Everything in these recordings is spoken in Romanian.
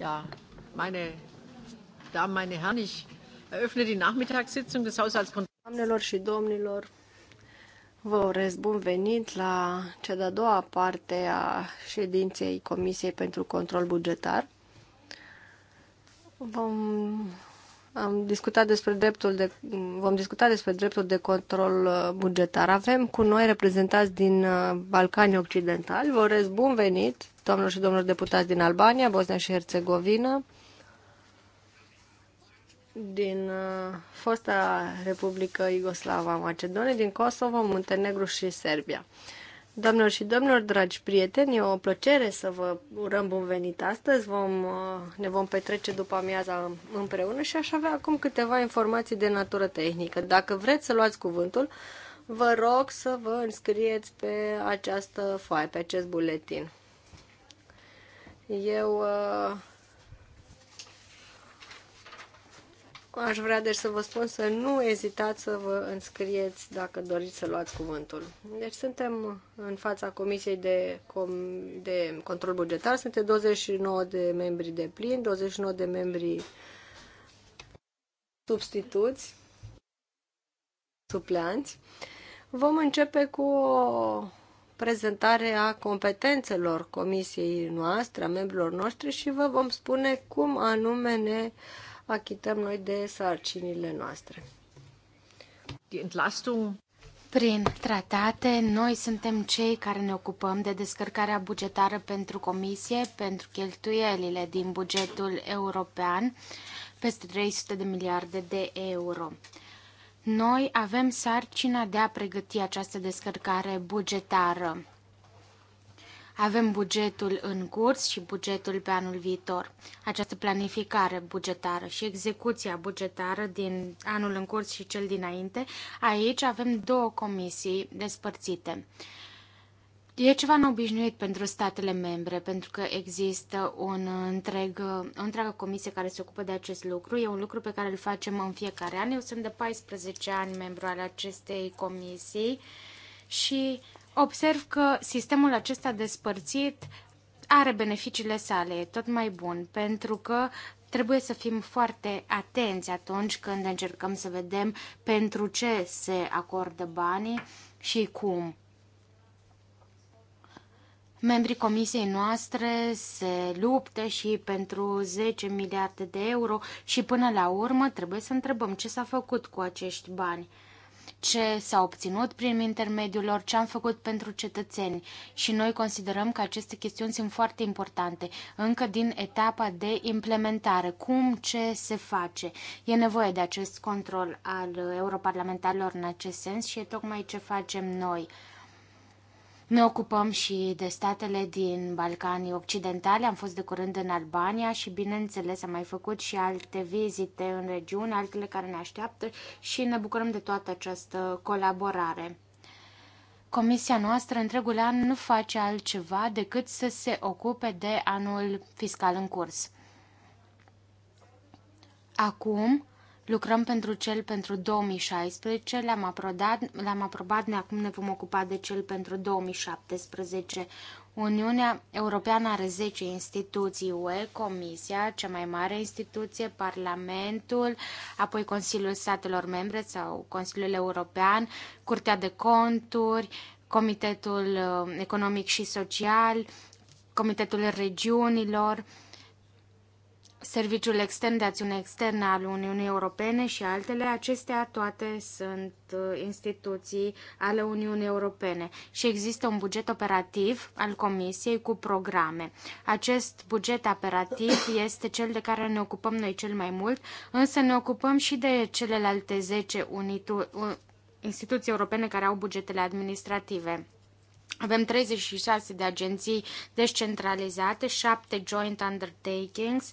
Ja, meine Damen, meine Herren, ich eröffne die Nachmittagssitzung des Doamnelor și domnilor, vă urez bun venit la cea de-a doua parte a ședinței Comisiei pentru Control Bugetar. Vom am discutat despre dreptul de, vom discuta despre dreptul de control uh, bugetar. Avem cu noi reprezentați din uh, Balcanii Occidentali. Vă urez bun venit, domnilor și domnilor deputați din Albania, Bosnia și Herțegovina, din uh, fosta Republică Iugoslava Macedoniei, din Kosovo, Muntenegru și Serbia. Doamnelor și domnilor, dragi prieteni, e o plăcere să vă urăm bun venit astăzi. Vom, uh, ne vom petrece după amiaza împreună și aș avea acum câteva informații de natură tehnică. Dacă vreți să luați cuvântul, vă rog să vă înscrieți pe această foaie, pe acest buletin. Eu uh, Aș vrea deci să vă spun să nu ezitați să vă înscrieți dacă doriți să luați cuvântul. Deci suntem în fața Comisiei de, Com- de Control Bugetar, suntem 29 de membri de plin, 29 de membri substituți, supleanți. Vom începe cu o prezentare a competențelor comisiei noastre, a membrilor noștri și vă vom spune cum anume ne uh, achităm noi de sarcinile noastre. Prin tratate, noi suntem cei care ne ocupăm de descărcarea bugetară pentru comisie, pentru cheltuielile din bugetul european, peste 300 de miliarde de euro. Noi avem sarcina de a pregăti această descărcare bugetară. Avem bugetul în curs și bugetul pe anul viitor. Această planificare bugetară și execuția bugetară din anul în curs și cel dinainte, aici avem două comisii despărțite. E ceva neobișnuit pentru statele membre, pentru că există un întreg, o întreagă comisie care se ocupă de acest lucru. E un lucru pe care îl facem în fiecare an. Eu sunt de 14 ani membru al acestei comisii și observ că sistemul acesta despărțit are beneficiile sale, tot mai bun, pentru că trebuie să fim foarte atenți atunci când încercăm să vedem pentru ce se acordă banii și cum. Membrii comisiei noastre se luptă și pentru 10 miliarde de euro și până la urmă trebuie să întrebăm ce s-a făcut cu acești bani ce s-a obținut prin intermediul lor, ce am făcut pentru cetățeni și noi considerăm că aceste chestiuni sunt foarte importante, încă din etapa de implementare, cum, ce se face. E nevoie de acest control al europarlamentarilor în acest sens și e tocmai ce facem noi. Ne ocupăm și de statele din Balcanii Occidentale. Am fost de curând în Albania și, bineînțeles, am mai făcut și alte vizite în regiune, altele care ne așteaptă și ne bucurăm de toată această colaborare. Comisia noastră întregul an nu face altceva decât să se ocupe de anul fiscal în curs. Acum Lucrăm pentru cel pentru 2016, le-am aprobat, le-am aprobat, ne acum ne vom ocupa de cel pentru 2017. Uniunea Europeană are 10 instituții UE, Comisia, cea mai mare instituție, Parlamentul, apoi Consiliul Statelor Membre sau Consiliul European, Curtea de Conturi, Comitetul uh, Economic și Social, Comitetul Regiunilor, uh, Serviciul Extern de Acțiune Externă al Uniunii Europene și altele, acestea toate sunt uh, instituții ale Uniunii Europene și există un buget operativ al Comisiei cu programe. Acest buget operativ este cel de care ne ocupăm noi cel mai mult, însă ne ocupăm și de celelalte 10 unitu- uh, instituții europene care au bugetele administrative. Avem 36 de agenții descentralizate, 7 joint undertakings,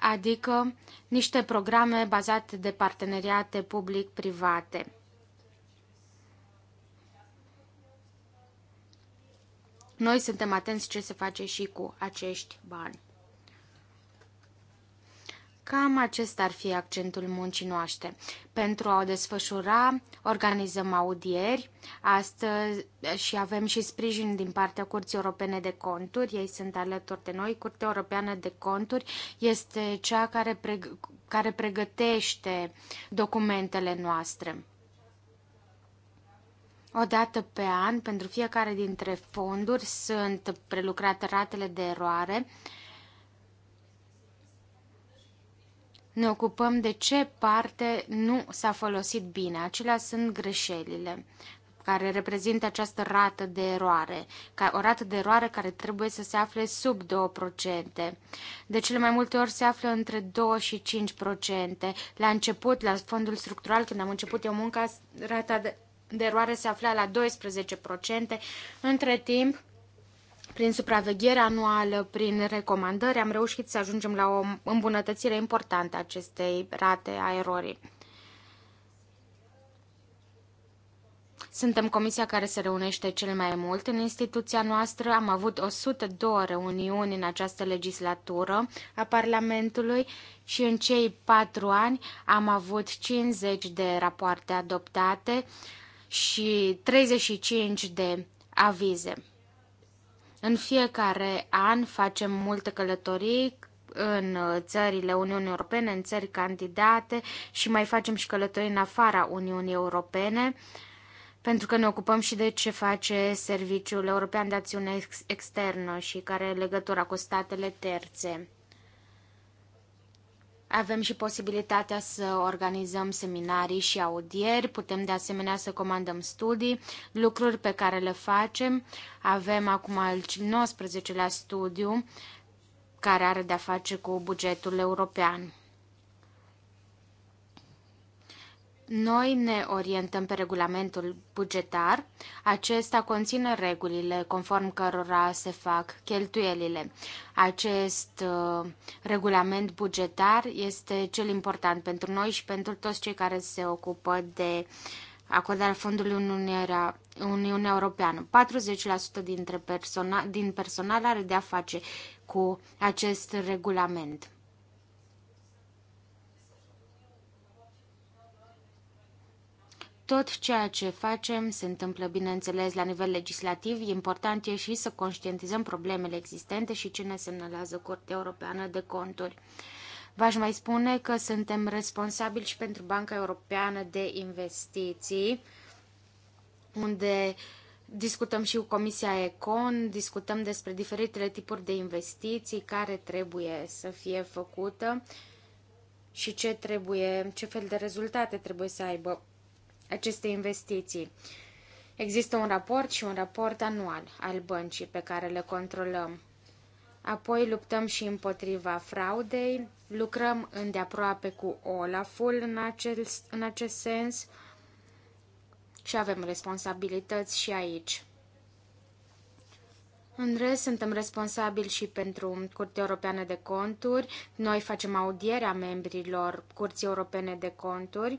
adică niște programe bazate de parteneriate public-private. Noi suntem atenți ce se face și cu acești bani. Cam acesta ar fi accentul muncii noastre. Pentru a o desfășura, organizăm audieri astăzi și avem și sprijin din partea Curții Europene de Conturi. Ei sunt alături de noi. Curtea Europeană de Conturi este cea care, preg- care pregătește documentele noastre. O dată pe an, pentru fiecare dintre fonduri, sunt prelucrate ratele de eroare uh, ne ocupăm de ce parte nu s-a folosit bine. Acelea sunt greșelile care reprezintă această rată de eroare, o rată de eroare care trebuie să se afle sub 2%. De cele mai multe ori se află între 2 și 5%. La început, la fondul structural, când am început eu munca, rata de, de eroare se afla la 12%. Între timp, prin supraveghere anuală, prin recomandări, am reușit să ajungem la o îmbunătățire importantă a acestei rate a erorii. Suntem comisia care se reunește cel mai mult în instituția noastră. Am avut 102 reuniuni în această legislatură a Parlamentului și în cei patru ani am avut 50 de rapoarte adoptate și 35 de avize. În fiecare an facem multe călătorii în țările Uniunii Europene, în țări candidate și mai facem și călătorii în afara Uniunii Europene pentru că ne ocupăm și de ce face Serviciul European de Acțiune Externă și care e legătura cu statele terțe. Avem și posibilitatea să organizăm seminarii și audieri, putem de asemenea să comandăm studii, lucruri pe care le facem. Avem acum al 19-lea studiu care are de-a face cu bugetul european. Noi ne orientăm pe regulamentul bugetar. Acesta conține regulile conform cărora se fac cheltuielile. Acest uh, regulament bugetar este cel important pentru noi și pentru toți cei care se ocupă de acordarea fondului Uniunea, Uniunea Europeană. 40% dintre persona, din personal are de-a face cu acest regulament. Tot ceea ce facem se întâmplă, bineînțeles, la nivel legislativ. Important e și să conștientizăm problemele existente și ce ne semnalează Curtea Europeană de Conturi. V-aș mai spune că suntem responsabili și pentru Banca Europeană de Investiții, unde discutăm și cu Comisia Econ, discutăm despre diferitele tipuri de investiții care trebuie să fie făcută și ce trebuie, ce fel de rezultate trebuie să aibă aceste investiții. Există un raport și un raport anual al băncii pe care le controlăm. Apoi luptăm și împotriva fraudei, lucrăm îndeaproape cu Olaful în acest, în acest sens și avem responsabilități și aici. În rest, suntem responsabili și pentru Curtea Europeană de Conturi. Noi facem audierea membrilor Curții Europene de Conturi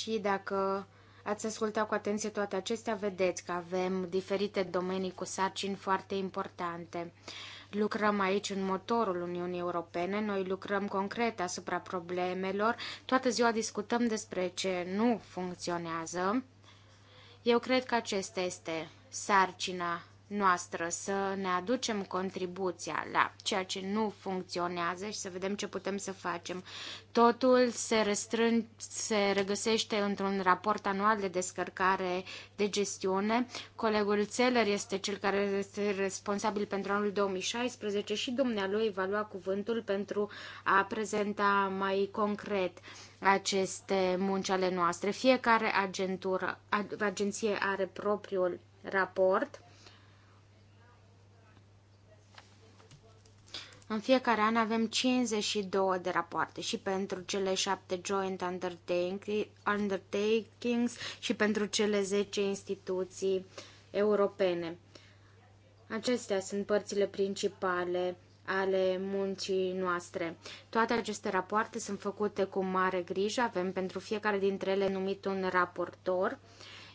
Și dacă ați ascultat cu atenție toate acestea, vedeți că avem diferite domenii cu sarcini foarte importante. Lucrăm aici în motorul Uniunii Europene, noi lucrăm concret asupra problemelor, toată ziua discutăm despre ce nu funcționează. Eu cred că acesta este sarcina noastră, să ne aducem contribuția la ceea ce nu funcționează și să vedem ce putem să facem. Totul se, restrân, se regăsește într-un raport anual de descărcare de gestiune. Colegul Țeler este cel care este responsabil pentru anul 2016 și dumnealui va lua cuvântul pentru a prezenta mai concret aceste munci ale noastre. Fiecare agentură, agenție are propriul raport În fiecare an avem 52 de rapoarte și pentru cele 7 joint undertakings și pentru cele 10 instituții europene. Acestea sunt părțile principale ale muncii noastre. Toate aceste rapoarte sunt făcute cu mare grijă, avem pentru fiecare dintre ele numit un raportor.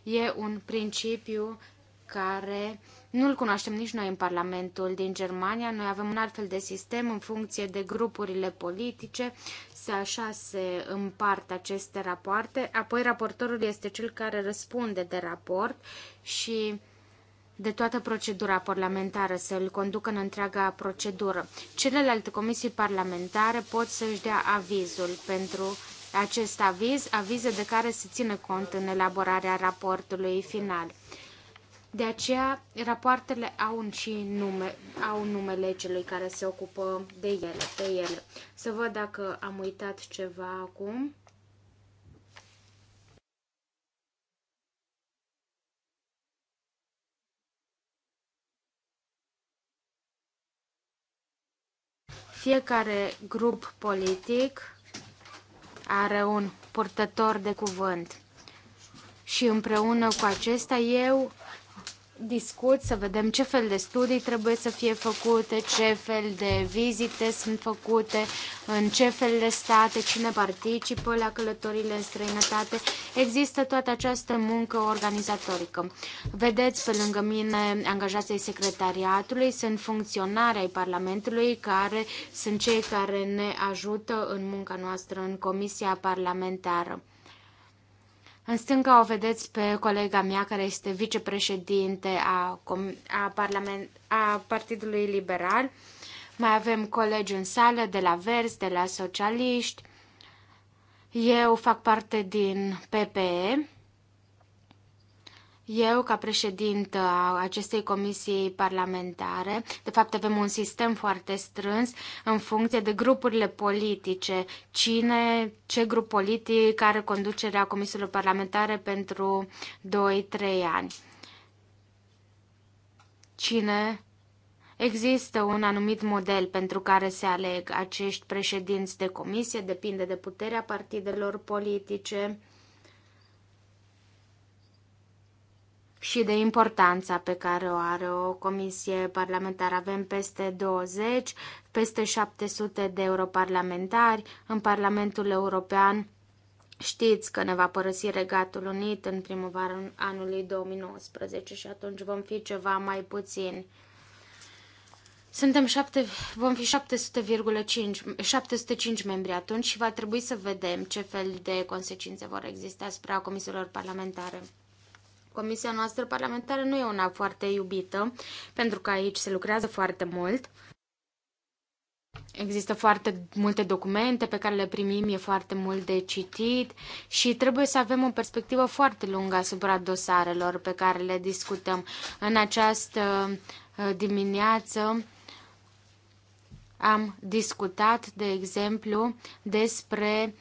E un principiu care nu-l cunoaștem nici noi în Parlamentul din Germania. Noi avem un alt fel de sistem în funcție de grupurile politice. Se așa se împart aceste rapoarte. Apoi raportorul este cel care răspunde de raport și de toată procedura parlamentară, să îl conducă în întreaga procedură. Celelalte comisii parlamentare pot să-și dea avizul pentru acest aviz, avize de care se ține cont în elaborarea raportului final. De aceea, rapoartele au, și nume, au numele celui care se ocupă de ele, pe ele. Să văd dacă am uitat ceva acum. Fiecare grup politic are un purtător de cuvânt și împreună cu acesta eu discut, să vedem ce fel de studii trebuie să fie făcute, ce fel de vizite sunt făcute, în ce fel de state, cine participă la călătorile în străinătate. Există toată această muncă organizatorică. Vedeți pe lângă mine angajații secretariatului, sunt funcționari ai Parlamentului care sunt cei care ne ajută în munca noastră în Comisia Parlamentară. În stânga o vedeți pe colega mea care este vicepreședinte a, a, Parlament, a Partidului Liberal. Mai avem colegi în sală de la Vers, de la Socialiști. Eu fac parte din PPE eu, ca președintă a acestei comisii parlamentare, de fapt avem un sistem foarte strâns în funcție de grupurile politice, cine, ce grup politic are conducerea comisiilor parlamentare pentru 2-3 ani. Cine Există un anumit model pentru care se aleg acești președinți de comisie, depinde de puterea partidelor politice. și de importanța pe care o are o comisie parlamentară. Avem peste 20, peste 700 de europarlamentari în Parlamentul European. Știți că ne va părăsi Regatul Unit în primăvara anului 2019 și atunci vom fi ceva mai puțin. Suntem șapte, vom fi 700,5, 705 membri atunci și va trebui să vedem ce fel de consecințe vor exista asupra comisiilor parlamentare. Comisia noastră parlamentară nu e una foarte iubită, pentru că aici se lucrează foarte mult. Există foarte multe documente pe care le primim, e foarte mult de citit și trebuie să avem o perspectivă foarte lungă asupra dosarelor pe care le discutăm. În această uh, dimineață am discutat, de exemplu, despre uh,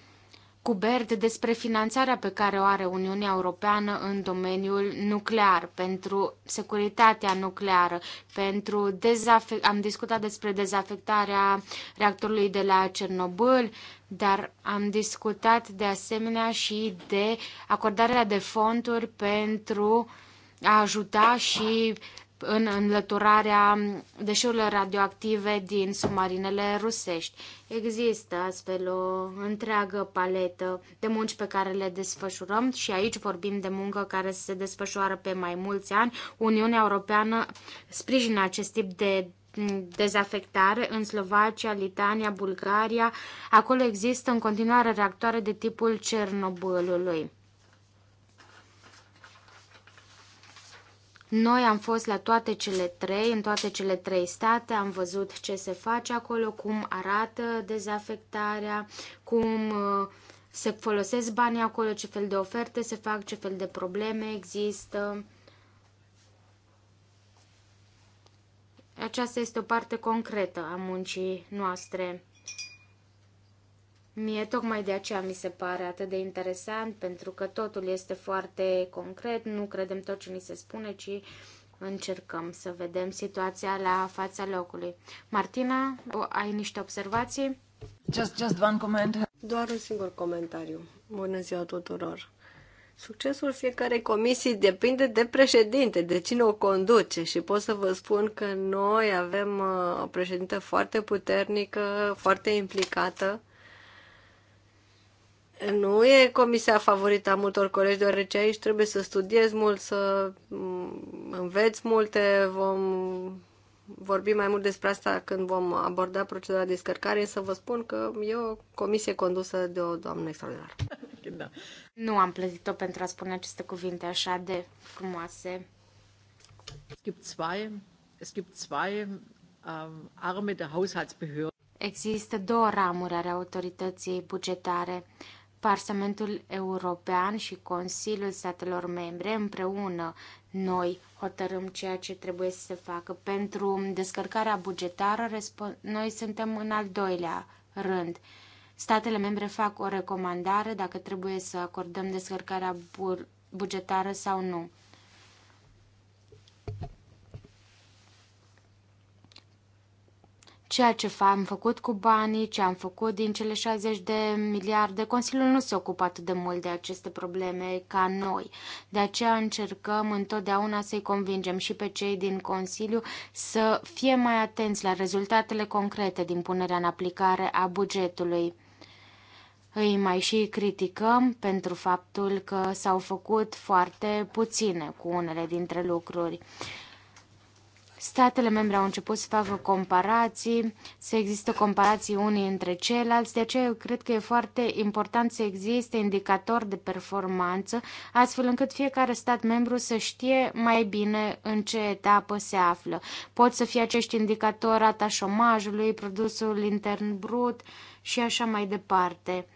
cu Berd despre finanțarea pe care o are Uniunea Europeană în domeniul nuclear, pentru securitatea nucleară, pentru dezafe- am discutat despre dezafectarea reactorului de la Cernobâl, dar am discutat de asemenea și de acordarea de fonduri pentru a ajuta și în înlăturarea deșeurilor radioactive din submarinele rusești. Există astfel o întreagă paletă de munci pe care le desfășurăm și aici vorbim de muncă care se desfășoară pe mai mulți ani. Uniunea Europeană sprijină acest tip de dezafectare în Slovacia, Litania, Bulgaria. Acolo există în continuare reactoare de tipul Cernobâlului. Noi am fost la toate cele trei, în toate cele trei state, am văzut ce se face acolo, cum arată dezafectarea, cum uh, se folosesc banii acolo, ce fel de oferte se fac, ce fel de probleme există. Aceasta este o parte concretă a muncii noastre. Mie tocmai de aceea mi se pare atât de interesant, pentru că totul este foarte concret, nu credem tot ce ni se spune, ci încercăm să vedem situația la fața locului. Martina, ai niște observații? Just, just one comment. Doar un singur comentariu. Bună ziua tuturor! Succesul fiecarei comisii depinde de președinte, de cine o conduce și pot să vă spun că noi avem uh, o președintă foarte puternică, foarte implicată, nu e comisia favorită a multor colegi, deoarece aici trebuie să studiez mult, să mm, înveți multe, vom vorbi mai mult despre asta când vom aborda procedura de descărcare, să vă spun că e o comisie condusă de o doamnă extraordinară. Da. Nu am plătit-o pentru a spune aceste cuvinte așa de frumoase. Es gibt zwei, es gibt zwei ähm, Arme der Există două ramuri ale autorității bugetare. Parlamentul European și Consiliul statelor membre împreună noi hotărâm ceea ce trebuie să se facă. Pentru descărcarea bugetară, noi suntem în al doilea rând. Statele membre fac o recomandare dacă trebuie să acordăm descărcarea bugetară sau nu. ceea ce am făcut cu banii, ce am făcut din cele 60 de miliarde. Consiliul nu se ocupă atât de mult de aceste probleme ca noi. De aceea încercăm întotdeauna să-i convingem și pe cei din Consiliu să fie mai atenți la rezultatele concrete din punerea în aplicare a bugetului. Îi mai și criticăm pentru faptul că s-au făcut foarte puține cu unele dintre lucruri statele membre au început să facă comparații, să există comparații unii între ceilalți, de aceea eu cred că e foarte important să existe indicatori de performanță, astfel încât fiecare stat membru să știe mai bine în ce etapă se află. Pot să fie acești indicatori rata șomajului, produsul intern brut și așa mai departe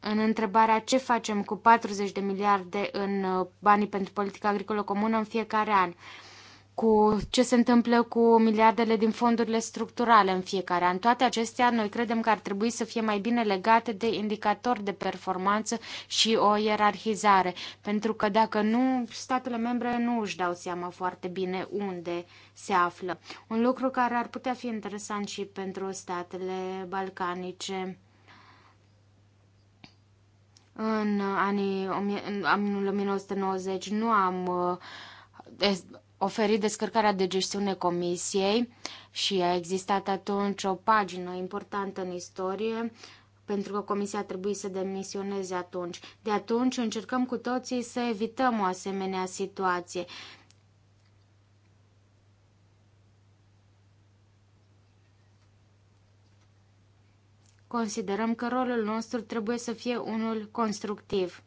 în întrebarea ce facem cu 40 de miliarde în uh, banii pentru politica agricolă comună în fiecare an cu ce se întâmplă cu miliardele din fondurile structurale în fiecare an. Toate acestea noi credem că ar trebui să fie mai bine legate de indicatori de performanță și o ierarhizare, pentru că dacă nu, statele membre nu își dau seama foarte bine unde se află. Un lucru care ar putea fi interesant și pentru statele balcanice în anii în anul 1990 nu am uh, oferit descărcarea de gestiune comisiei și a existat atunci o pagină importantă în istorie pentru că comisia a trebuit să demisioneze atunci. De atunci încercăm cu toții să evităm o asemenea situație. Considerăm că rolul nostru trebuie să fie unul constructiv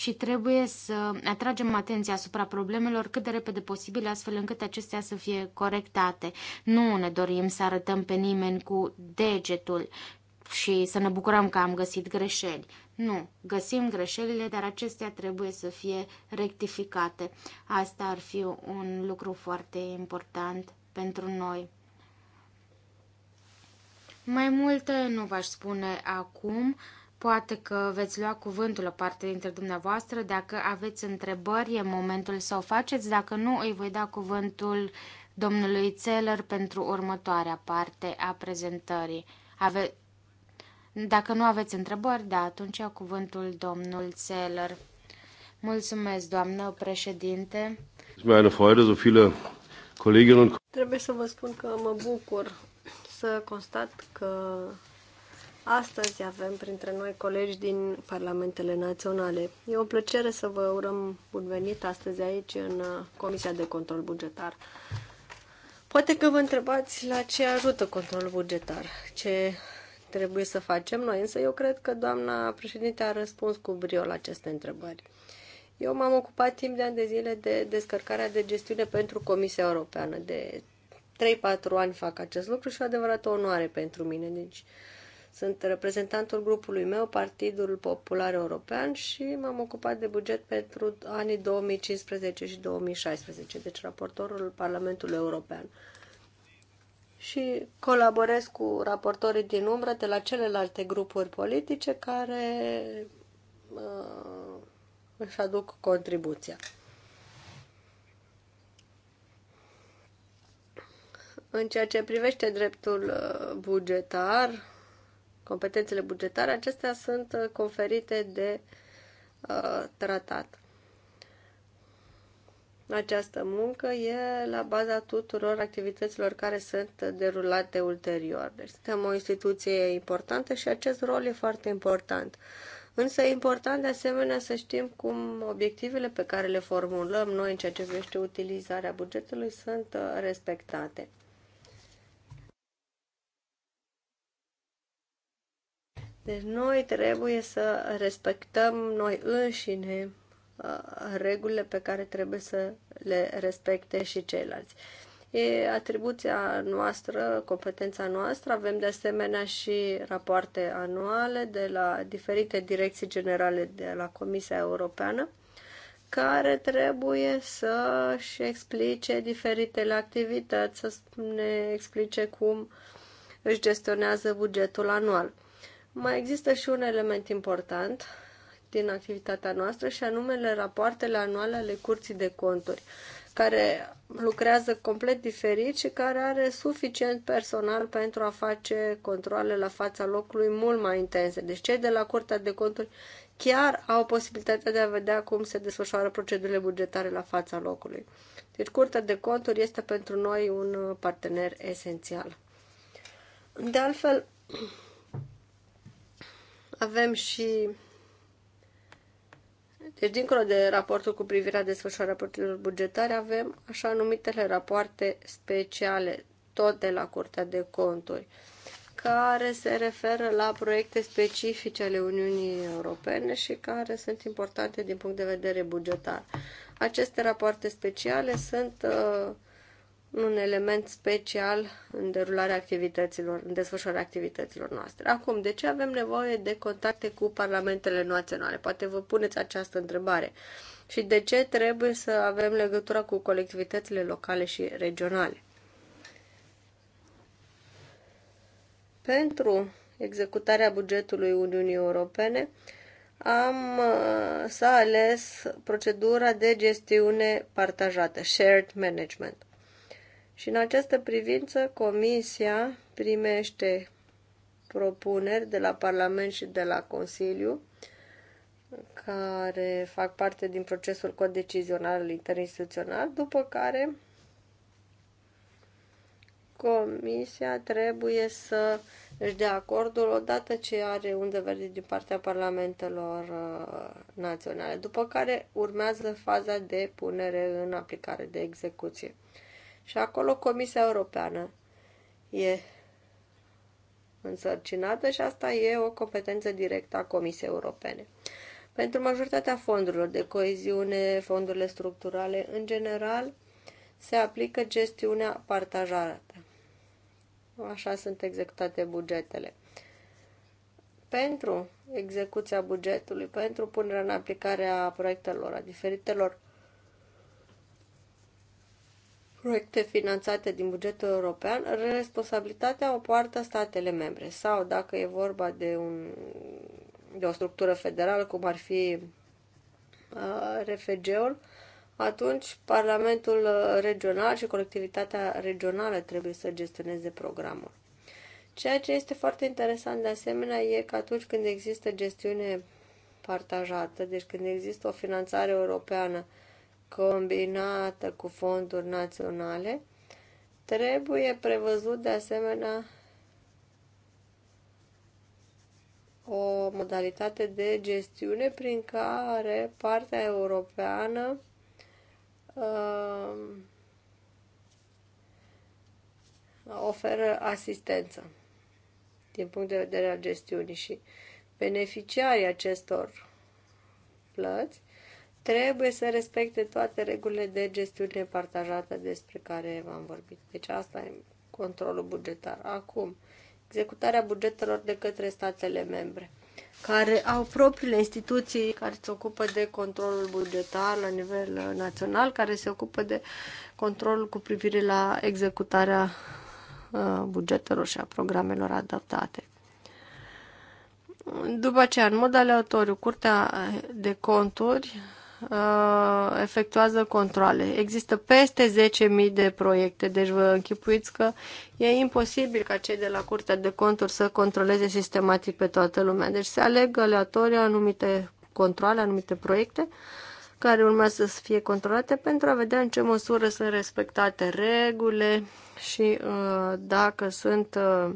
și trebuie să atragem atenția asupra problemelor cât de repede posibil, astfel încât acestea să fie corectate. Nu ne dorim să arătăm pe nimeni cu degetul și să ne bucurăm că am găsit greșeli. Nu, găsim greșelile, dar acestea trebuie să fie rectificate. Asta ar fi un lucru foarte important pentru noi. Mai multe nu v-aș spune acum. Poate că veți lua cuvântul o parte dintre dumneavoastră. Dacă aveți întrebări, e momentul să o faceți. Dacă nu, îi voi da cuvântul domnului Țeler pentru următoarea parte a prezentării. Ave... Dacă nu aveți întrebări, da, atunci iau cuvântul domnul Țeler. Mulțumesc, doamnă președinte. Trebuie să vă spun că mă bucur să constat că Astăzi avem printre noi colegi din Parlamentele Naționale. E o plăcere să vă urăm bun venit astăzi aici în uh, Comisia de Control Bugetar. Poate că vă întrebați la ce ajută controlul bugetar, ce trebuie să facem noi, însă eu cred că doamna președinte a răspuns cu brio la aceste întrebări. Eu m-am ocupat timp de ani de zile de descărcarea de gestiune pentru Comisia Europeană. De 3-4 ani fac acest lucru și o adevărată onoare pentru mine. Deci, sunt reprezentantul grupului meu, Partidul Popular European și m-am ocupat de buget pentru anii 2015 și 2016, deci raportorul Parlamentului European. Și colaborez cu raportorii din umbră de la celelalte grupuri politice care uh, își aduc contribuția. În ceea ce privește dreptul uh, bugetar, competențele bugetare, acestea sunt uh, conferite de uh, tratat. Această muncă e la baza tuturor activităților care sunt derulate ulterior. Deci suntem o instituție importantă și acest rol e foarte important. Însă e important de asemenea să știm cum obiectivele pe care le formulăm noi în ceea ce privește utilizarea bugetului sunt uh, respectate. Deci noi trebuie să respectăm noi înșine uh, regulile pe care trebuie să le respecte și ceilalți. E atribuția noastră, competența noastră. Avem de asemenea și rapoarte anuale de la diferite direcții generale de la Comisia Europeană care trebuie să-și explice diferitele activități, să ne explice cum își gestionează bugetul anual. Mai există și un element important din activitatea noastră și anume rapoartele anuale ale Curții de Conturi, care lucrează complet diferit și care are suficient personal pentru a face controle la fața locului mult mai intense. Deci cei de la Curtea de Conturi chiar au posibilitatea de a vedea cum se desfășoară procedurile bugetare la fața locului. Deci Curtea de Conturi este pentru noi un partener esențial. De altfel, avem și deci, dincolo de raportul cu privirea desfășurării raportelor bugetare, avem așa numitele rapoarte speciale, tot de la Curtea de Conturi, care se referă la proiecte specifice ale Uniunii Europene și care sunt importante din punct de vedere bugetar. Aceste rapoarte speciale sunt uh, un element special în derularea activităților, în desfășurarea activităților noastre. Acum, de ce avem nevoie de contacte cu parlamentele naționale? Poate vă puneți această întrebare. Și de ce trebuie să avem legătura cu colectivitățile locale și regionale? Pentru executarea bugetului Uniunii Europene, am uh, s-a ales procedura de gestiune partajată, shared management. Și în această privință, Comisia primește propuneri de la Parlament și de la Consiliu care fac parte din procesul codecizional interinstituțional, după care Comisia trebuie să își dea acordul odată ce are un de verde din partea parlamentelor uh, naționale, după care urmează faza de punere în aplicare, de execuție. Și acolo Comisia Europeană e însărcinată și asta e o competență directă a Comisiei Europene. Pentru majoritatea fondurilor de coeziune, fondurile structurale, în general, se aplică gestiunea partajată. Așa sunt executate bugetele. Pentru execuția bugetului, pentru punerea în aplicare a proiectelor, a diferitelor proiecte finanțate din bugetul european, responsabilitatea o poartă statele membre sau dacă e vorba de, un, de o structură federală, cum ar fi uh, RFG-ul, atunci Parlamentul uh, regional și colectivitatea regională trebuie să gestioneze programul. Ceea ce este foarte interesant de asemenea e că atunci când există gestiune partajată, deci când există o finanțare europeană uh, combinată cu fonduri naționale, trebuie prevăzut de asemenea o modalitate de gestiune prin care partea europeană uh, oferă asistență din punct de vedere al gestiunii și beneficiarii acestor plăți trebuie să respecte toate regulile de gestiune partajată despre care v-am vorbit. Deci asta e controlul bugetar. Acum, executarea bugetelor de către statele membre care au propriile instituții care se ocupă de controlul bugetar la nivel național, care se ocupă de controlul cu privire la executarea uh, bugetelor și a programelor adaptate. După aceea, în mod aleatoriu, Curtea de Conturi uh, efectuează controle. Există peste 10.000 de proiecte, deci vă închipuiți că e imposibil ca cei de la Curtea de Conturi să controleze sistematic pe toată lumea. Deci se aleg aleatoriu anumite controle, anumite proiecte care urmează să fie controlate pentru a vedea în ce măsură sunt respectate regulile și uh, dacă sunt uh,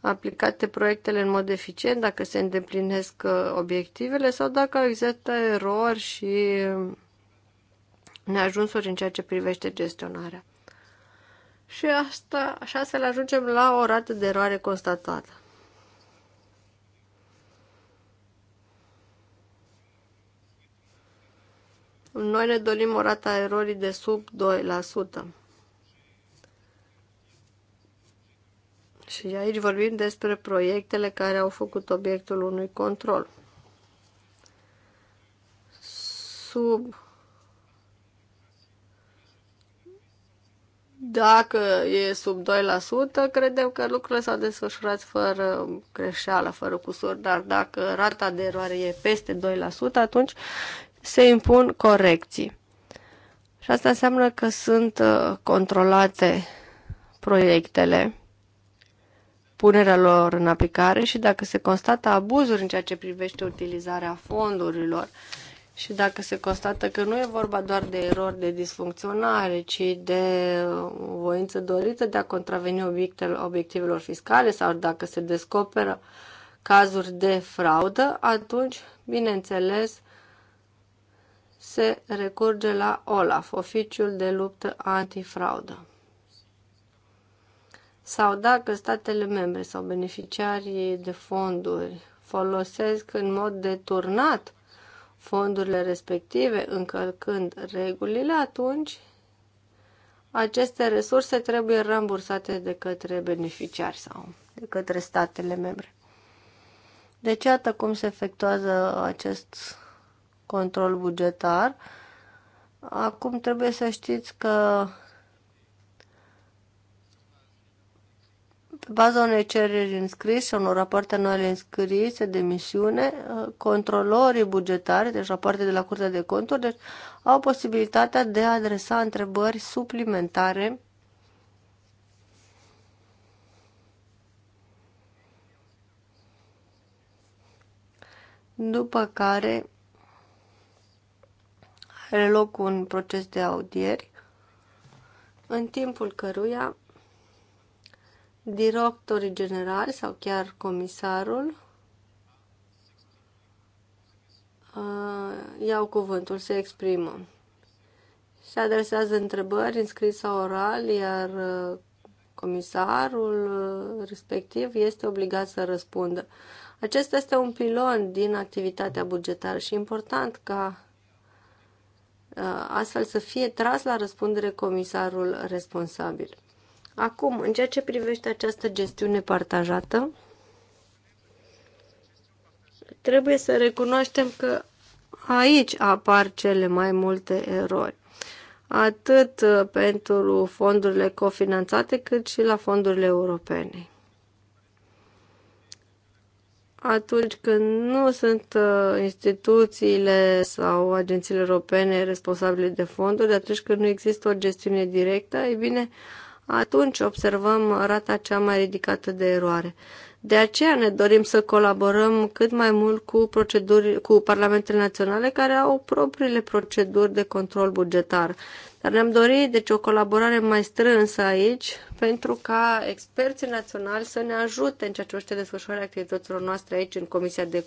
aplicate proiectele în mod eficient, dacă se îndeplinesc uh, obiectivele sau dacă există erori și neajunsuri în ceea ce privește gestionarea. Și asta, așa să le ajungem la o rată de eroare constatată. Noi ne dorim o rată a erorii de sub 2%. Și aici vorbim despre proiectele care au făcut obiectul unui control. Sub Dacă e sub 2%, credem că lucrurile s-au desfășurat fără greșeală, fără cusur, dar dacă rata de eroare e peste 2%, atunci se impun corecții. Și asta înseamnă că sunt uh, controlate proiectele punerea lor în aplicare și dacă se constată abuzuri în ceea ce privește utilizarea fondurilor și dacă se constată că nu e vorba doar de erori de disfuncționare, ci de uh, voință dorită de a contraveni obiectivelor fiscale sau dacă se descoperă cazuri de fraudă, atunci, bineînțeles, se recurge la OLAF, Oficiul de Luptă Antifraudă sau dacă statele membre sau beneficiarii de fonduri folosesc în mod deturnat fondurile respective, încălcând regulile, atunci aceste resurse trebuie rambursate de către beneficiari sau de către statele membre. Deci, iată cum se efectuează acest control bugetar. Acum trebuie să știți că Pe baza unei cereri înscrise, unor rapoarte anuale înscrise de misiune, uh, controlorii bugetari, deci rapoarte de la Curtea de Conturi, deci au posibilitatea de a adresa întrebări suplimentare după care are loc un proces de audieri, în timpul căruia directorii generali sau chiar comisarul iau cuvântul, se exprimă. Se adresează întrebări în scris sau oral, iar comisarul respectiv este obligat să răspundă. Acesta este un pilon din activitatea bugetară și important ca astfel să fie tras la răspundere comisarul responsabil. Acum, în ceea ce privește această gestiune partajată, trebuie să recunoaștem că aici apar cele mai multe erori, atât uh, pentru fondurile cofinanțate, cât și la fondurile europene. Atunci când nu sunt uh, instituțiile sau agențiile europene responsabile de fonduri, atunci când nu există o gestiune directă, e bine, atunci observăm rata cea mai ridicată de eroare. De aceea ne dorim să colaborăm cât mai mult cu, proceduri, cu parlamentele naționale care au propriile proceduri de control bugetar. Dar ne-am dorit deci o colaborare mai strânsă aici pentru ca experții naționali să ne ajute în ceea ce privește desfășurarea activităților noastre aici în Comisia de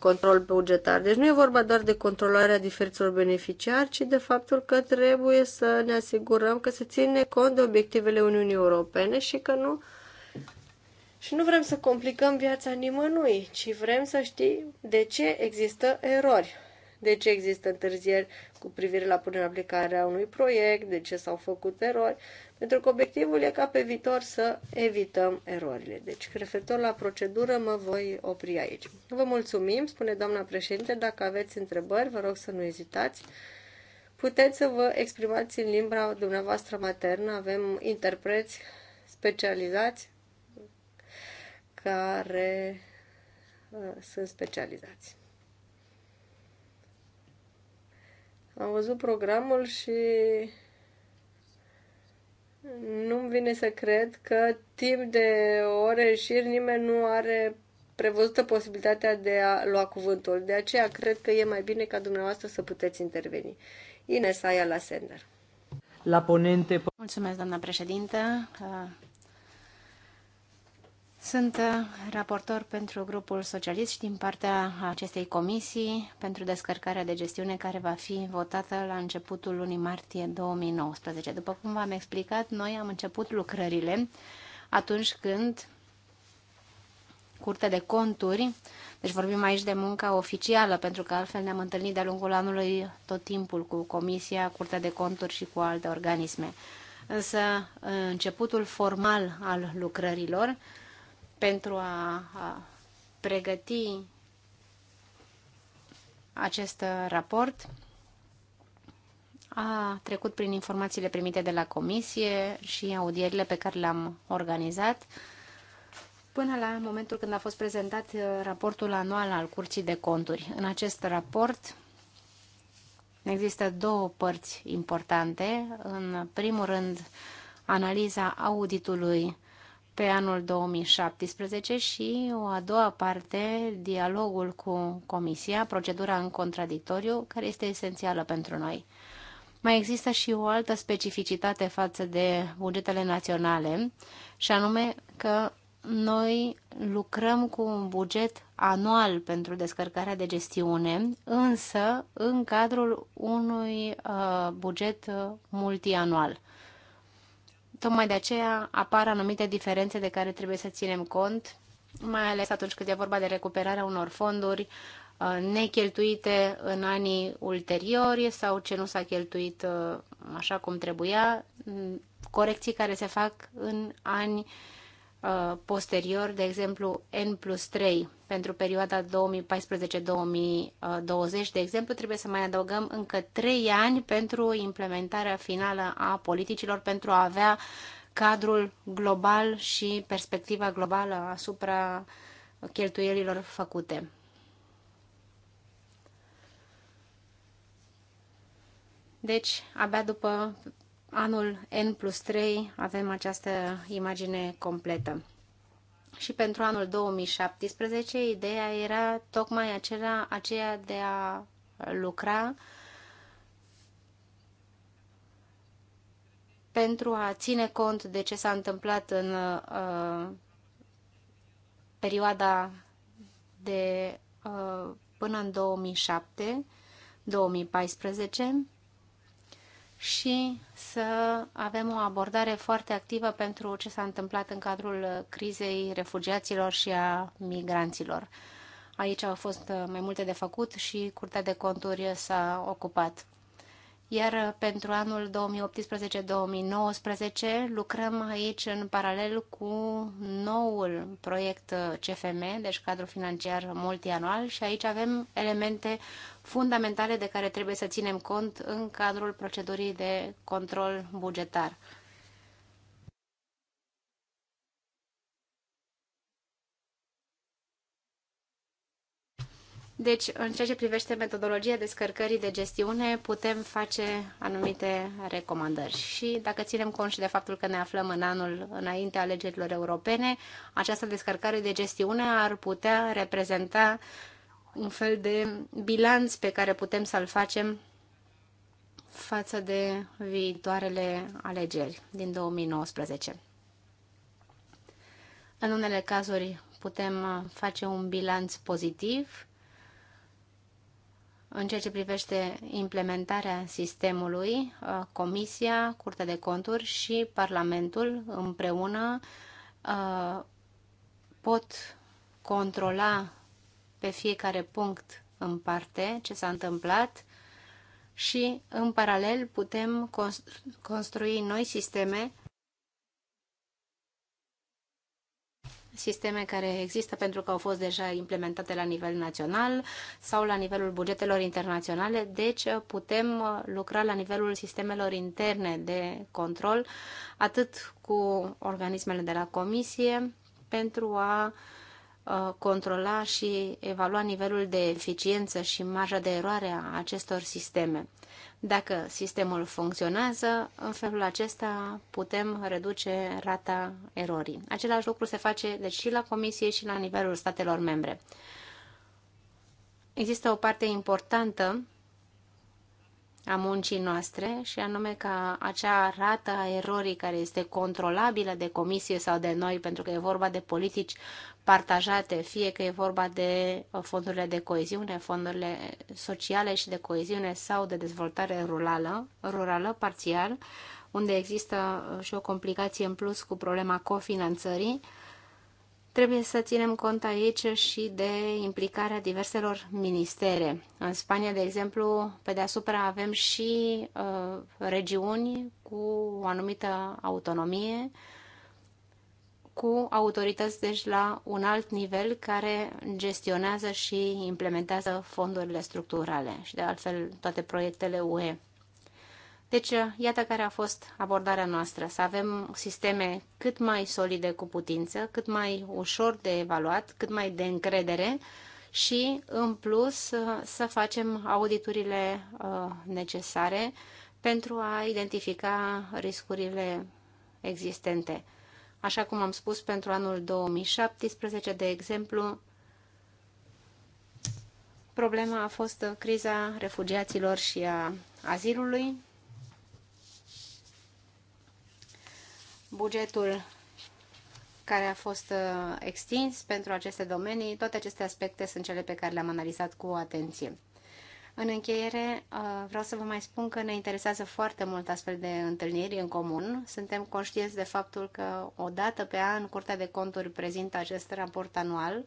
control bugetar. Deci nu e vorba doar de controlarea diferiților beneficiari, ci de faptul că trebuie să ne asigurăm că se ține cont de obiectivele Uniunii Europene și că nu și nu vrem să complicăm viața nimănui, ci vrem să știm de ce există erori de ce există întârzieri cu privire la punerea aplicarea unui proiect, de ce s-au făcut erori, pentru că obiectivul e ca pe viitor să evităm erorile. Deci, referitor la procedură, mă voi opri aici. Vă mulțumim, spune doamna președinte, dacă aveți întrebări, vă rog să nu ezitați. Puteți să vă exprimați în limba dumneavoastră maternă, avem interpreți specializați care uh, sunt specializați. Am văzut programul și nu-mi vine să cred că timp de ore în șir nimeni nu are prevăzută posibilitatea de a lua cuvântul. De aceea cred că e mai bine ca dumneavoastră să puteți interveni. Ines Aia la Sender. La ponente. Mulțumesc, doamna președintă. Sunt uh, raportor pentru grupul socialist și din partea acestei comisii pentru descărcarea de gestiune care va fi votată la începutul lunii martie 2019. După cum v-am explicat, noi am început lucrările atunci când Curtea de Conturi, deci vorbim aici de munca oficială, pentru că altfel ne-am întâlnit de-a lungul anului tot timpul cu Comisia, Curtea de Conturi și cu alte organisme. Însă uh, începutul formal al lucrărilor pentru a pregăti acest raport a trecut prin informațiile primite de la comisie și audierile pe care le-am organizat până la momentul când a fost prezentat uh, raportul anual al Curții de Conturi. În acest raport există două părți importante. În primul rând, analiza auditului pe anul 2017 și o a doua parte, dialogul cu Comisia, procedura în contradictoriu, care este esențială pentru noi. Mai există și o altă specificitate față de bugetele naționale, și anume că noi lucrăm cu un buget anual pentru descărcarea de gestiune, însă în cadrul unui uh, buget uh, multianual. Tocmai de aceea apar anumite diferențe de care trebuie să ținem cont, mai ales atunci când e vorba de recuperarea unor fonduri uh, necheltuite în anii ulteriori sau ce nu s-a cheltuit uh, așa cum trebuia, mm, corecții care se fac în ani Uh, posterior, de exemplu N plus 3 pentru perioada 2014-2020, de exemplu, trebuie să mai adăugăm încă 3 ani pentru implementarea finală a politicilor pentru a avea cadrul global și perspectiva globală asupra cheltuielilor făcute. Deci, abia după anul N plus 3 avem această imagine completă. Și pentru anul 2017 ideea era tocmai acela, aceea de a lucra pentru a ține cont de ce s-a întâmplat în uh, perioada de uh, până în 2007-2014 și să avem o abordare foarte activă pentru ce s-a întâmplat în cadrul crizei refugiaților și a migranților. Aici au fost mai multe de făcut și Curtea de Conturi s-a ocupat. Iar pentru anul 2018-2019 lucrăm aici în paralel cu noul proiect CFM, deci cadrul financiar multianual și aici avem elemente fundamentale de care trebuie să ținem cont în cadrul procedurii de control bugetar. Deci, în ceea ce privește metodologia descărcării de gestiune, putem face anumite recomandări. Și dacă ținem cont și de faptul că ne aflăm în anul înainte alegerilor europene, această descărcare de gestiune ar putea reprezenta un fel de bilanț pe care putem să-l facem față de viitoarele alegeri din 2019. În unele cazuri putem uh, face un bilanț pozitiv în ceea ce privește implementarea sistemului, uh, Comisia, Curtea de Conturi și Parlamentul împreună uh, pot controla pe fiecare punct în parte ce s-a întâmplat și, în paralel, putem construi noi sisteme sisteme care există pentru că au fost deja implementate la nivel național sau la nivelul bugetelor internaționale, deci putem uh, lucra la nivelul sistemelor interne de control, atât cu organismele de la comisie, pentru a uh, Uh, controla și evalua nivelul de eficiență și marja de eroare a acestor sisteme. Dacă sistemul funcționează, în felul acesta putem reduce rata erorii. Același lucru se face deci și la Comisie și la nivelul statelor membre. Există o parte importantă a muncii noastre și anume ca acea rată a erorii care este controlabilă de comisie sau de noi pentru că e vorba de politici partajate, fie că e vorba de uh, fondurile de coeziune, fondurile sociale și de coeziune sau de dezvoltare rurală, rurală parțial, unde există uh, și o complicație în plus cu problema cofinanțării, Trebuie să ținem cont aici și de implicarea diverselor ministere. În Spania, de exemplu, pe deasupra avem și uh, regiuni cu o anumită autonomie, uh, cu autorități deci la un alt nivel care gestionează și implementează fondurile structurale și de altfel toate proiectele UE. Deci, iată care a fost abordarea noastră, să avem sisteme cât mai solide cu putință, cât mai ușor de evaluat, cât mai de încredere și, în plus, să facem auditurile uh, necesare pentru a identifica riscurile existente așa cum am spus pentru anul 2017, de exemplu, problema a fost criza refugiaților și a azilului. Bugetul care a fost uh, extins pentru aceste domenii, toate aceste aspecte sunt cele pe care le-am analizat cu atenție. În încheiere, uh, vreau să vă mai spun că ne interesează foarte mult astfel de întâlniri în comun. Suntem conștienți de faptul că o dată pe an Curtea de Conturi prezintă acest raport anual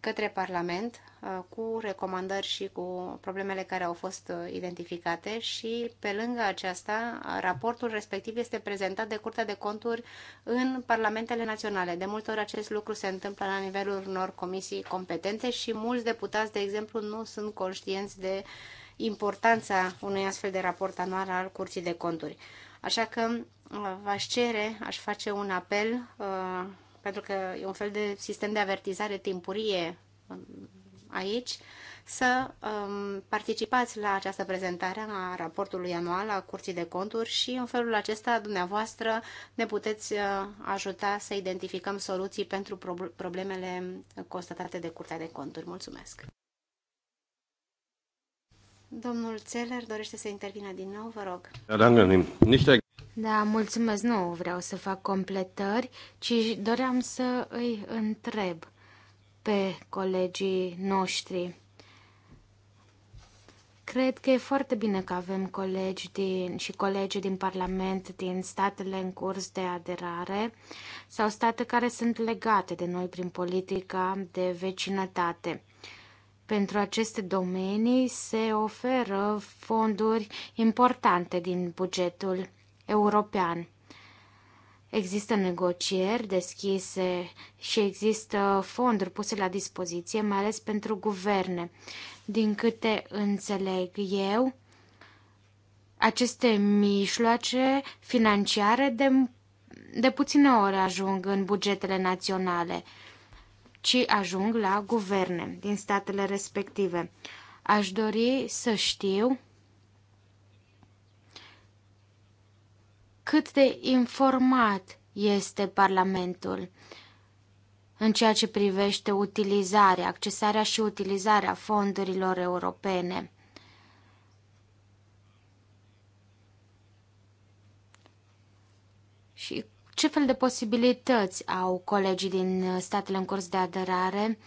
către Parlament uh, cu recomandări și cu problemele care au fost uh, identificate și pe lângă aceasta raportul respectiv este prezentat de Curtea de Conturi în Parlamentele Naționale. De multe ori acest lucru se întâmplă la nivelul unor comisii competente și mulți deputați, de exemplu, nu sunt conștienți de importanța unui astfel de raport anual al Curții de Conturi. Așa că uh, v-aș cere, aș face un apel pentru că e un fel de sistem de avertizare timpurie um, aici, să um, participați la această prezentare a raportului anual a Curții de Conturi și în felul acesta dumneavoastră ne puteți uh, ajuta să identificăm soluții pentru pro problemele constatate de Curtea de Conturi. Mulțumesc! Domnul Țeler dorește să intervină din nou, vă rog. Da, mulțumesc, nu vreau să fac completări, ci doream să îi întreb pe colegii noștri. Cred că e foarte bine că avem colegi din, și colegi din Parlament din statele în curs de aderare sau state care sunt legate de noi prin politica de vecinătate. Pentru aceste domenii se oferă fonduri importante din bugetul european. Există negocieri deschise și există fonduri puse la dispoziție, mai ales pentru guverne. Din câte înțeleg eu, aceste mijloace financiare de, de puține ori ajung în bugetele naționale ci ajung la guverne din statele respective. Aș dori să știu cât de informat este Parlamentul în ceea ce privește utilizarea, accesarea și utilizarea fondurilor europene. Și ce fel de posibilități au colegii din statele în curs de aderare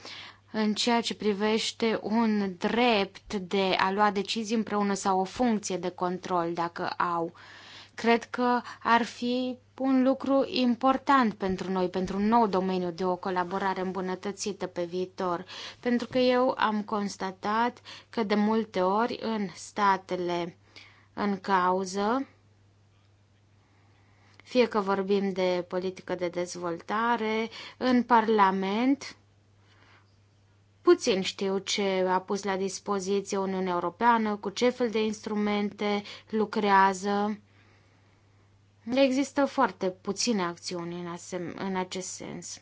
în ceea ce privește un drept de a lua decizii împreună sau o funcție de control, dacă au? Cred că ar fi un lucru important pentru noi, pentru un nou domeniu de o colaborare îmbunătățită pe viitor, pentru că eu am constatat că de multe ori în statele în cauză, fie că vorbim de politică de dezvoltare, în Parlament, puțin știu ce a pus la dispoziție Uniunea Europeană, cu ce fel de instrumente lucrează. Există foarte puține acțiuni în, acest sens.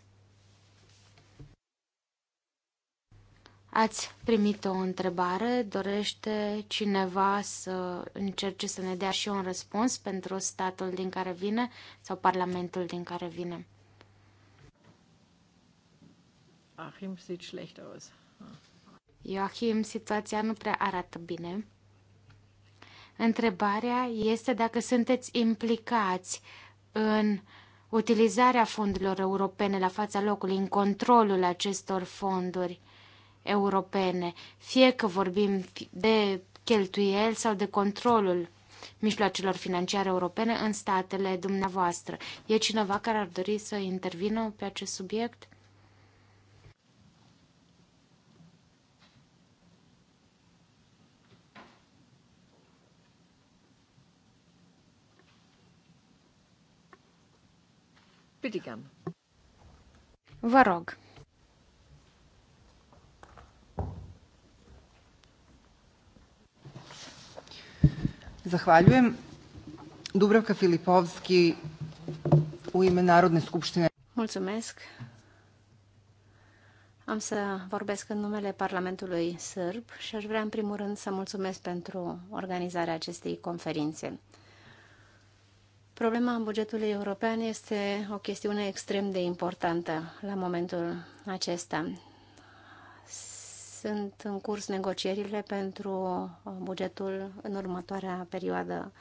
Ați primit o întrebare, dorește cineva să încerce să ne dea și un răspuns pentru statul din care vine sau parlamentul din care vine? Achim sieht schlecht aus. Joachim, situația nu prea arată bine. Întrebarea este dacă sunteți implicați în utilizarea fondurilor europene la fața locului, în controlul acestor fonduri europene, fie că vorbim de cheltuieli sau de controlul mijloacelor financiare europene în statele dumneavoastră. E cineva care ar dori să intervină pe acest subiect? Vă rog. Zahvaljujem. Dubravka Filipovski u ime Narodne skupštine. Mulțumesc. Am să vorbesc în numele Parlamentului Sârb și aș vrea în primul rând să mulțumesc pentru organizarea acestei conferințe. Problema bugetului european este o chestiune extrem de importantă la momentul acesta sunt în curs negocierile pentru uh, bugetul în următoarea perioadă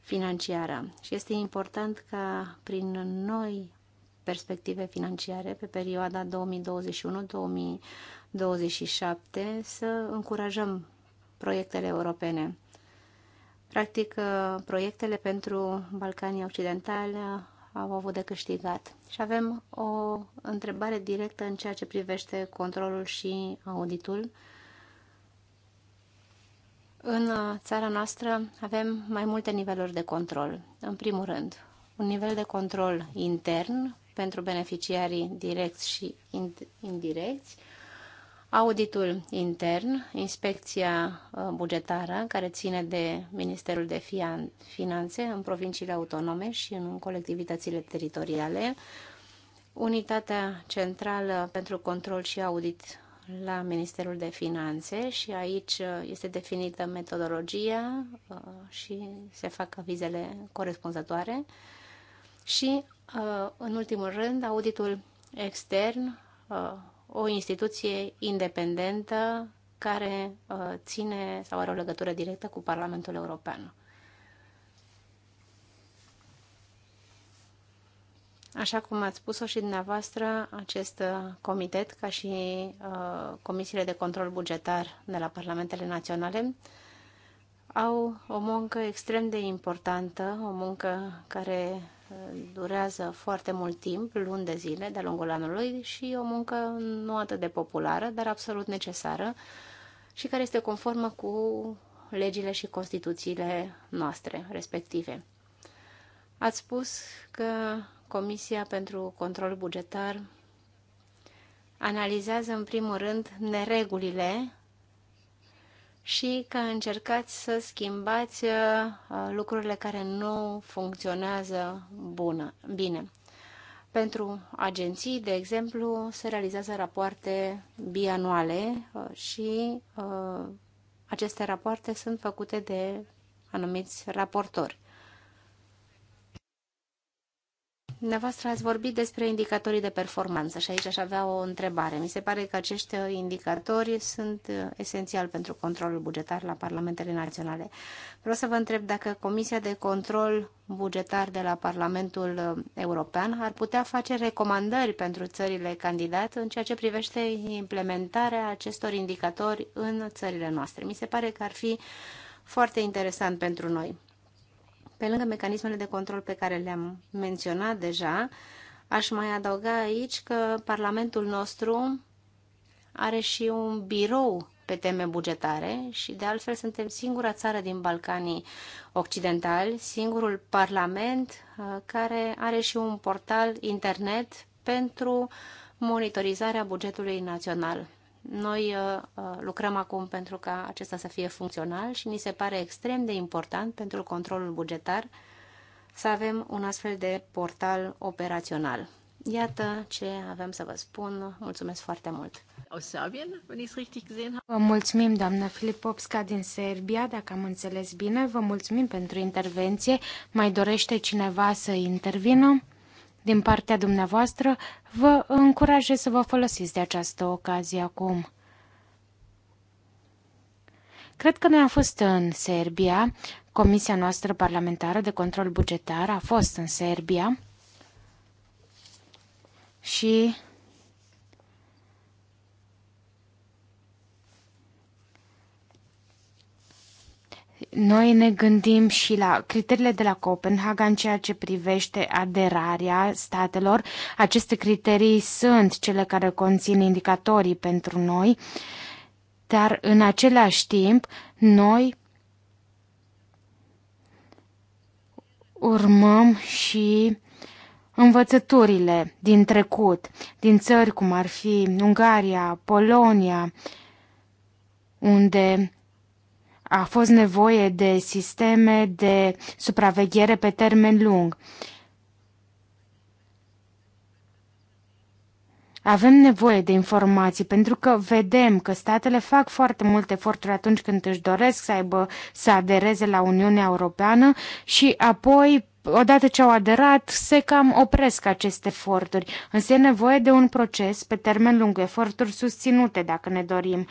financiară. Și este important ca prin noi perspective financiare pe perioada 2021-2027 să încurajăm proiectele europene. Practic, uh, proiectele pentru Balcanii Occidentale, au avut de câștigat. Și avem o întrebare directă în ceea ce privește controlul și auditul. În țara noastră avem mai multe niveluri de control. În primul rând, un nivel de control intern pentru beneficiarii direcți și indirecți Auditul intern, inspecția uh, bugetară, care ține de Ministerul de Finanțe în provinciile autonome și în colectivitățile teritoriale, Unitatea Centrală pentru Control și Audit la Ministerul de Finanțe și aici uh, este definită metodologia uh, și se fac vizele corespunzătoare și, în ultimul rând, auditul extern o instituție independentă care uh, ține sau are o legătură directă cu Parlamentul European. Așa cum ați spus-o și dumneavoastră, acest uh, comitet, ca și uh, comisiile de control bugetar de la Parlamentele Naționale, au o muncă extrem de importantă, o muncă care durează foarte mult timp, luni de zile, de-a lungul anului și o muncă nu atât de populară, dar absolut necesară și care este conformă cu legile și constituțiile noastre respective. Ați spus că Comisia pentru Control Bugetar analizează în primul rând neregulile și că încercați să schimbați uh, lucrurile care nu funcționează bună, bine. Pentru agenții, de exemplu, se realizează rapoarte bianuale uh, și uh, aceste rapoarte sunt făcute de anumiți raportori. Dumneavoastră ați vorbit despre indicatorii de performanță și aici aș avea o întrebare. Mi se pare că acești indicatori sunt uh, esențial pentru controlul bugetar la Parlamentele Naționale. Vreau să vă întreb dacă Comisia de Control Bugetar de la Parlamentul uh, European ar putea face recomandări pentru țările candidat în ceea ce privește implementarea acestor indicatori în țările noastre. Mi se pare că ar fi foarte interesant pentru noi. Pe lângă mecanismele de control pe care le-am menționat deja, aș mai adăuga aici că Parlamentul nostru are și un birou pe teme bugetare și de altfel suntem singura țară din Balcanii Occidentali, singurul parlament uh, care are și un portal internet pentru monitorizarea bugetului național. Noi uh, uh, lucrăm acum pentru ca acesta să fie funcțional și ni se pare extrem de important pentru controlul bugetar să avem un astfel de portal operațional. Iată ce avem să vă spun. Mulțumesc foarte mult. Vă mulțumim, doamnă Filipovska din Serbia, dacă am înțeles bine. Vă mulțumim pentru intervenție. Mai dorește cineva să intervină? din partea dumneavoastră, vă încurajez să vă folosiți de această ocazie acum. Cred că noi am fost în Serbia, Comisia noastră parlamentară de control bugetar a fost în Serbia și Noi ne gândim și la criteriile de la Copenhaga în ceea ce privește aderarea statelor. Aceste criterii sunt cele care conțin indicatorii pentru noi, dar în același timp noi urmăm și învățăturile din trecut, din țări cum ar fi Ungaria, Polonia, unde a fost nevoie de sisteme de supraveghere pe termen lung. Avem nevoie de informații pentru că vedem că statele fac foarte multe eforturi atunci când își doresc să aibă să adereze la Uniunea Europeană și apoi odată ce au aderat, se cam opresc aceste eforturi. Însă e nevoie de un proces pe termen lung, eforturi susținute dacă ne dorim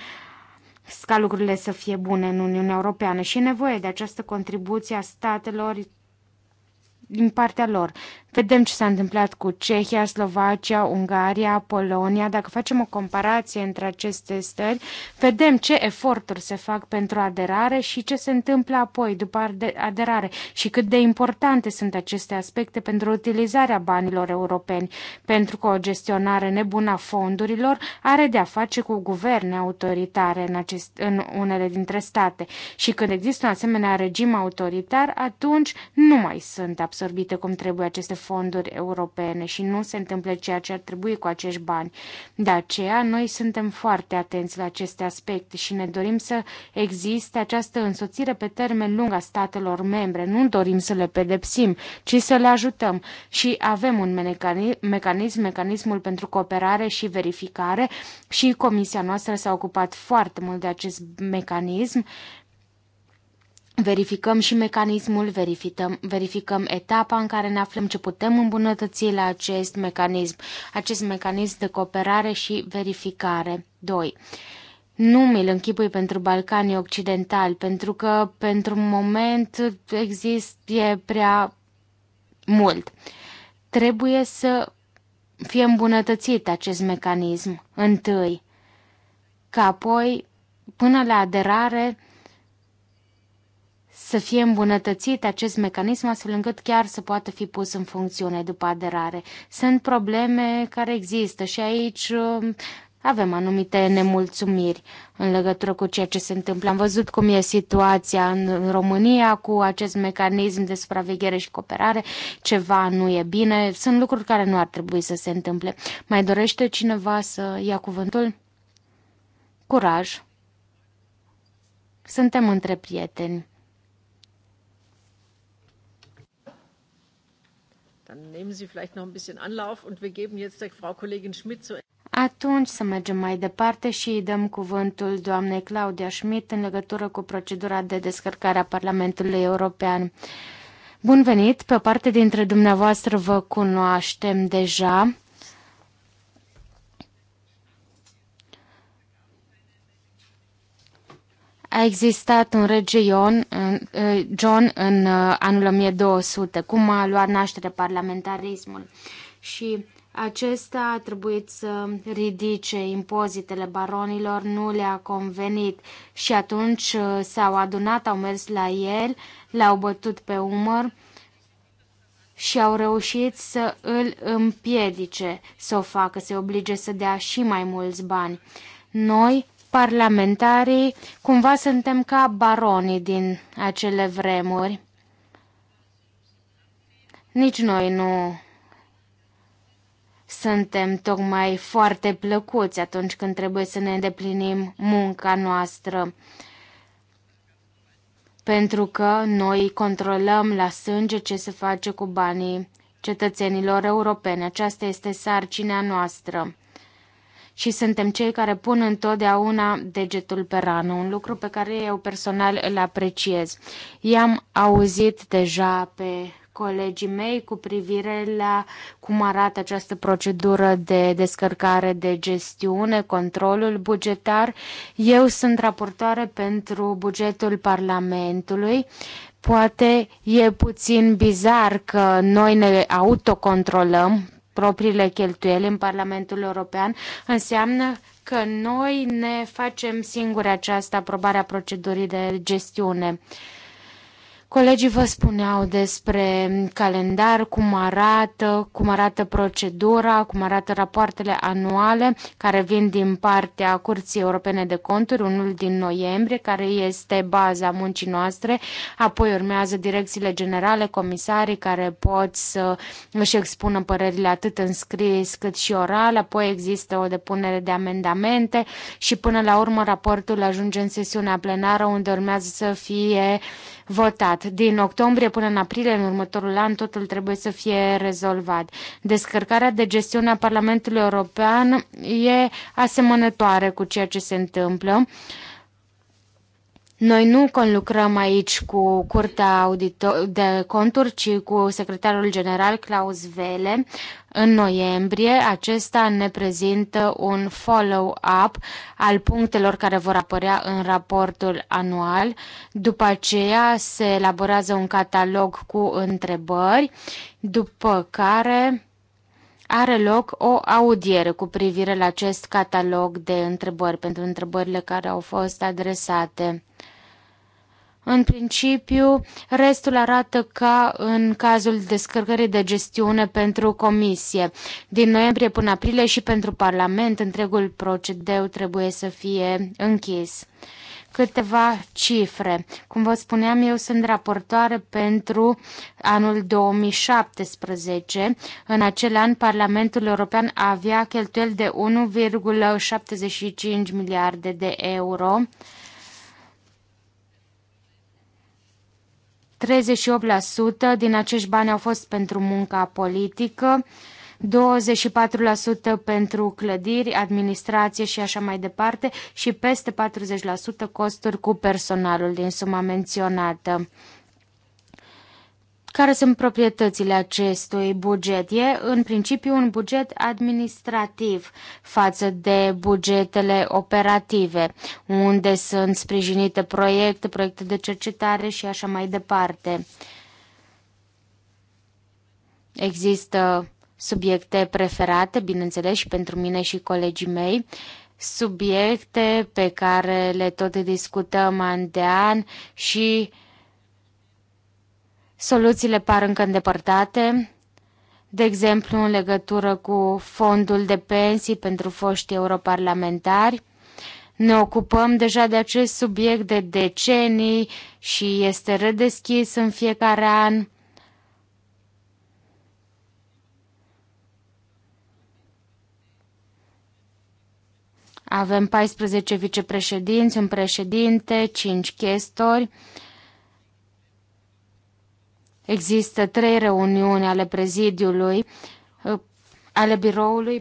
ca lucrurile să fie bune în Uniunea Europeană și e nevoie de această contribuție a statelor din partea lor. Vedem ce s-a întâmplat cu Cehia, Slovacia, Ungaria, Polonia. Dacă facem o comparație între aceste stări, vedem ce eforturi se fac pentru aderare și ce se întâmplă apoi după aderare și cât de importante sunt aceste aspecte pentru utilizarea banilor europeni, pentru că o gestionare nebună a fondurilor are de a face cu guverne autoritare în, acest, în unele dintre state și când există un asemenea regim autoritar, atunci nu mai sunt absorbite cum trebuie aceste fonduri fonduri europene și nu se întâmplă ceea ce ar trebui cu acești bani. De aceea, noi suntem foarte atenți la aceste aspecte și ne dorim să existe această însoțire pe termen lung a statelor membre. Nu dorim să le pedepsim, ci să le ajutăm. Și avem un mecanism, mecanismul pentru cooperare și verificare și Comisia noastră s-a ocupat foarte mult de acest mecanism Verificăm și mecanismul, verificăm, verificăm etapa în care ne aflăm, ce putem îmbunătăți la acest mecanism, acest mecanism de cooperare și verificare. 2. Nu mi-l închipui pentru Balcanii Occidentali, pentru că pentru moment există e prea mult. Trebuie să fie îmbunătățit acest mecanism întâi, ca apoi, până la aderare, să fie îmbunătățit acest mecanism astfel încât chiar să poată fi pus în funcțiune după aderare. Sunt probleme care există și aici um, avem anumite nemulțumiri în legătură cu ceea ce se întâmplă. Am văzut cum e situația în România cu acest mecanism de supraveghere și cooperare. Ceva nu e bine. Sunt lucruri care nu ar trebui să se întâmple. Mai dorește cineva să ia cuvântul? Curaj! Suntem între prieteni. Dann nehmen Sie vielleicht noch ein bisschen Anlauf und wir geben jetzt der Frau Kollegin Schmidt zu. Atunci să mergem mai departe și îi dăm cuvântul doamnei Claudia Schmidt în legătură cu procedura de descărcare a Parlamentului European. Bun venit! Pe o parte dintre dumneavoastră vă cunoaștem deja. A existat un rege John, John în anul 1200, cum a luat naștere parlamentarismul și acesta a trebuit să ridice impozitele baronilor, nu le-a convenit și atunci s-au adunat, au mers la el, l-au bătut pe umăr și au reușit să îl împiedice să o facă, să oblige să dea și mai mulți bani. Noi parlamentarii cumva suntem ca baronii din acele vremuri. Nici noi nu suntem tocmai foarte plăcuți atunci când trebuie să ne îndeplinim munca noastră. Pentru că noi controlăm la sânge ce se face cu banii cetățenilor europeni. Aceasta este sarcina noastră și suntem cei care pun întotdeauna degetul pe rană, un lucru pe care eu personal îl apreciez. I-am auzit deja pe colegii mei cu privire la cum arată această procedură de descărcare de gestiune, controlul bugetar. Eu sunt raportoare pentru bugetul Parlamentului. Poate e puțin bizar că noi ne autocontrolăm propriile cheltuieli în Parlamentul European, înseamnă că noi ne facem singuri această aprobare a procedurii de gestiune. Colegii vă spuneau despre calendar, cum arată, cum arată procedura, cum arată rapoartele anuale care vin din partea Curții Europene de Conturi, unul din noiembrie, care este baza muncii noastre. Apoi urmează direcțiile generale, comisarii care pot să își expună părerile atât în scris cât și oral. Apoi există o depunere de amendamente și până la urmă raportul ajunge în sesiunea plenară unde urmează să fie uh, votat. Din octombrie până în aprilie, în următorul an, totul trebuie să fie rezolvat. Descărcarea de gestiune a Parlamentului European e asemănătoare cu ceea ce se întâmplă. Uh, noi nu conlucrăm aici cu Curtea Auditor de Conturi, ci cu secretarul general Klaus Vele. În noiembrie, acesta ne prezintă un follow-up al punctelor care vor apărea în raportul anual. După aceea se elaborează un catalog cu întrebări, după care are loc o audiere cu privire la acest catalog de întrebări pentru întrebările care au fost adresate. În principiu, restul arată ca în cazul descărcării de gestiune pentru comisie. Din noiembrie până aprilie și pentru Parlament, întregul procedeu trebuie să fie închis câteva cifre. Cum vă spuneam, eu sunt raportoare pentru anul 2017. În acel an, Parlamentul European avea cheltuieli de 1,75 miliarde de euro. 38% din acești bani au fost pentru munca politică, 24% pentru clădiri, administrație și așa mai departe și peste 40% costuri cu personalul din suma menționată. Care sunt proprietățile acestui buget? E în principiu un buget administrativ față de bugetele operative, unde sunt sprijinite proiecte, proiecte de cercetare și așa mai departe. Există subiecte preferate, bineînțeles, și pentru mine și colegii mei, subiecte pe care le tot discutăm an de an și uh, Soluțiile par încă îndepărtate, de exemplu în legătură cu fondul de pensii pentru foști europarlamentari. Ne ocupăm deja de acest subiect de decenii și este redeschis în fiecare an. Avem 14 vicepreședinți, un președinte, 5 chestori. Există trei reuniuni ale prezidiului, uh, ale biroului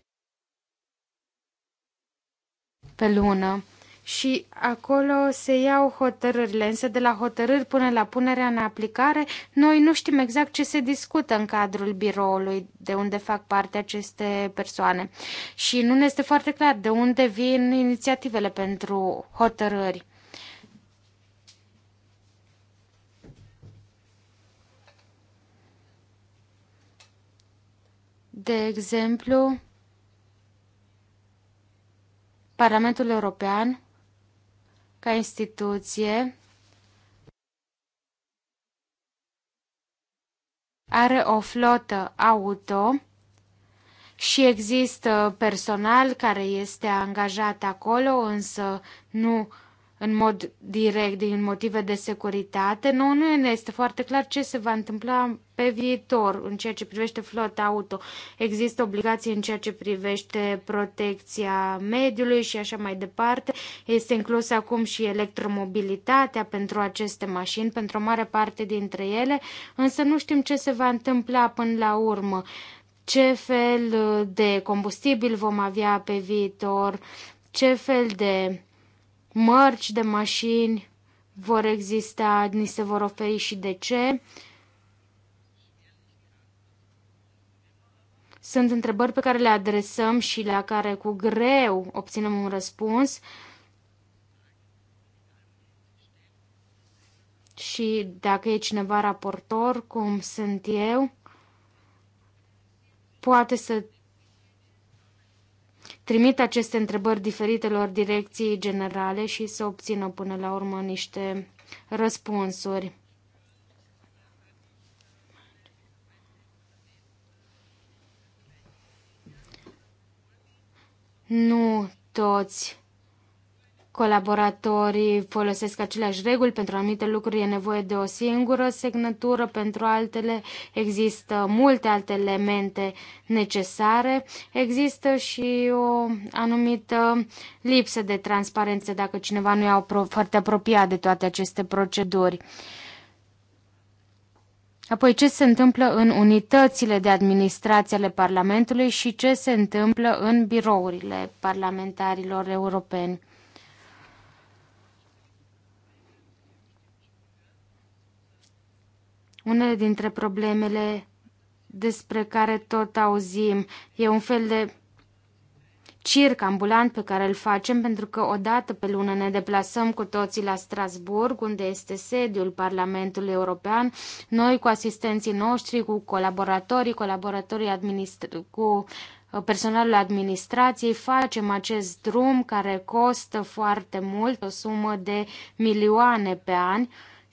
pe lună și acolo se iau hotărârile, însă de la hotărâri până la punerea în aplicare, noi nu știm exact ce se discută în cadrul biroului, de unde fac parte aceste persoane. Și nu ne este foarte clar de unde vin inițiativele pentru hotărâri. De exemplu, Parlamentul European, ca instituție, are o flotă auto și există personal care este angajat acolo, însă nu în mod direct din motive de securitate. Nu, nu este foarte clar ce se va întâmpla pe viitor în ceea ce privește flota auto. Există obligații în ceea ce privește protecția mediului și așa mai departe. Este inclusă acum și electromobilitatea pentru aceste mașini, pentru o mare parte dintre ele, însă nu știm ce se va întâmpla până la urmă. Ce fel de combustibil vom avea pe viitor, ce fel de mărci de mașini vor exista, ni se vor oferi și de ce. Sunt întrebări pe care le adresăm și la care cu greu obținem un răspuns. Și dacă e cineva raportor, cum sunt eu, poate să trimit aceste întrebări diferitelor direcții generale și să obțină până la urmă niște răspunsuri. Nu toți colaboratorii folosesc aceleași reguli, pentru anumite lucruri e nevoie de o singură semnătură, pentru altele există multe alte elemente necesare, există și o anumită lipsă de transparență dacă cineva nu e foarte apropiat de toate aceste proceduri. Apoi ce se întâmplă în unitățile de administrație ale Parlamentului și ce se întâmplă în birourile parlamentarilor europeni. Unele dintre problemele despre care tot auzim e un fel de circ ambulant pe care îl facem pentru că odată pe lună ne deplasăm cu toții la Strasburg, unde este sediul Parlamentului European, noi cu asistenții noștri, cu colaboratorii, colaboratorii administr- cu uh, personalul administrației, facem acest drum care costă foarte mult, o sumă de milioane pe an,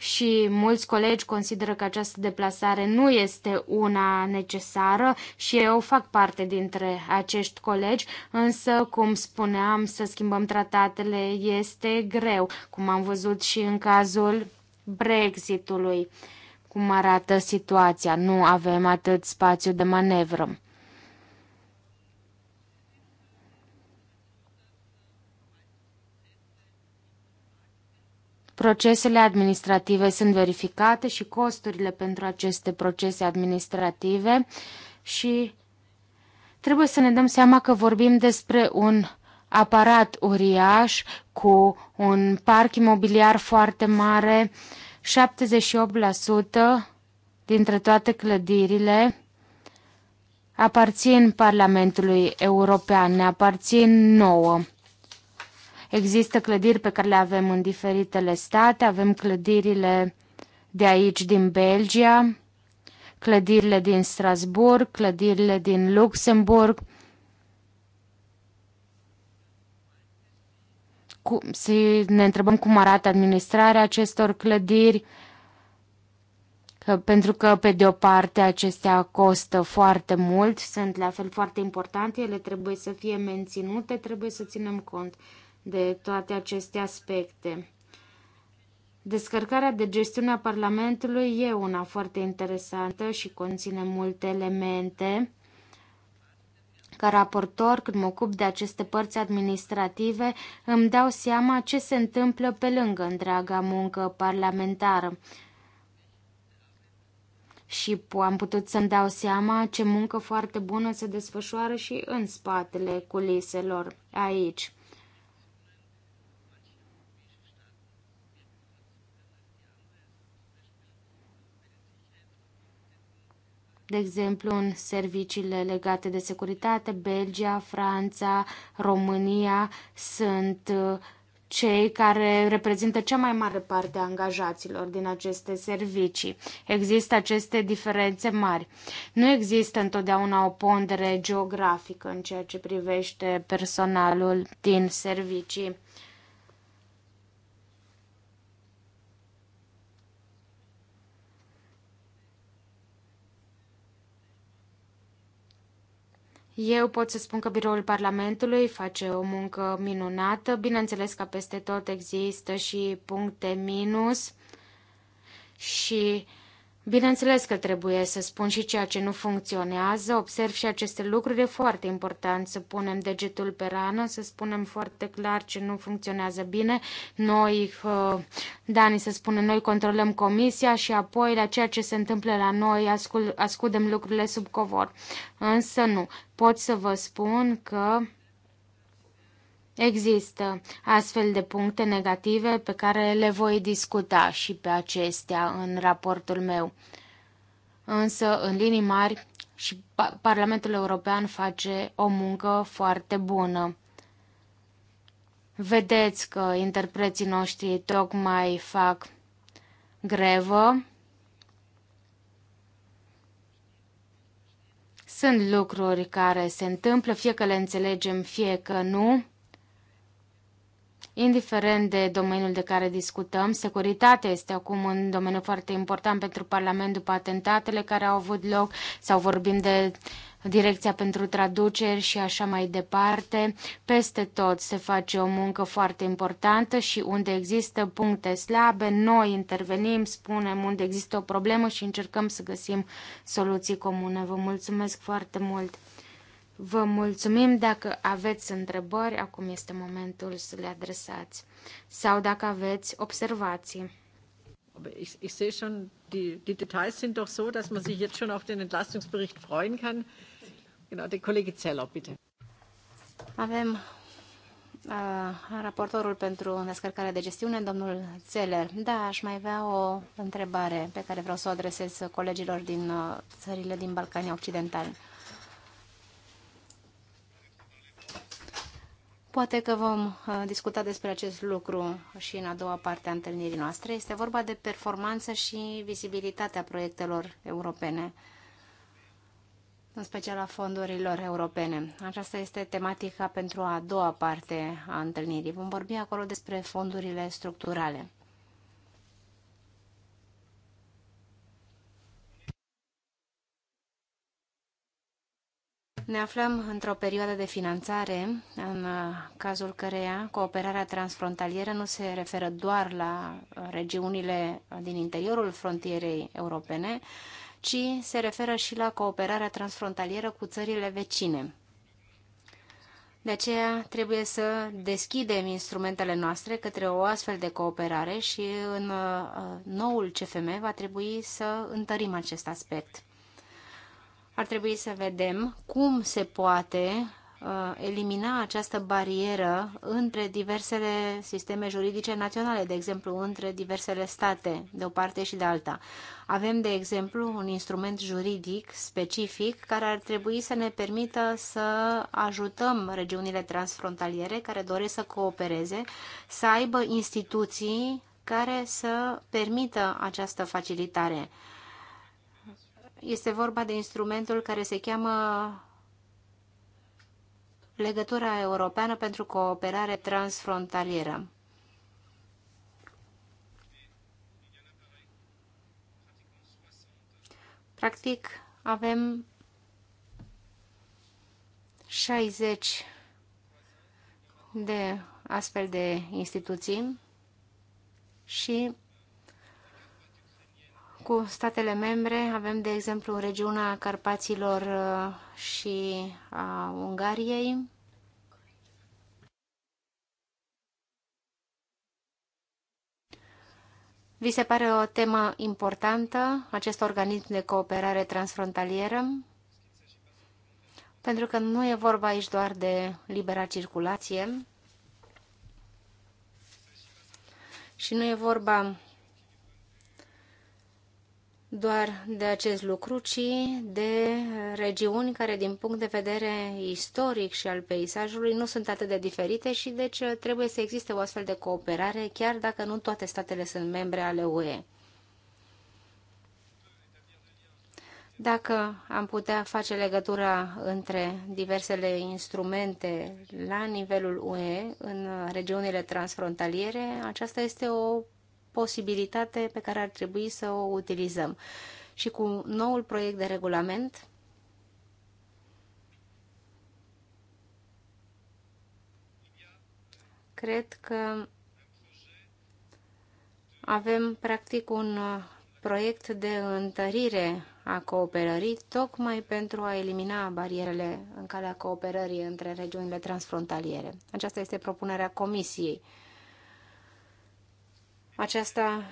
și mulți colegi consideră că această deplasare nu este una necesară și eu fac parte dintre acești colegi, însă, cum spuneam, să schimbăm tratatele este greu, cum am văzut și în cazul Brexitului. Cum arată situația? Nu avem atât spațiu de manevră. Procesele administrative sunt verificate și costurile pentru aceste procese administrative și trebuie să ne dăm seama că vorbim despre un aparat uriaș cu un parc imobiliar foarte mare, 78% dintre toate clădirile aparțin Parlamentului European, ne aparțin nouă. Există clădiri pe care le avem în diferitele state, avem clădirile de aici din Belgia, clădirile din Strasburg, clădirile din Luxemburg, cu, să ne întrebăm cum arată administrarea acestor clădiri, că, pentru că, pe de o parte, acestea costă foarte mult, sunt la fel foarte importante, ele trebuie să fie menținute, trebuie să ținem cont de toate aceste aspecte. Descărcarea de gestiune a Parlamentului e una foarte interesantă și conține multe elemente. Ca raportor, când mă ocup de aceste părți administrative, îmi dau seama ce se întâmplă pe lângă întreaga muncă parlamentară. Și am putut să-mi dau seama ce muncă foarte bună se desfășoară și în spatele culiselor aici. de exemplu în serviciile legate de securitate, Belgia, Franța, România sunt uh, cei care reprezintă cea mai mare parte a angajaților din aceste servicii. Există aceste diferențe mari. Nu există întotdeauna o pondere geografică în ceea ce privește personalul din servicii. Eu pot să spun că biroul Parlamentului face o muncă minunată. Bineînțeles că peste tot există și puncte minus și uh, Bineînțeles că trebuie să spun și ceea ce nu funcționează, observ și aceste lucruri, e foarte important să punem degetul pe rană, să spunem foarte clar ce nu funcționează bine. Noi, uh, Dani să spune, noi controlăm comisia și apoi la ceea ce se întâmplă la noi ascul, ascundem lucrurile sub covor. Însă nu, pot să vă spun că Există astfel de puncte negative pe care le voi discuta și pe acestea în raportul meu. Însă, în linii mari, și Parlamentul European face o muncă foarte bună. Vedeți că interpreții noștri tocmai fac grevă. Sunt lucruri care se întâmplă, fie că le înțelegem, fie că nu indiferent de domeniul de care discutăm, securitatea este acum un domeniu foarte important pentru Parlament după atentatele care au avut loc, sau vorbim de direcția pentru traduceri și așa mai departe. Peste tot se face o muncă foarte importantă și unde există puncte slabe, noi intervenim, spunem unde există o problemă și încercăm să găsim soluții comune. Vă mulțumesc foarte mult! Vă mulțumim dacă aveți întrebări, acum este momentul să le adresați, sau dacă aveți observații. ich, ich sehe schon, die, die Details sind doch so, dass man sich jetzt schon auf den Entlastungsbericht freuen kann. Genau, der Kollege Zeller, bitte. Avem uh, raportorul pentru descărcarea de gestiune, domnul Zeller. Da, aș mai avea o întrebare pe care vreau să o adresez colegilor din uh, țările din Balcanii Occidentali. Poate că vom uh, discuta despre acest lucru și în a doua parte a întâlnirii noastre. Este vorba de performanță și vizibilitatea proiectelor europene, în special a fondurilor europene. Aceasta este tematica pentru a doua parte a întâlnirii. Vom vorbi acolo despre fondurile structurale. Ne aflăm într-o perioadă de finanțare, în uh, cazul căreia cooperarea transfrontalieră nu se referă doar la uh, regiunile uh, din interiorul frontierei europene, ci se referă și la cooperarea transfrontalieră cu țările vecine. De aceea trebuie să deschidem instrumentele noastre către o astfel de cooperare și în noul CFM va trebui să întărim acest aspect ar trebui să vedem cum se poate uh, elimina această barieră între diversele sisteme juridice naționale, de exemplu, între diversele state, de o parte și de alta. Avem, de exemplu, un instrument juridic specific care ar trebui să ne permită să ajutăm regiunile transfrontaliere care doresc să coopereze, să aibă instituții care să permită această facilitare. Este vorba de instrumentul care se cheamă Legătura Europeană pentru Cooperare Transfrontalieră. Practic, avem 60 de astfel de instituții și cu statele membre. Avem, de exemplu, regiunea Carpaților uh, și a Ungariei. Vi se pare o temă importantă, acest organism de cooperare transfrontalieră? Pentru că nu e vorba aici doar de libera circulație și nu e vorba doar de acest lucru, ci de regiuni care, din punct de vedere istoric și al peisajului, nu sunt atât de diferite și deci trebuie să existe o astfel de cooperare, chiar dacă nu toate statele sunt membre ale UE. Dacă am putea face legătura între diversele instrumente la nivelul UE în regiunile transfrontaliere, aceasta este o posibilitate pe care ar trebui să o utilizăm. Și cu noul proiect de regulament cred că avem practic un uh, proiect de întărire a cooperării, tocmai pentru a elimina barierele în calea cooperării între regiunile transfrontaliere. Aceasta este propunerea Comisiei. Aceasta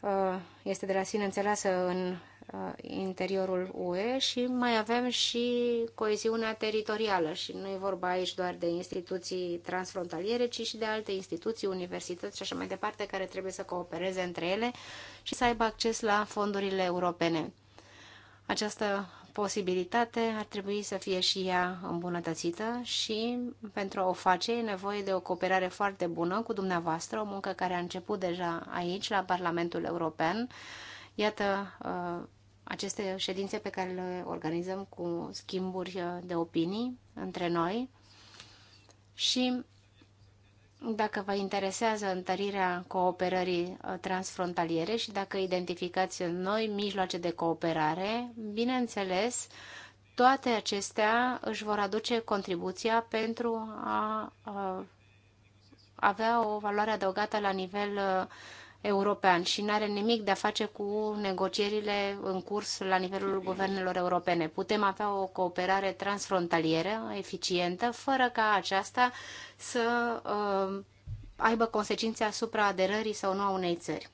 uh, este de la sine înțeleasă în uh, interiorul UE și mai avem și coeziunea teritorială și nu e vorba aici doar de instituții transfrontaliere, ci și de alte instituții, universități și așa mai departe, care trebuie să coopereze între ele și să aibă acces la fondurile europene. Această posibilitate ar trebui să fie și ea îmbunătățită și pentru a o face e nevoie de o cooperare foarte bună cu dumneavoastră, o muncă care a început deja aici, la Parlamentul European. Iată uh, aceste ședințe pe care le organizăm cu schimburi de opinii între noi și dacă vă interesează întărirea cooperării uh, transfrontaliere și dacă identificați noi mijloace de cooperare, bineînțeles, toate acestea își vor aduce contribuția pentru a uh, avea o valoare adăugată la nivel uh, european și nu are nimic de a face cu negocierile în curs la nivelul guvernelor europene. Putem avea o cooperare transfrontalieră, eficientă, fără ca aceasta să uh, aibă consecințe asupra aderării sau nu a unei țări.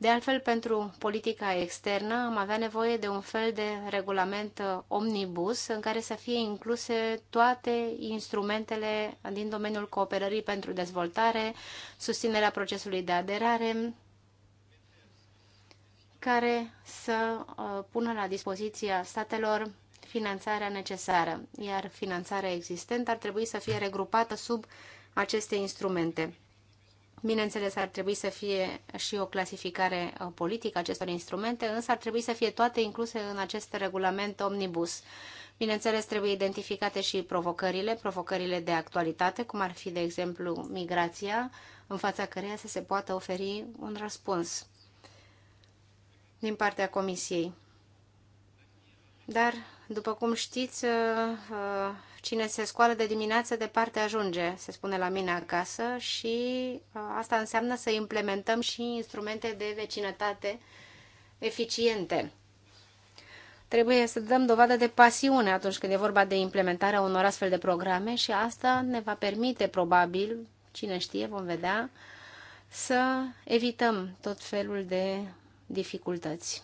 De altfel, pentru politica externă am avea nevoie de un fel de regulament uh, omnibus în care să fie incluse toate instrumentele din domeniul cooperării pentru dezvoltare, susținerea procesului de aderare, care să uh, pună la dispoziția statelor finanțarea necesară, iar finanțarea existentă ar trebui să fie regrupată sub aceste instrumente. Bineînțeles, ar trebui să fie și o clasificare uh, politică acestor instrumente, însă ar trebui să fie toate incluse în acest regulament omnibus. Bineînțeles, trebuie identificate și provocările, provocările de actualitate, cum ar fi, de exemplu, migrația, în fața căreia să se poată oferi un răspuns din partea Comisiei. Dar, după cum știți, uh, uh, cine se scoală de dimineață departe ajunge, se spune la mine acasă și uh, asta înseamnă să implementăm și instrumente de vecinătate eficiente. Trebuie să dăm dovadă de pasiune atunci când e vorba de implementarea unor astfel de programe și asta ne va permite, probabil, cine știe, vom vedea, să evităm tot felul de dificultăți.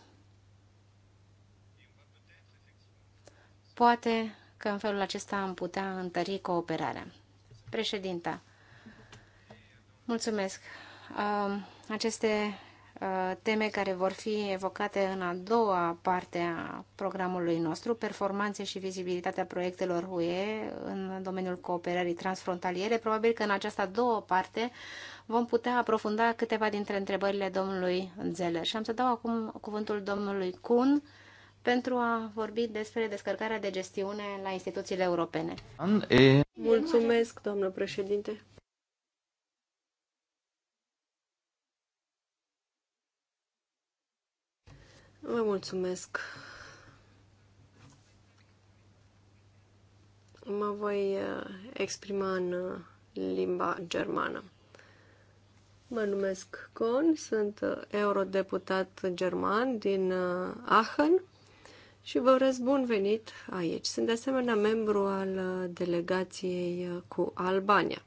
Poate că în felul acesta am putea întări cooperarea. Președinta, mulțumesc. Um, aceste uh, teme care vor fi evocate în a doua parte a programului nostru, performanțe și vizibilitatea proiectelor UE în domeniul cooperării transfrontaliere. Probabil că în această a doua parte vom putea aprofunda câteva dintre întrebările domnului Zeller. Și am să dau acum cuvântul domnului Kuhn pentru a vorbi despre descărcarea de gestiune la instituțiile europene. Mulțumesc, doamnă președinte. Vă mulțumesc. Mă voi uh, exprima în uh, limba germană. Mă numesc Con, sunt uh, eurodeputat german din Aachen și vă urez bun venit aici. Sunt de asemenea membru al uh, delegației uh, cu Albania.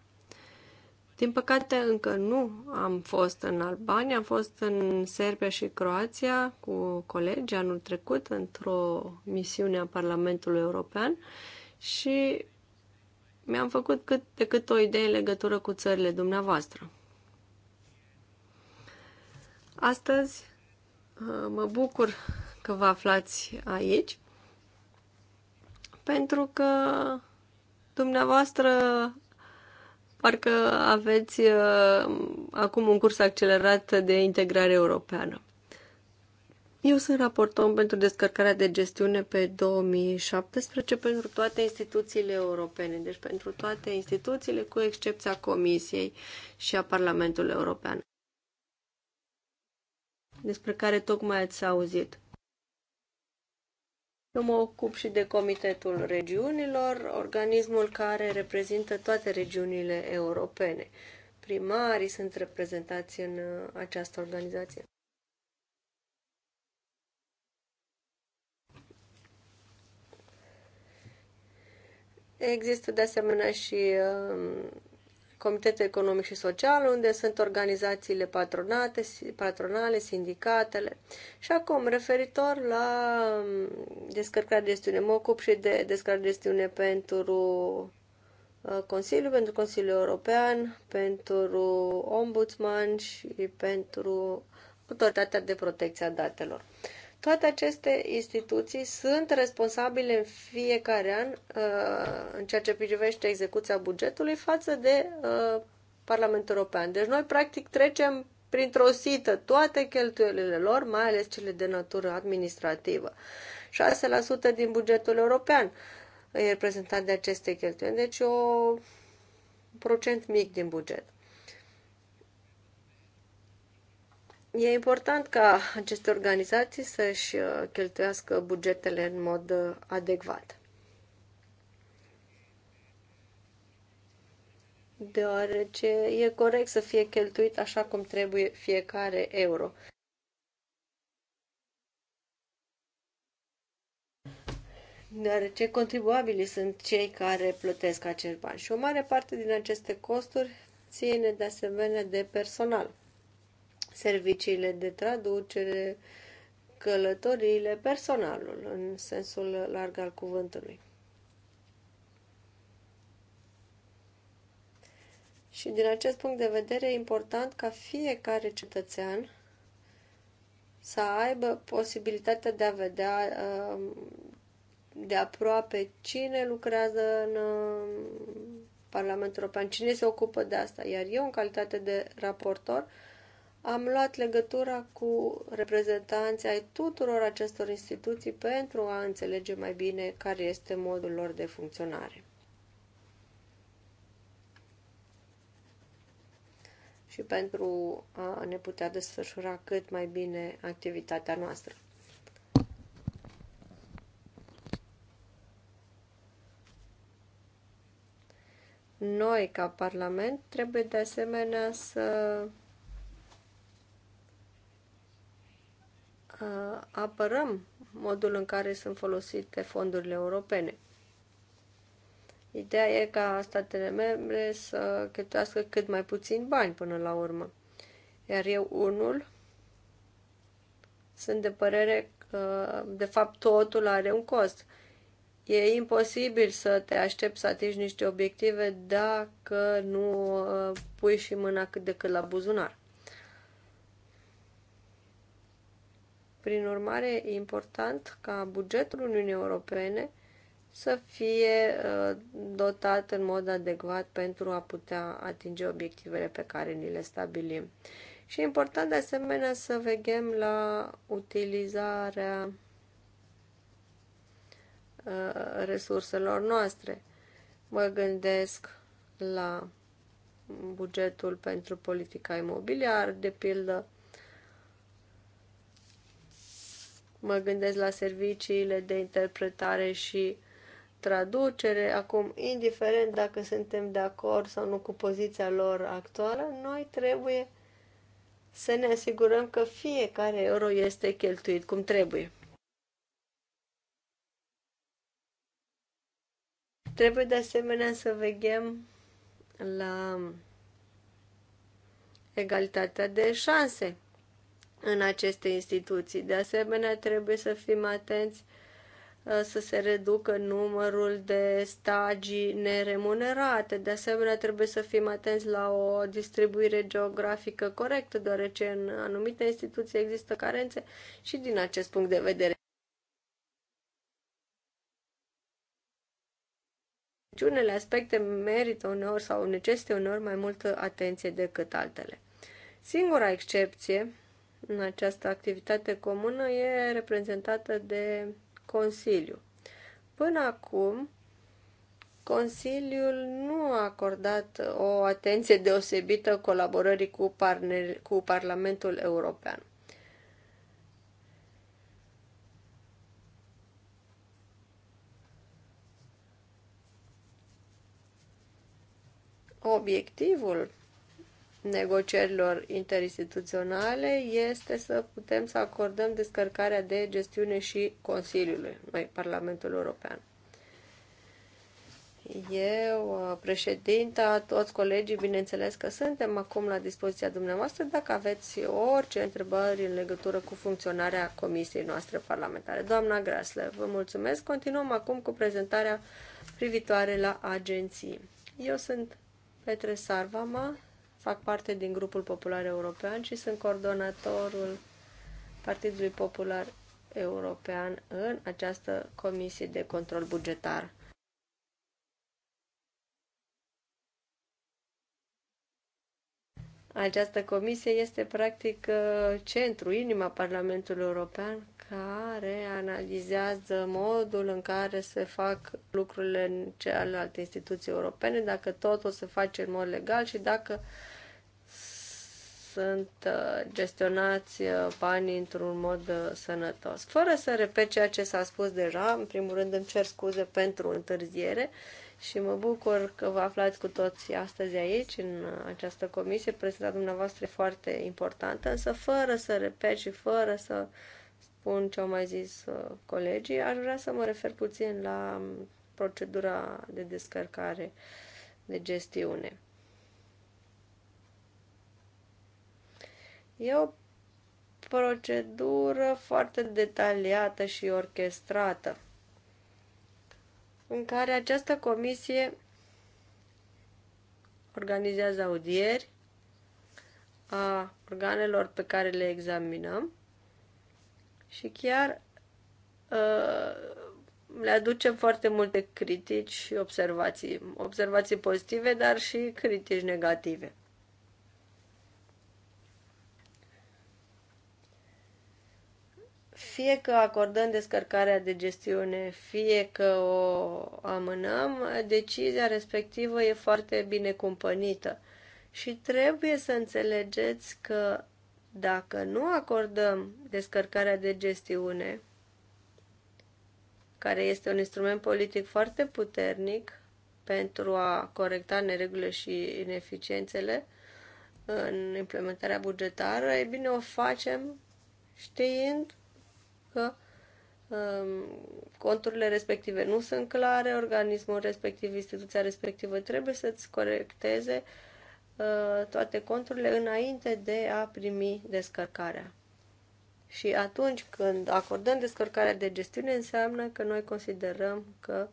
Din păcate, încă nu am fost în Albania, am fost în Serbia și Croația cu colegi anul trecut într-o misiune a Parlamentului European și mi-am făcut cât de cât o idee în legătură cu țările dumneavoastră. Astăzi uh, mă bucur că vă aflați aici, pentru că dumneavoastră parcă aveți uh, acum un curs accelerat de integrare europeană. Eu sunt raportor pentru descărcarea de gestiune pe 2017 pentru toate instituțiile europene, deci pentru toate instituțiile cu excepția Comisiei și a Parlamentului European, despre care tocmai ați auzit. Eu mă ocup și de Comitetul Regiunilor, organismul care reprezintă toate regiunile europene. Primarii sunt reprezentați în uh, această organizație. Există de asemenea și uh, Comitetul Economic și Social, unde sunt organizațiile patronate, patronale, sindicatele. Și acum, referitor la um, descărcarea de gestiune, mă ocup și de descărcarea de gestiune pentru uh, Consiliu, pentru Consiliul European, pentru Ombudsman și pentru Autoritatea de Protecție a Datelor. Toate aceste instituții sunt responsabile în fiecare an uh, în ceea ce privește execuția bugetului față de uh, Parlamentul European. Deci noi practic trecem printr-o sită toate cheltuielile lor, mai ales cele de natură administrativă. 6% din bugetul european e reprezentat de aceste cheltuieli, deci o procent mic din buget. E important ca aceste organizații să-și uh, cheltuiască bugetele în mod uh, adecvat. Deoarece e corect să fie cheltuit așa cum trebuie fiecare euro. deoarece contribuabilii sunt cei care plătesc acești bani și o mare parte din aceste costuri ține de asemenea de personal serviciile de traducere, călătoriile, personalul, în sensul larg al cuvântului. Și din acest punct de vedere e important ca fiecare cetățean să aibă posibilitatea de a vedea um, de aproape cine lucrează în um, Parlamentul European, cine se ocupă de asta. Iar eu, în calitate de raportor, am luat legătura cu reprezentanții ai tuturor acestor instituții pentru a înțelege mai bine care este modul lor de funcționare. și pentru a ne putea desfășura cât mai bine activitatea noastră. Noi, ca Parlament, trebuie de asemenea să Uh, apărăm modul în care sunt folosite fondurile europene. Ideea e ca statele membre să cheltuiască cât mai puțin bani până la urmă. Iar eu, unul, sunt de părere că, de fapt, totul are un cost. E imposibil să te aștepți să atingi niște obiective dacă nu uh, pui și mâna cât de cât la buzunar. Prin urmare, e important ca bugetul Uniunii Europene să fie uh, dotat în mod adecvat pentru a putea atinge obiectivele pe care ni le stabilim. Și e important de asemenea să vegem la utilizarea uh, resurselor noastre. Mă gândesc la bugetul pentru politica imobiliară, de pildă Mă gândesc la serviciile de interpretare și traducere. Acum, indiferent dacă suntem de acord sau nu cu poziția lor actuală, noi trebuie să ne asigurăm că fiecare euro este cheltuit cum trebuie. Trebuie de asemenea să veghem la egalitatea de șanse în aceste instituții. De asemenea, trebuie să fim atenți uh, să se reducă numărul de stagii neremunerate. De asemenea, trebuie să fim atenți la o distribuire geografică corectă, deoarece în anumite instituții există carențe și din acest punct de vedere. Unele aspecte merită uneori sau necesită uneori mai multă atenție decât altele. Singura excepție în această activitate comună e reprezentată de Consiliu. Până acum, Consiliul nu a acordat o atenție deosebită colaborării cu, partner, cu Parlamentul European. Obiectivul negocierilor interinstituționale este să putem să acordăm descărcarea de gestiune și Consiliului, noi, Parlamentul European. Eu, președinta, toți colegii, bineînțeles că suntem acum la dispoziția dumneavoastră dacă aveți orice întrebări în legătură cu funcționarea comisiei noastre parlamentare. Doamna Grasle, vă mulțumesc. Continuăm acum cu prezentarea privitoare la agenții. Eu sunt Petre Sarvama, fac parte din grupul popular european și sunt coordonatorul Partidului Popular European în această comisie de control bugetar. Această comisie este practic uh, centru, inima Parlamentului European, care analizează modul în care se fac lucrurile în celelalte instituții europene, dacă totul se face în mod legal și dacă uh, sunt uh, gestionați uh, banii într-un mod uh, sănătos. Fără să repet ceea ce s-a spus deja, în primul rând îmi cer scuze pentru întârziere și mă bucur că vă aflați cu toți astăzi aici, în această comisie, prezentată dumneavoastră foarte importantă, însă fără să repet și fără să spun ce au mai zis colegii, aș vrea să mă refer puțin la um, procedura de descărcare de gestiune. E o procedură foarte detaliată și orchestrată în care această comisie organizează audieri a organelor pe care le examinăm și chiar uh, le aducem foarte multe critici și observații. Observații pozitive, dar și critici negative. fie că acordăm descărcarea de gestiune, fie că o amânăm, decizia respectivă e foarte bine cumpănită. Și trebuie să înțelegeți că dacă nu acordăm descărcarea de gestiune, care este un instrument politic foarte puternic pentru a corecta neregulile și ineficiențele în implementarea bugetară, e bine o facem știind că um, conturile respective nu sunt clare, organismul respectiv, instituția respectivă trebuie să-ți corecteze uh, toate conturile înainte de a primi descărcarea. Și atunci când acordăm descărcarea de gestiune, înseamnă că noi considerăm că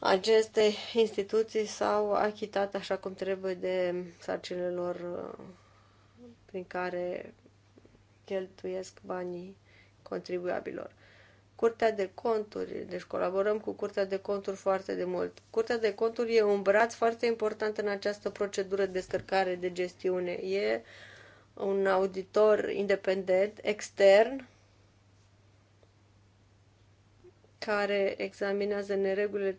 aceste instituții s-au achitat așa cum trebuie de sarcinile lor uh, prin care cheltuiesc banii contribuabilor. Curtea de conturi, deci colaborăm cu Curtea de conturi foarte de mult. Curtea de conturi e un braț foarte important în această procedură de scărcare de gestiune. E un auditor independent, extern, care examinează neregulile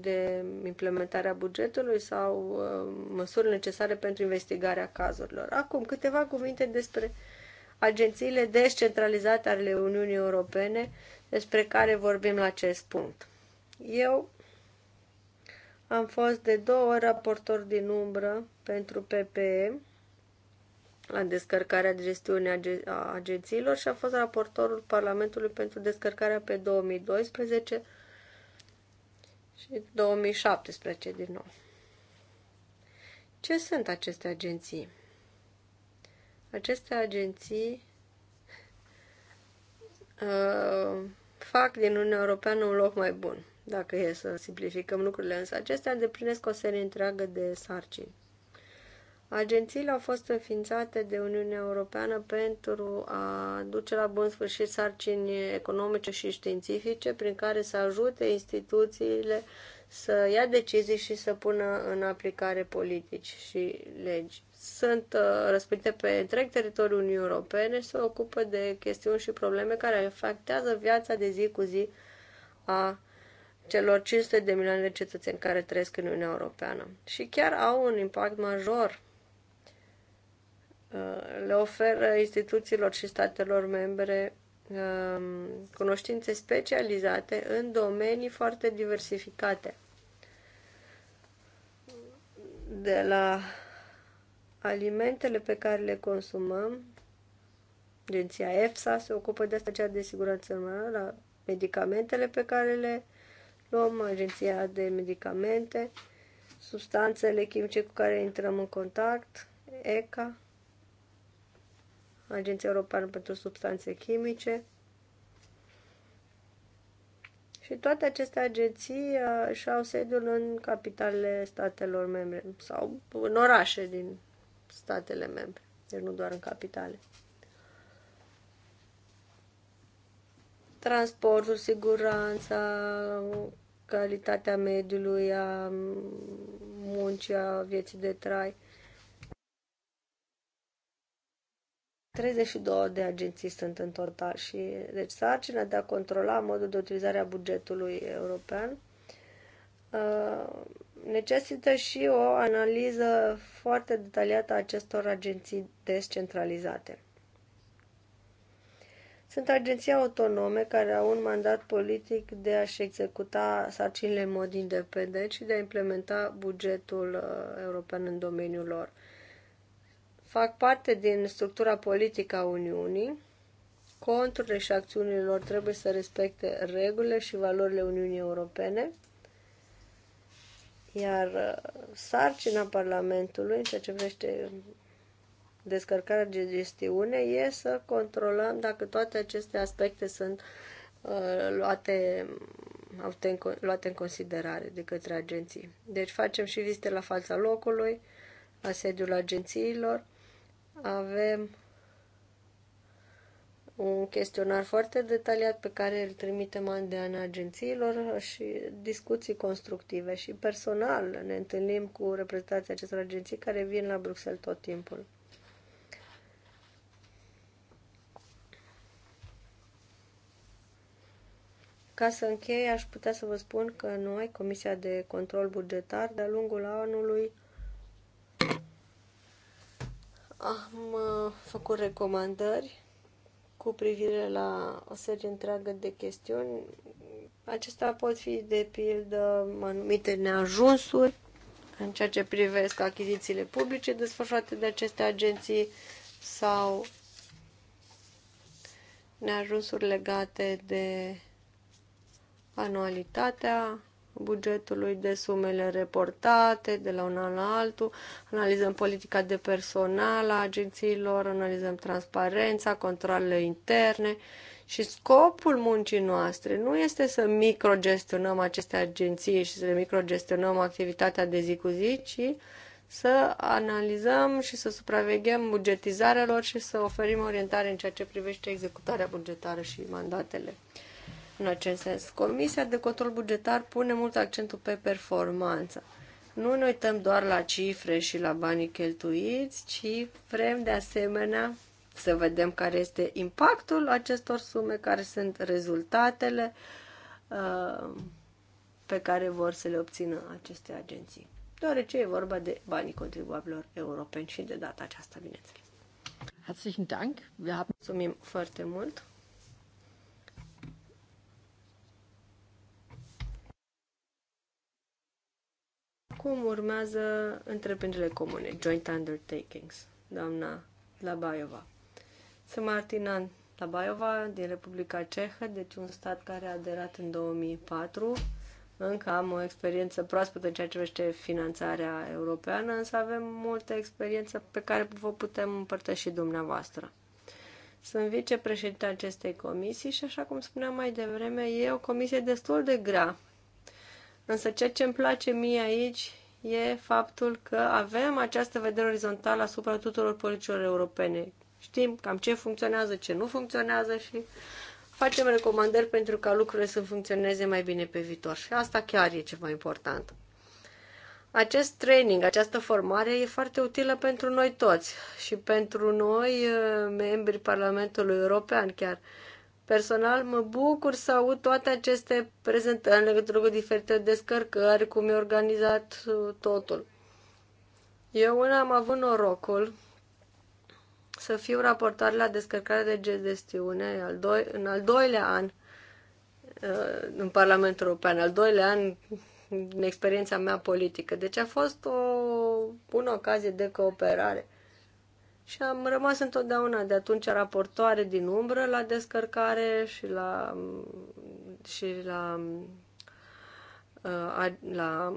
de implementarea bugetului sau uh, măsuri necesare pentru investigarea cazurilor. Acum, câteva cuvinte despre agențiile descentralizate ale Uniunii Europene despre care vorbim la acest punct. Eu am fost de două ori raportor din umbră pentru PPE la descărcarea de gestiune a agențiilor și a fost raportorul Parlamentului pentru descărcarea pe 2012 și 2017 din nou. Ce sunt aceste agenții? Aceste agenții uh, fac din Uniunea Europeană un loc mai bun, dacă e să simplificăm lucrurile, însă acestea îndeplinesc o serie întreagă de sarcini. Agențiile au fost înființate de Uniunea Europeană pentru a duce la bun sfârșit sarcini economice și științifice prin care să ajute instituțiile să ia decizii și să pună în aplicare politici și legi. Sunt uh, răspândite pe întreg teritoriul Uniunii Europene și se ocupă de chestiuni și probleme care afectează viața de zi cu zi a celor 500 de milioane de cetățeni care trăiesc în Uniunea Europeană și chiar au un impact major Uh, le oferă instituțiilor și statelor membre um, cunoștințe specializate în domenii foarte diversificate. De la alimentele pe care le consumăm, agenția EFSA se ocupă de asta, cea de siguranță în la medicamentele pe care le luăm, agenția de medicamente, substanțele chimice cu care intrăm în contact, ECA, Agenția Europeană pentru Substanțe Chimice. Și toate aceste agenții uh, și au sediul în capitalele statelor membre sau în orașe din statele membre, deci nu doar în capitale. Transportul, siguranța, calitatea mediului, a muncii, a vieții de trai – 32 de agenții sunt în total și deci sarcina de a controla modul de utilizare a bugetului european uh, necesită și o analiză foarte detaliată a acestor agenții descentralizate. Sunt agenții autonome care au un mandat politic de a-și executa sarcinile în mod independent și de a implementa bugetul uh, european în domeniul lor fac parte din structura politică a Uniunii. Conturile și acțiunile lor trebuie să respecte regulile și valorile Uniunii Europene. Iar uh, sarcina Parlamentului, în ceea ce privește descărcarea de gestiune, e să controlăm dacă toate aceste aspecte sunt uh, luate, în, luate în considerare de către agenții. Deci facem și vizite la fața locului, la sediul agențiilor, avem un chestionar foarte detaliat pe care îl trimitem an de an agențiilor și discuții constructive și personal ne întâlnim cu reprezentanții acestor agenții care vin la Bruxelles tot timpul. Ca să închei, aș putea să vă spun că noi, Comisia de Control Bugetar, de-a lungul anului, am uh, făcut recomandări cu privire la o serie întreagă de chestiuni. Acestea pot fi, de pildă, anumite neajunsuri în ceea ce privesc achizițiile publice desfășurate de aceste agenții sau neajunsuri legate de anualitatea bugetului, de sumele reportate de la un an la altul, analizăm politica de personal a agențiilor, analizăm transparența, controlele interne și scopul muncii noastre nu este să microgestionăm aceste agenții și să le microgestionăm activitatea de zi cu zi, ci să analizăm și să supraveghem bugetizarea lor și să oferim orientare în ceea ce privește executarea bugetară și mandatele în acest sens. Comisia de control bugetar pune mult accentul pe performanță. Nu ne uităm doar la cifre și la banii cheltuiți, ci vrem de asemenea să vedem care este impactul acestor sume, care sunt rezultatele uh, pe care vor să le obțină aceste agenții. Deoarece e vorba de banii contribuabilor europeni și de data aceasta, bineînțeles. Herzlichen Dank. Mulțumim foarte mult. Acum urmează întreprinderile comune, joint undertakings, doamna Labaiova. Sunt Martina Labaiova din Republica Cehă, deci un stat care a aderat în 2004. Încă am o experiență proaspătă în ceea ce privește finanțarea europeană, însă avem multă experiență pe care vă putem împărtăși dumneavoastră. Sunt vicepreședinte acestei comisii și, așa cum spuneam mai devreme, e o comisie destul de grea Însă ceea ce îmi place mie aici e faptul că avem această vedere orizontală asupra tuturor politicilor europene. Știm cam ce funcționează, ce nu funcționează și facem recomandări pentru ca lucrurile să funcționeze mai bine pe viitor. Și asta chiar e ceva important. Acest training, această formare e foarte utilă pentru noi toți și pentru noi, eh, membrii Parlamentului European chiar. Personal mă bucur să aud toate aceste prezentări în legătură cu diferite descărcări, cum e organizat uh, totul. Eu una am avut norocul să fiu raportar la descărcarea de gestiune al în al doilea an uh, în Parlamentul European, al doilea an în experiența mea politică. Deci a fost o bună ocazie de cooperare. Și am rămas întotdeauna de atunci raportoare din umbră la descărcare și la, și la, la, uh, la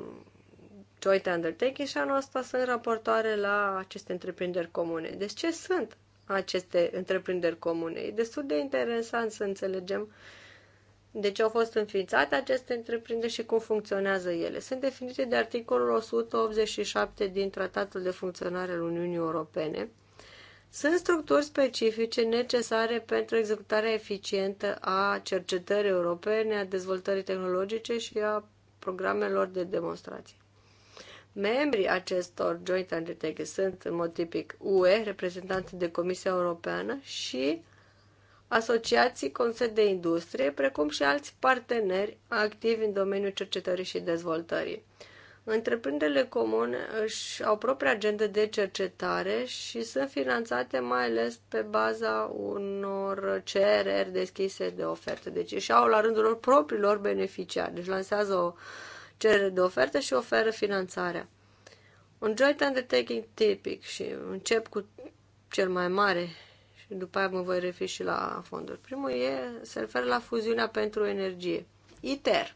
joint undertaking și anul ăsta sunt raportoare la aceste întreprinderi comune. Deci ce sunt aceste întreprinderi comune? E destul de interesant să înțelegem de ce au fost înființate aceste întreprinderi și cum funcționează ele. Sunt definite de articolul 187 din Tratatul de Funcționare al Uniunii Europene sunt structuri specifice necesare pentru executarea eficientă a cercetării europene, a dezvoltării tehnologice și a programelor de demonstrație. Membrii acestor joint undertakings sunt în mod tipic UE, reprezentanți de Comisia Europeană și asociații Consiliul de Industrie, precum și alți parteneri activi în domeniul cercetării și dezvoltării. Întreprinderile comune își au propria agendă de cercetare și sunt finanțate mai ales pe baza unor CRR deschise de ofertă, Deci își au la rândul lor propriilor beneficiari. Deci lansează o cerere de ofertă și oferă finanțarea. Un joint undertaking tipic și încep cu cel mai mare și după aia mă voi refi și la fonduri. Primul e, se referă la fuziunea pentru energie. ITER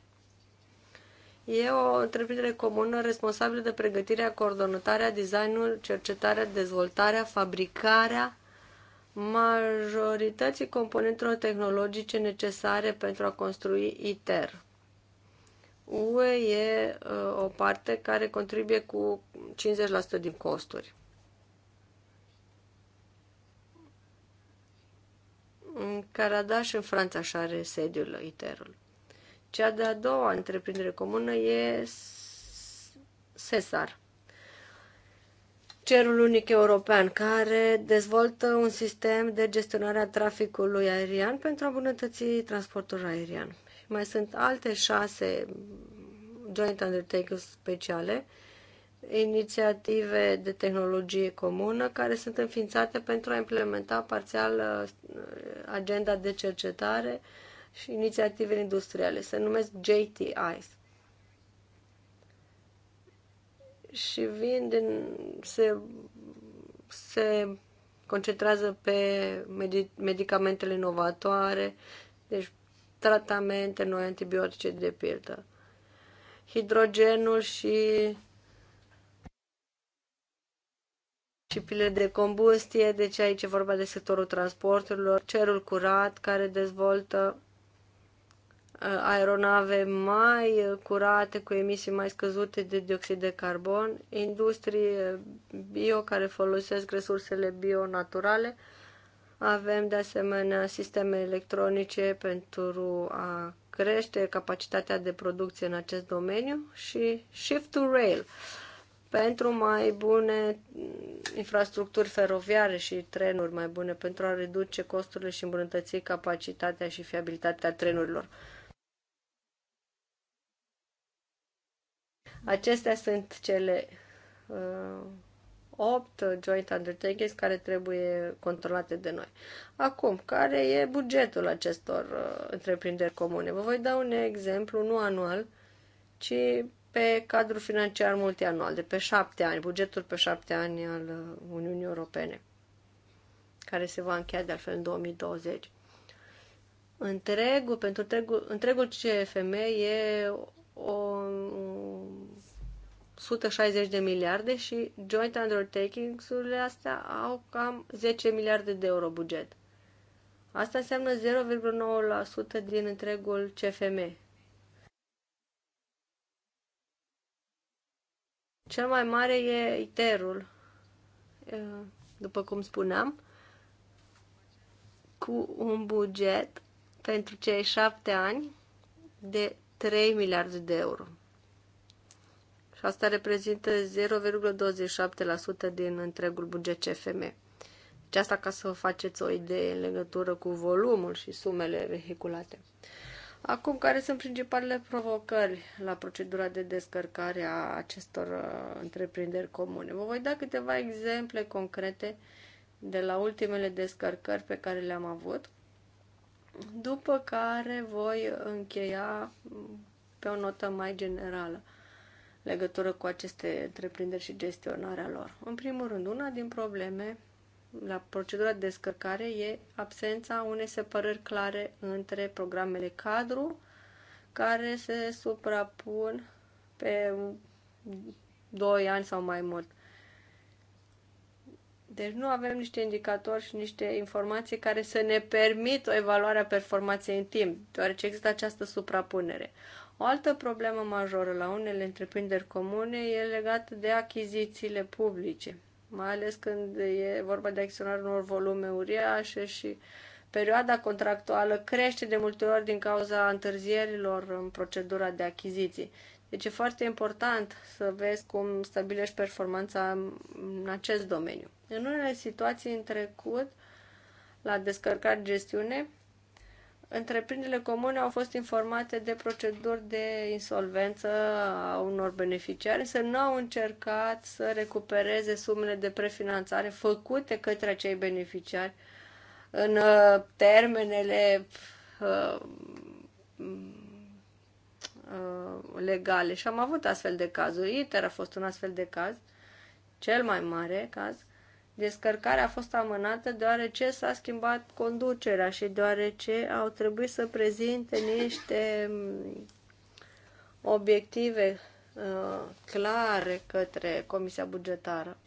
E o întreprindere comună responsabilă de pregătirea, coordonătarea, designul, cercetarea, dezvoltarea, fabricarea majorității componentelor tehnologice necesare pentru a construi ITER. UE e uh, o parte care contribuie cu 50% din costuri. În Canada și în Franța așa are sediul ITER-ului. Cea de-a doua întreprindere comună e SESAR. Cerul Unic European, care dezvoltă un sistem de gestionare a traficului aerian pentru a îmbunătăți transportul aerian. Și mai sunt alte șase joint undertakings speciale, inițiative de tehnologie comună care sunt înființate pentru a implementa parțial uh, agenda de cercetare și inițiative industriale, se numesc JTIs. Și vin din, se, se concentrează pe medicamentele inovatoare, deci tratamente noi antibiotice de pildă. Hidrogenul și și pile de combustie, deci aici e vorba de sectorul transporturilor, cerul curat care dezvoltă Uh, aeronave mai uh, curate, cu emisii mai scăzute de dioxid de carbon, industrie uh, bio care folosesc resursele bio-naturale. Avem de asemenea sisteme electronice pentru a crește capacitatea de producție în acest domeniu și shift to rail pentru mai bune infrastructuri feroviare și trenuri mai bune pentru a reduce costurile și îmbunătăți capacitatea și fiabilitatea trenurilor. Acestea sunt cele uh, 8 joint undertakings care trebuie controlate de noi. Acum, care e bugetul acestor uh, întreprinderi comune? Vă voi da un exemplu, nu anual, ci pe cadrul financiar multianual, de pe șapte ani, bugetul pe șapte ani al uh, Uniunii Europene, care se va încheia de altfel în 2020. Întregul, pentru întregul, întregul CFM e o, 160 de miliarde și joint undertakings-urile astea au cam 10 miliarde de euro buget. Asta înseamnă 0,9% din întregul CFM. Cel mai mare e ITER-ul, după cum spuneam, cu un buget pentru cei șapte ani de 3 miliarde de euro și asta reprezintă 0,27% din întregul buget CFM. Deci asta ca să vă faceți o idee în legătură cu volumul și sumele vehiculate. Acum, care sunt principalele provocări la procedura de descărcare a acestor uh, întreprinderi comune? Vă voi da câteva exemple concrete de la ultimele descărcări pe care le-am avut, după care voi încheia mm, pe o notă mai generală legătură cu aceste întreprinderi și gestionarea lor. În primul rând, una din probleme la procedura de descărcare e absența unei separări clare între programele cadru care se suprapun pe 2 ani sau mai mult. Deci nu avem niște indicatori și niște informații care să ne permit o evaluare a performanței în timp, deoarece există această suprapunere. O altă problemă majoră la unele întreprinderi comune e legată de achizițiile publice, mai ales când e vorba de acționarea unor volume uriașe și perioada contractuală crește de multe ori din cauza întârzierilor în procedura de achiziții. Deci e foarte important să vezi cum stabilești performanța în acest domeniu. În unele situații în trecut, la descărcare gestiune, Întreprinderile comune au fost informate de proceduri de insolvență a unor beneficiari, însă nu au încercat să recupereze sumele de prefinanțare făcute către acei beneficiari în uh, termenele uh, uh, legale. Și am avut astfel de cazuri. ITER a fost un astfel de caz, cel mai mare caz. Descărcarea a fost amânată deoarece s-a schimbat conducerea și deoarece au trebuit să prezinte niște mm, obiective uh, clare către Comisia Bugetară.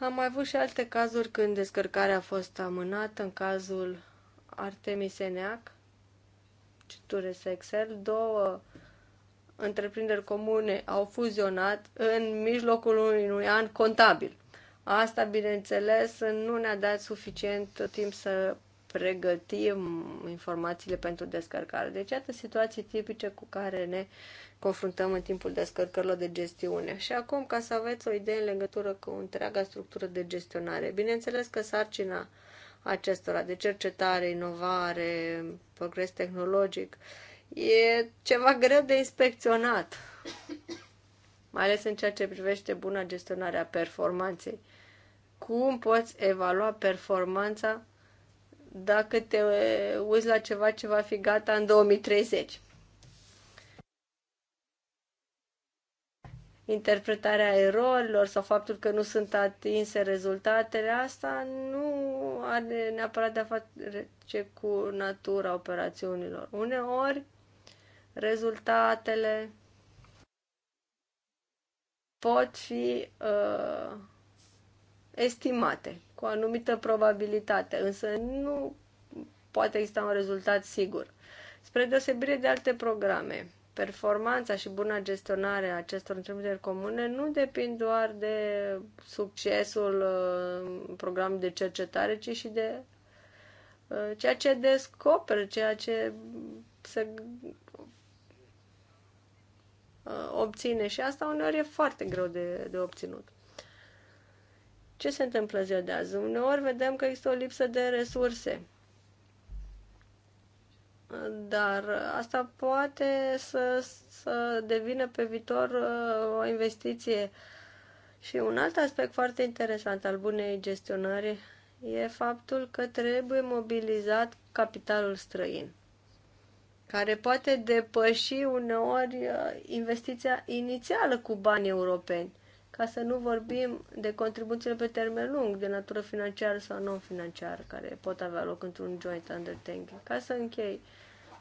Am mai avut și alte cazuri când descărcarea a fost amânată, în cazul Artemiseneac, citure Excel, două întreprinderi comune au fuzionat în mijlocul unui an contabil. Asta, bineînțeles, nu ne-a dat suficient timp să pregătim informațiile pentru descărcare. Deci, iată situații tipice cu care ne confruntăm în timpul descărcărilor de gestiune. Și acum, ca să aveți o idee în legătură cu întreaga structură de gestionare, bineînțeles că sarcina acestora de cercetare, inovare, progres tehnologic, uh, e ceva greu de inspecționat, mai ales în ceea ce privește buna gestionarea performanței. Cum poți evalua performanța dacă te uiți la ceva ce va fi gata în 2030? interpretarea erorilor sau faptul că nu sunt atinse rezultatele, asta nu are neapărat de a face cu natura operațiunilor. Uneori rezultatele pot fi uh, estimate cu o anumită probabilitate, însă nu poate exista un rezultat sigur. Spre deosebire de alte programe, performanța și buna gestionare a acestor întreprinderi comune nu depind doar de succesul uh, programului de cercetare, ci și de uh, ceea ce descoperă, ceea ce se Uh, obține și asta uneori e foarte greu de, de obținut. Ce se întâmplă ziua de azi? Uneori vedem că există o lipsă de resurse. Dar asta poate să, să devină pe viitor uh, o investiție. Și un alt aspect foarte interesant al bunei gestionări e faptul că trebuie mobilizat capitalul străin care poate depăși uneori uh, investiția inițială cu bani europeni, ca să nu vorbim de contribuțiile pe termen lung, de natură financiară sau non-financiară, care pot avea loc într-un joint undertaking. Ca să închei,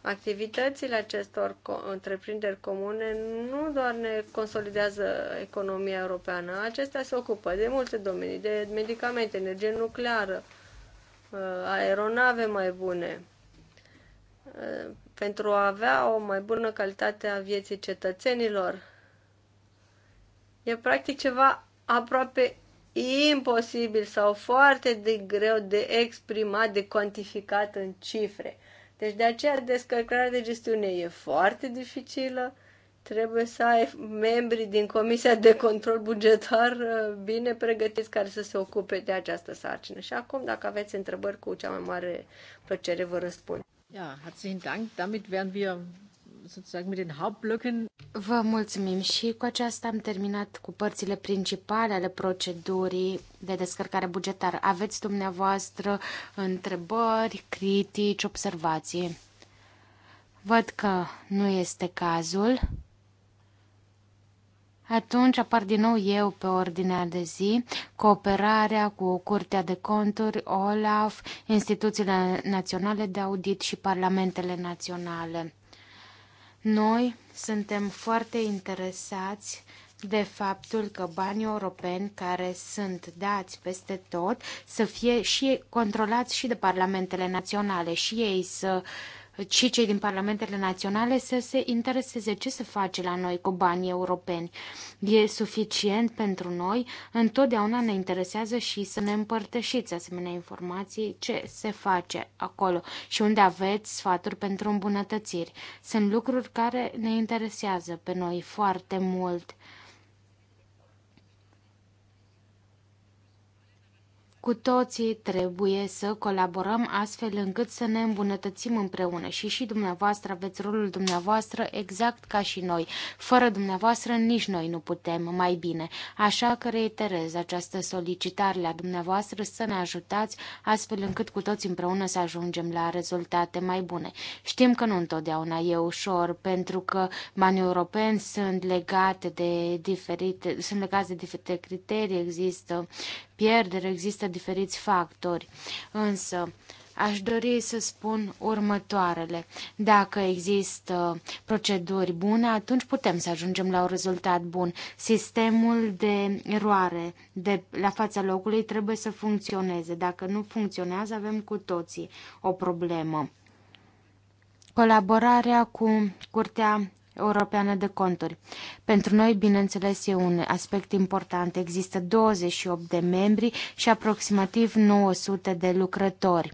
activitățile acestor co- întreprinderi comune nu doar ne consolidează economia europeană, acestea se ocupă de multe domenii, de medicamente, energie nucleară, uh, aeronave mai bune, uh, pentru a avea o mai bună calitate a vieții cetățenilor. E practic ceva aproape imposibil sau foarte de greu de exprimat, de cuantificat în cifre. Deci de aceea descărcarea de gestiune e foarte dificilă, trebuie să ai membrii din Comisia de Control Bugetar uh, bine pregătiți care să se ocupe de această sarcină. Și acum, dacă aveți întrebări, cu cea mai mare plăcere vă răspund. Ja, herzlichen Dank. Damit wären wir sozusagen mit den Hauptblöcken. Vă mulțumim și cu aceasta am terminat cu părțile principale ale procedurii de descărcare bugetară. Aveți dumneavoastră întrebări, critici, observații? Văd că nu este cazul. Atunci apar din nou eu pe ordinea de zi, cooperarea cu Curtea de Conturi, OLAF, instituțiile naționale de audit și parlamentele naționale. Noi suntem foarte interesați de faptul că banii europeni care sunt dați peste tot să fie și controlați și de parlamentele naționale și ei să uh, și cei din parlamentele naționale să se intereseze ce se face la noi cu banii europeni. E suficient pentru noi, întotdeauna ne interesează și să ne împărtășiți asemenea informații ce se face acolo și unde aveți sfaturi pentru îmbunătățiri. Sunt lucruri care ne interesează pe noi foarte mult. Cu toții trebuie să colaborăm astfel încât să ne îmbunătățim împreună și și dumneavoastră aveți rolul dumneavoastră exact ca și noi. Fără dumneavoastră nici noi nu putem mai bine. Așa că reiterez această solicitare la dumneavoastră să ne ajutați astfel încât cu toți împreună să ajungem la rezultate mai bune. Știm că nu întotdeauna e ușor pentru că banii europeni sunt legate de diferite, sunt legate de diferite criterii, există pierdere, există diferiți factori. Însă, aș dori să spun următoarele. Dacă există proceduri bune, atunci putem să ajungem la un rezultat bun. Sistemul de eroare de la fața locului trebuie să funcționeze. Dacă nu funcționează, avem cu toții o problemă. Colaborarea cu Curtea Europeană de Conturi. Pentru noi, bineînțeles, e un aspect important. Există 28 de membri și aproximativ 900 de lucrători.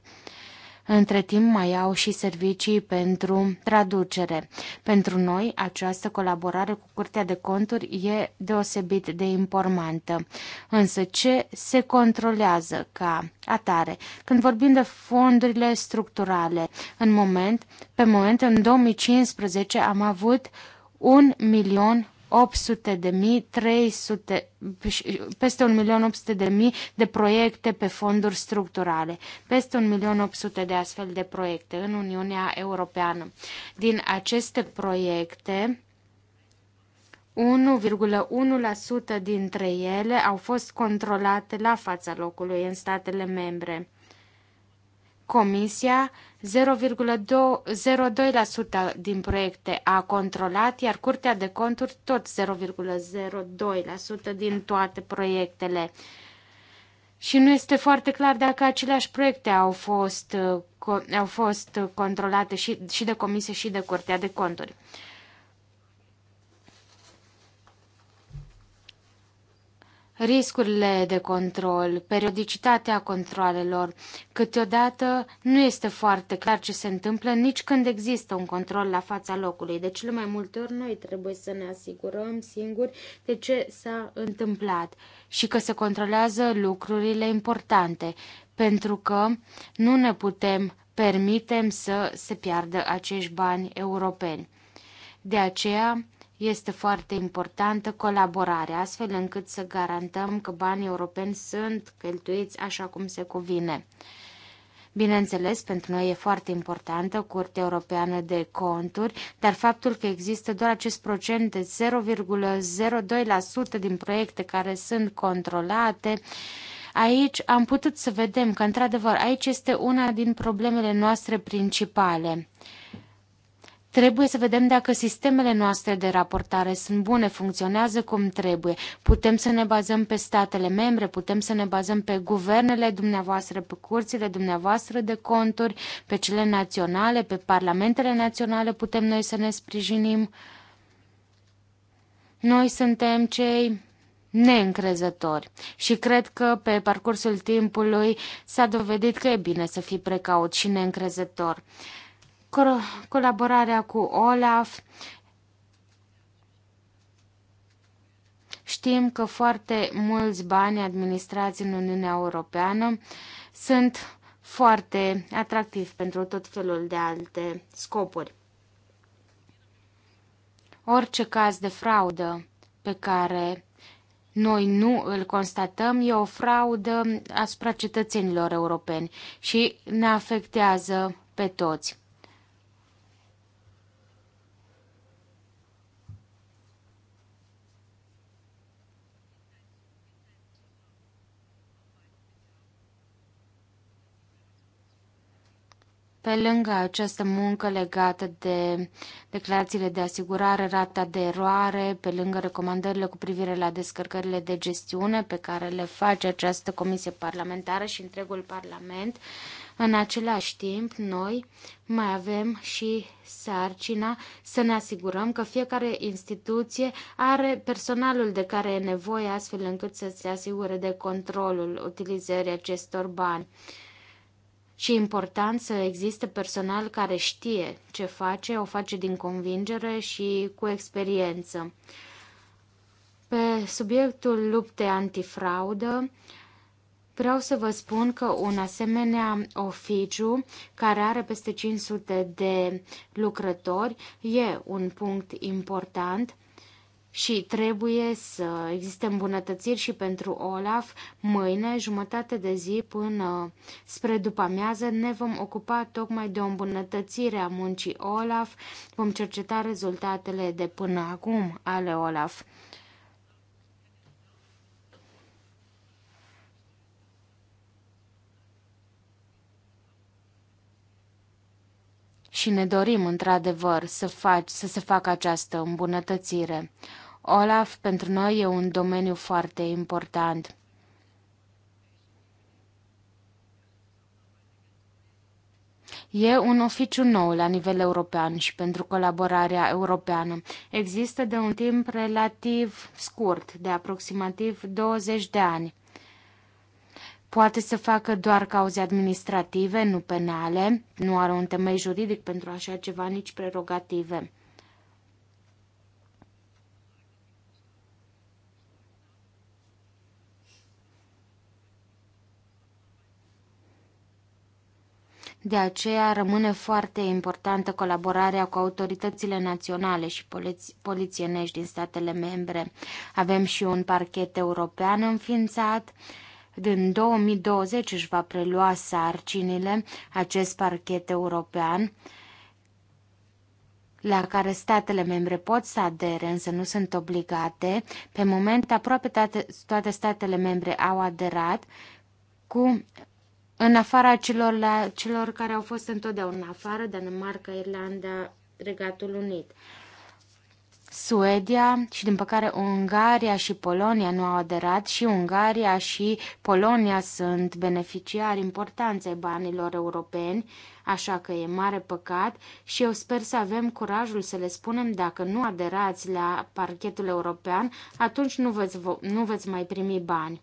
Între timp mai au și servicii pentru traducere. Pentru noi, această colaborare cu Curtea de Conturi e deosebit de informantă. Însă ce se controlează ca atare? Când vorbim de fondurile structurale, în moment, pe moment, în 2015 am avut un milion 800 de mii, 300, peste 1 milion 800 de mii de proiecte pe fonduri structurale, peste 1 milion 800 de astfel de proiecte în Uniunea Europeană. Din aceste proiecte, 1,1% dintre ele au fost controlate la fața locului în statele membre. Comisia 0,02% din proiecte a controlat, iar Curtea de Conturi tot 0,02% din toate proiectele. Și nu este foarte clar dacă aceleași proiecte au fost, uh, au fost controlate și, și de Comisie și de Curtea de Conturi. riscurile de control, periodicitatea controlelor. Câteodată nu este foarte clar ce se întâmplă nici când există un control la fața locului. De cele mai multe ori noi trebuie să ne asigurăm singuri de ce s-a întâmplat și că se controlează lucrurile importante, pentru că nu ne putem permitem să se piardă acești bani europeni. De aceea, este foarte importantă colaborarea, astfel încât să garantăm că banii europeni sunt cheltuiți așa cum se cuvine. Bineînțeles, pentru noi e foarte importantă Curtea Europeană de Conturi, dar faptul că există doar acest procent de 0,02% din proiecte care sunt controlate, aici am putut să vedem că, într-adevăr, aici este una din problemele noastre principale. Trebuie să vedem dacă sistemele noastre de raportare sunt bune, funcționează cum trebuie. Putem să ne bazăm pe statele membre, putem să ne bazăm pe guvernele dumneavoastră, pe curțile dumneavoastră de conturi, pe cele naționale, pe parlamentele naționale, putem noi să ne sprijinim. Noi suntem cei neîncrezători și cred că pe parcursul timpului s-a dovedit că e bine să fii precaut și neîncrezător colaborarea cu Olaf. Știm că foarte mulți bani administrați în Uniunea Europeană sunt foarte atractivi pentru tot felul de alte scopuri. Orice caz de fraudă pe care noi nu îl constatăm, e o fraudă asupra cetățenilor europeni și ne afectează pe toți. Pe lângă această muncă legată de declarațiile de asigurare, rata de eroare, pe lângă recomandările cu privire la descărcările de gestiune pe care le face această comisie parlamentară și întregul Parlament, în același timp, noi mai avem și sarcina să ne asigurăm că fiecare instituție are personalul de care e nevoie astfel încât să se asigure de controlul utilizării acestor bani și important să existe personal care știe ce face, o face din convingere și cu experiență. Pe subiectul luptei antifraudă, Vreau să vă spun că un asemenea oficiu care are peste 500 de lucrători e un punct important și trebuie să existe îmbunătățiri și pentru Olaf. Mâine, jumătate de zi până spre după amiază, ne vom ocupa tocmai de o îmbunătățire a muncii Olaf. Vom cerceta rezultatele de până acum ale Olaf. și ne dorim într-adevăr să, faci, să se facă această îmbunătățire. Olaf pentru noi e un domeniu foarte important. E un oficiu nou la nivel european și pentru colaborarea europeană. Există de un timp relativ scurt, de aproximativ 20 de ani. Poate să facă doar cauze administrative, nu penale, nu are un temei juridic pentru așa ceva, nici prerogative. De aceea rămâne foarte importantă colaborarea cu autoritățile naționale și poliți polițienești din statele membre. Avem și un parchet european înființat. Din 2020 își va prelua sarcinile acest parchet european la care statele membre pot să adere, însă nu sunt obligate. Pe moment, aproape toate, toate statele membre au aderat cu în afara celor, la, celor care au fost întotdeauna afară, Danemarca, Irlanda, Regatul Unit. Suedia și, din păcate, Ungaria și Polonia nu au aderat și Ungaria și Polonia sunt beneficiari importanți banilor europeni, așa că e mare păcat și eu sper să avem curajul să le spunem dacă nu aderați la parchetul european, atunci nu veți, nu veți mai primi bani.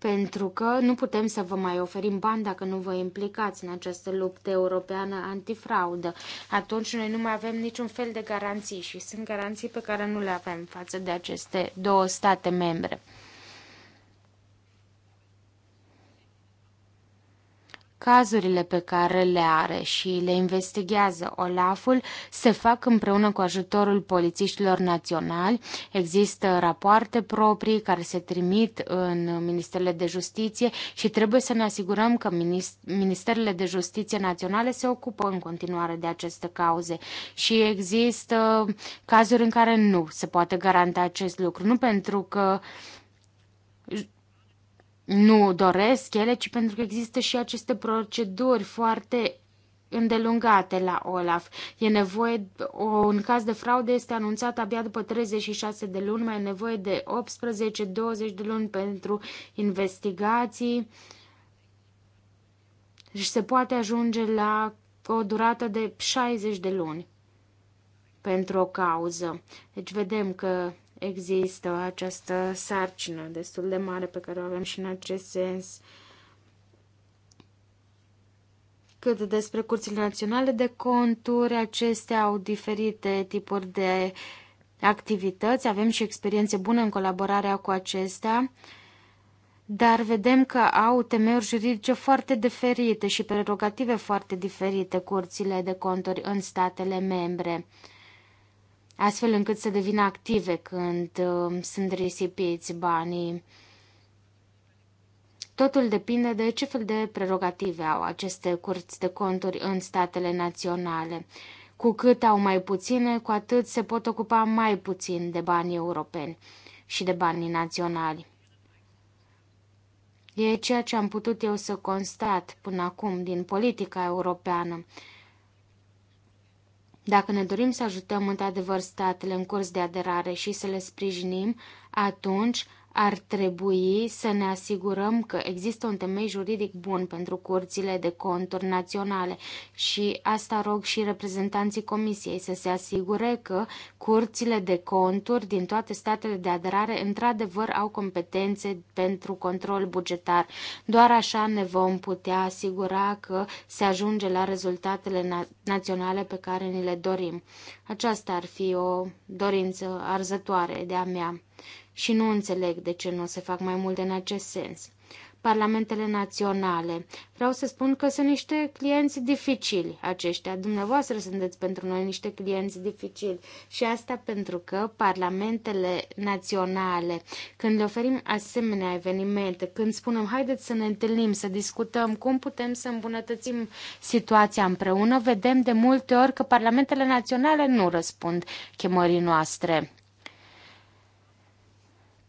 pentru că nu putem să vă mai oferim bani dacă nu vă implicați în această luptă europeană antifraudă. Atunci noi nu mai avem niciun fel de garanții și sunt garanții pe care nu le avem față de aceste două state membre. Cazurile pe care le are și le investigează Olaful se fac împreună cu ajutorul polițiștilor naționali. Există rapoarte proprii care se trimit în Ministerele de Justiție și trebuie să ne asigurăm că Ministerele de Justiție naționale se ocupă în continuare de aceste cauze. Și există cazuri în care nu se poate garanta acest lucru, nu pentru că uh, nu doresc ele, ci pentru că există și aceste proceduri foarte îndelungate la Olaf. E nevoie, o, în caz de fraude este anunțat abia după 36 de luni, mai e nevoie de 18-20 de luni pentru investigații și deci se poate ajunge la o durată de 60 de luni pentru o cauză. Deci vedem că există această sarcină destul de mare pe care o avem și în acest sens. Cât despre curțile naționale de conturi, acestea au diferite tipuri de activități, avem și experiențe bune în colaborarea cu acestea, dar vedem că au temeuri juridice foarte diferite și prerogative foarte diferite curțile de conturi în statele membre astfel încât să devină active când uh, sunt risipiți banii. Totul depinde de ce fel de prerogative au aceste curți de conturi în statele naționale. Cu cât au mai puține, cu atât se pot ocupa mai puțin de bani europeni și de banii naționali. E ceea ce am putut eu să constat până acum din politica europeană. Dacă ne dorim să ajutăm într-adevăr statele în curs de aderare și să le sprijinim, atunci ar trebui să ne asigurăm că există un temei juridic bun pentru curțile de conturi naționale și asta rog și reprezentanții Comisiei să se asigure că curțile de conturi din toate statele de aderare într-adevăr au competențe pentru control bugetar. Doar așa ne vom putea asigura că se ajunge la rezultatele na- naționale pe care ni le dorim. Aceasta ar fi o dorință arzătoare de-a mea și nu înțeleg de ce nu se fac mai multe în acest sens parlamentele naționale. Vreau să spun că sunt niște clienți dificili aceștia. Dumneavoastră sunteți pentru noi niște clienți dificili și asta pentru că parlamentele naționale, când le oferim asemenea evenimente, când spunem haideți să ne întâlnim, să discutăm cum putem să îmbunătățim situația împreună, vedem de multe ori că parlamentele naționale nu răspund chemării noastre.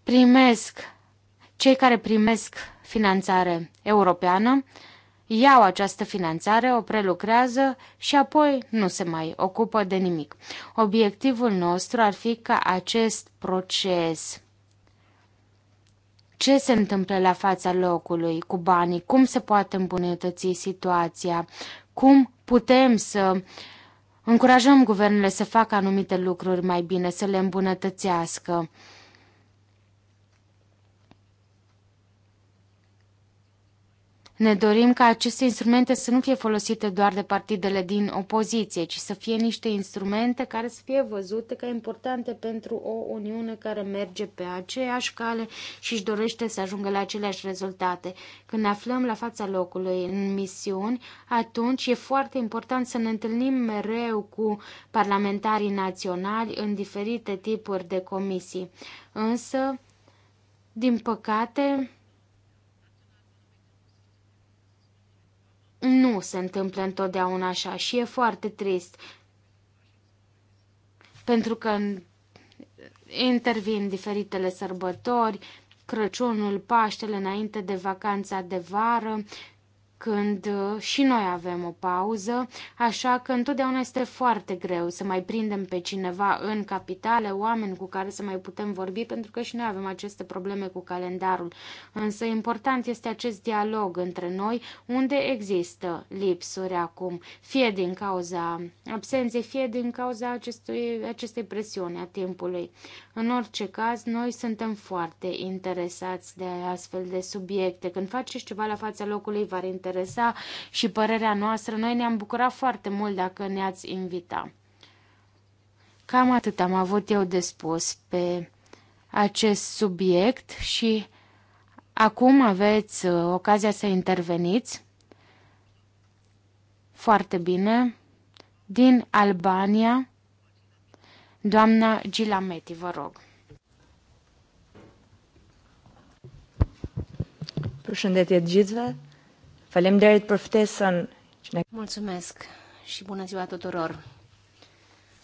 Primesc cei care primesc finanțare europeană, iau această finanțare, o prelucrează și apoi nu se mai ocupă de nimic. Obiectivul nostru ar fi ca acest proces ce se întâmplă la fața locului cu banii, cum se poate îmbunătăți situația, cum putem să încurajăm guvernele să facă anumite lucruri mai bine, să le îmbunătățească. Ne dorim ca aceste instrumente să nu fie folosite doar de partidele din opoziție, ci să fie niște instrumente care să fie văzute ca importante pentru o Uniune care merge pe aceeași cale și își dorește să ajungă la aceleași rezultate. Când ne aflăm la fața locului în misiuni, atunci e foarte important să ne întâlnim mereu cu parlamentarii naționali în diferite tipuri de comisii. Însă, din păcate, Nu se întâmplă întotdeauna așa și e foarte trist. Pentru că intervin diferitele sărbători, Crăciunul, Paștele, înainte de vacanța de vară când uh, și noi avem o pauză, așa că întotdeauna este foarte greu să mai prindem pe cineva în capitale, oameni cu care să mai putem vorbi, pentru că și noi avem aceste probleme cu calendarul. Însă important este acest dialog între noi, unde există lipsuri acum, fie din cauza absenței, fie din cauza acestui, acestei presiuni a timpului. În orice caz, noi suntem foarte interesați de astfel de subiecte. Când faceți ceva la fața locului, v-ar interesa și părerea noastră. Noi ne-am bucurat foarte mult dacă ne-ați invita. Cam atât am avut eu de spus pe acest subiect și acum aveți uh, ocazia să interveniți. Foarte bine. Din Albania Doamna Gilameti, vă rog. Përshëndetje të gjithëve. Faleminderit për ftesën që ne Mulțumesc și bună ziua tuturor.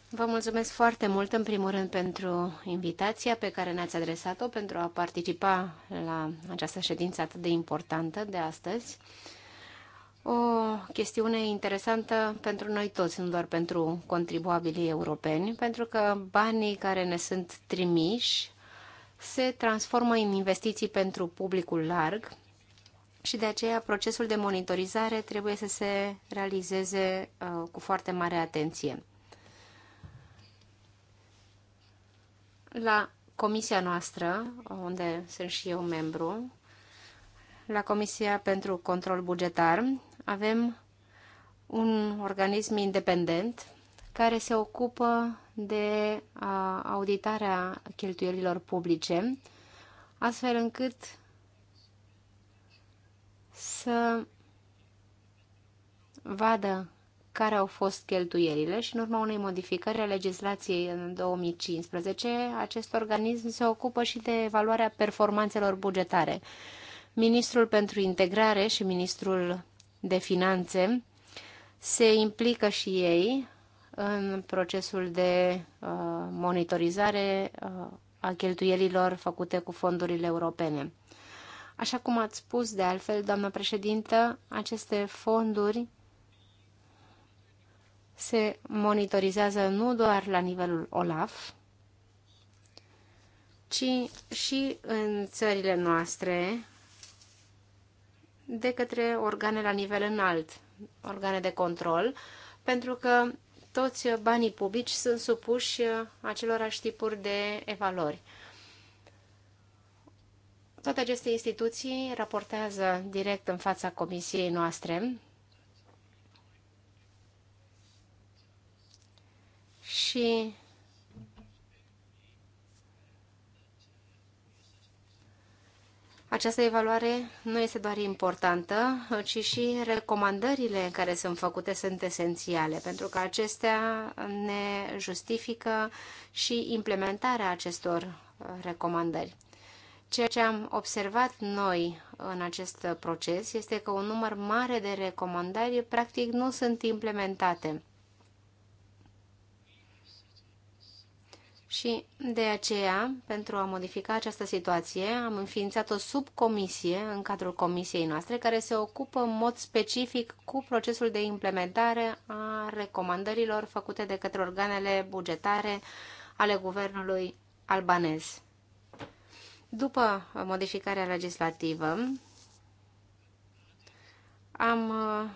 Vă mulțumesc foarte mult în primul rând pentru invitația pe care ne-ați adresat-o pentru a participa la această ședință atât de importantă de astăzi o chestiune interesantă pentru noi toți, nu doar pentru contribuabilii europeni, pentru că banii care ne sunt trimiși se transformă în investiții pentru publicul larg și de aceea procesul de monitorizare trebuie să se realizeze uh, cu foarte mare atenție. La comisia noastră, unde sunt și eu membru, la Comisia pentru Control Bugetar, avem un organism independent care se ocupă de auditarea cheltuielilor publice, astfel încât să vadă care au fost cheltuielile și în urma unei modificări a legislației în 2015, acest organism se ocupă și de evaluarea performanțelor bugetare. Ministrul pentru integrare și ministrul de Finanțe se implică și ei în procesul de uh, monitorizare uh, a cheltuielilor făcute cu fondurile europene. Așa cum ați spus de altfel, doamnă președintă, aceste fonduri se monitorizează nu doar la nivelul OLAF, ci și în țările noastre, de către organe la nivel înalt, organe de control, pentru că toți banii publici sunt supuși acelorași tipuri de evaluări. Toate aceste instituții raportează direct în fața comisiei noastre și Această evaluare nu este doar importantă, ci și recomandările care sunt făcute sunt esențiale, pentru că acestea ne justifică și implementarea acestor uh, recomandări. Ceea ce am observat noi în acest proces este că un număr mare de recomandări practic nu sunt implementate Și de aceea, pentru a modifica această situație, am înființat o subcomisie în cadrul comisiei noastre care se ocupă în mod specific cu procesul de implementare a recomandărilor făcute de către organele bugetare ale guvernului albanez. După modificarea legislativă, am uh,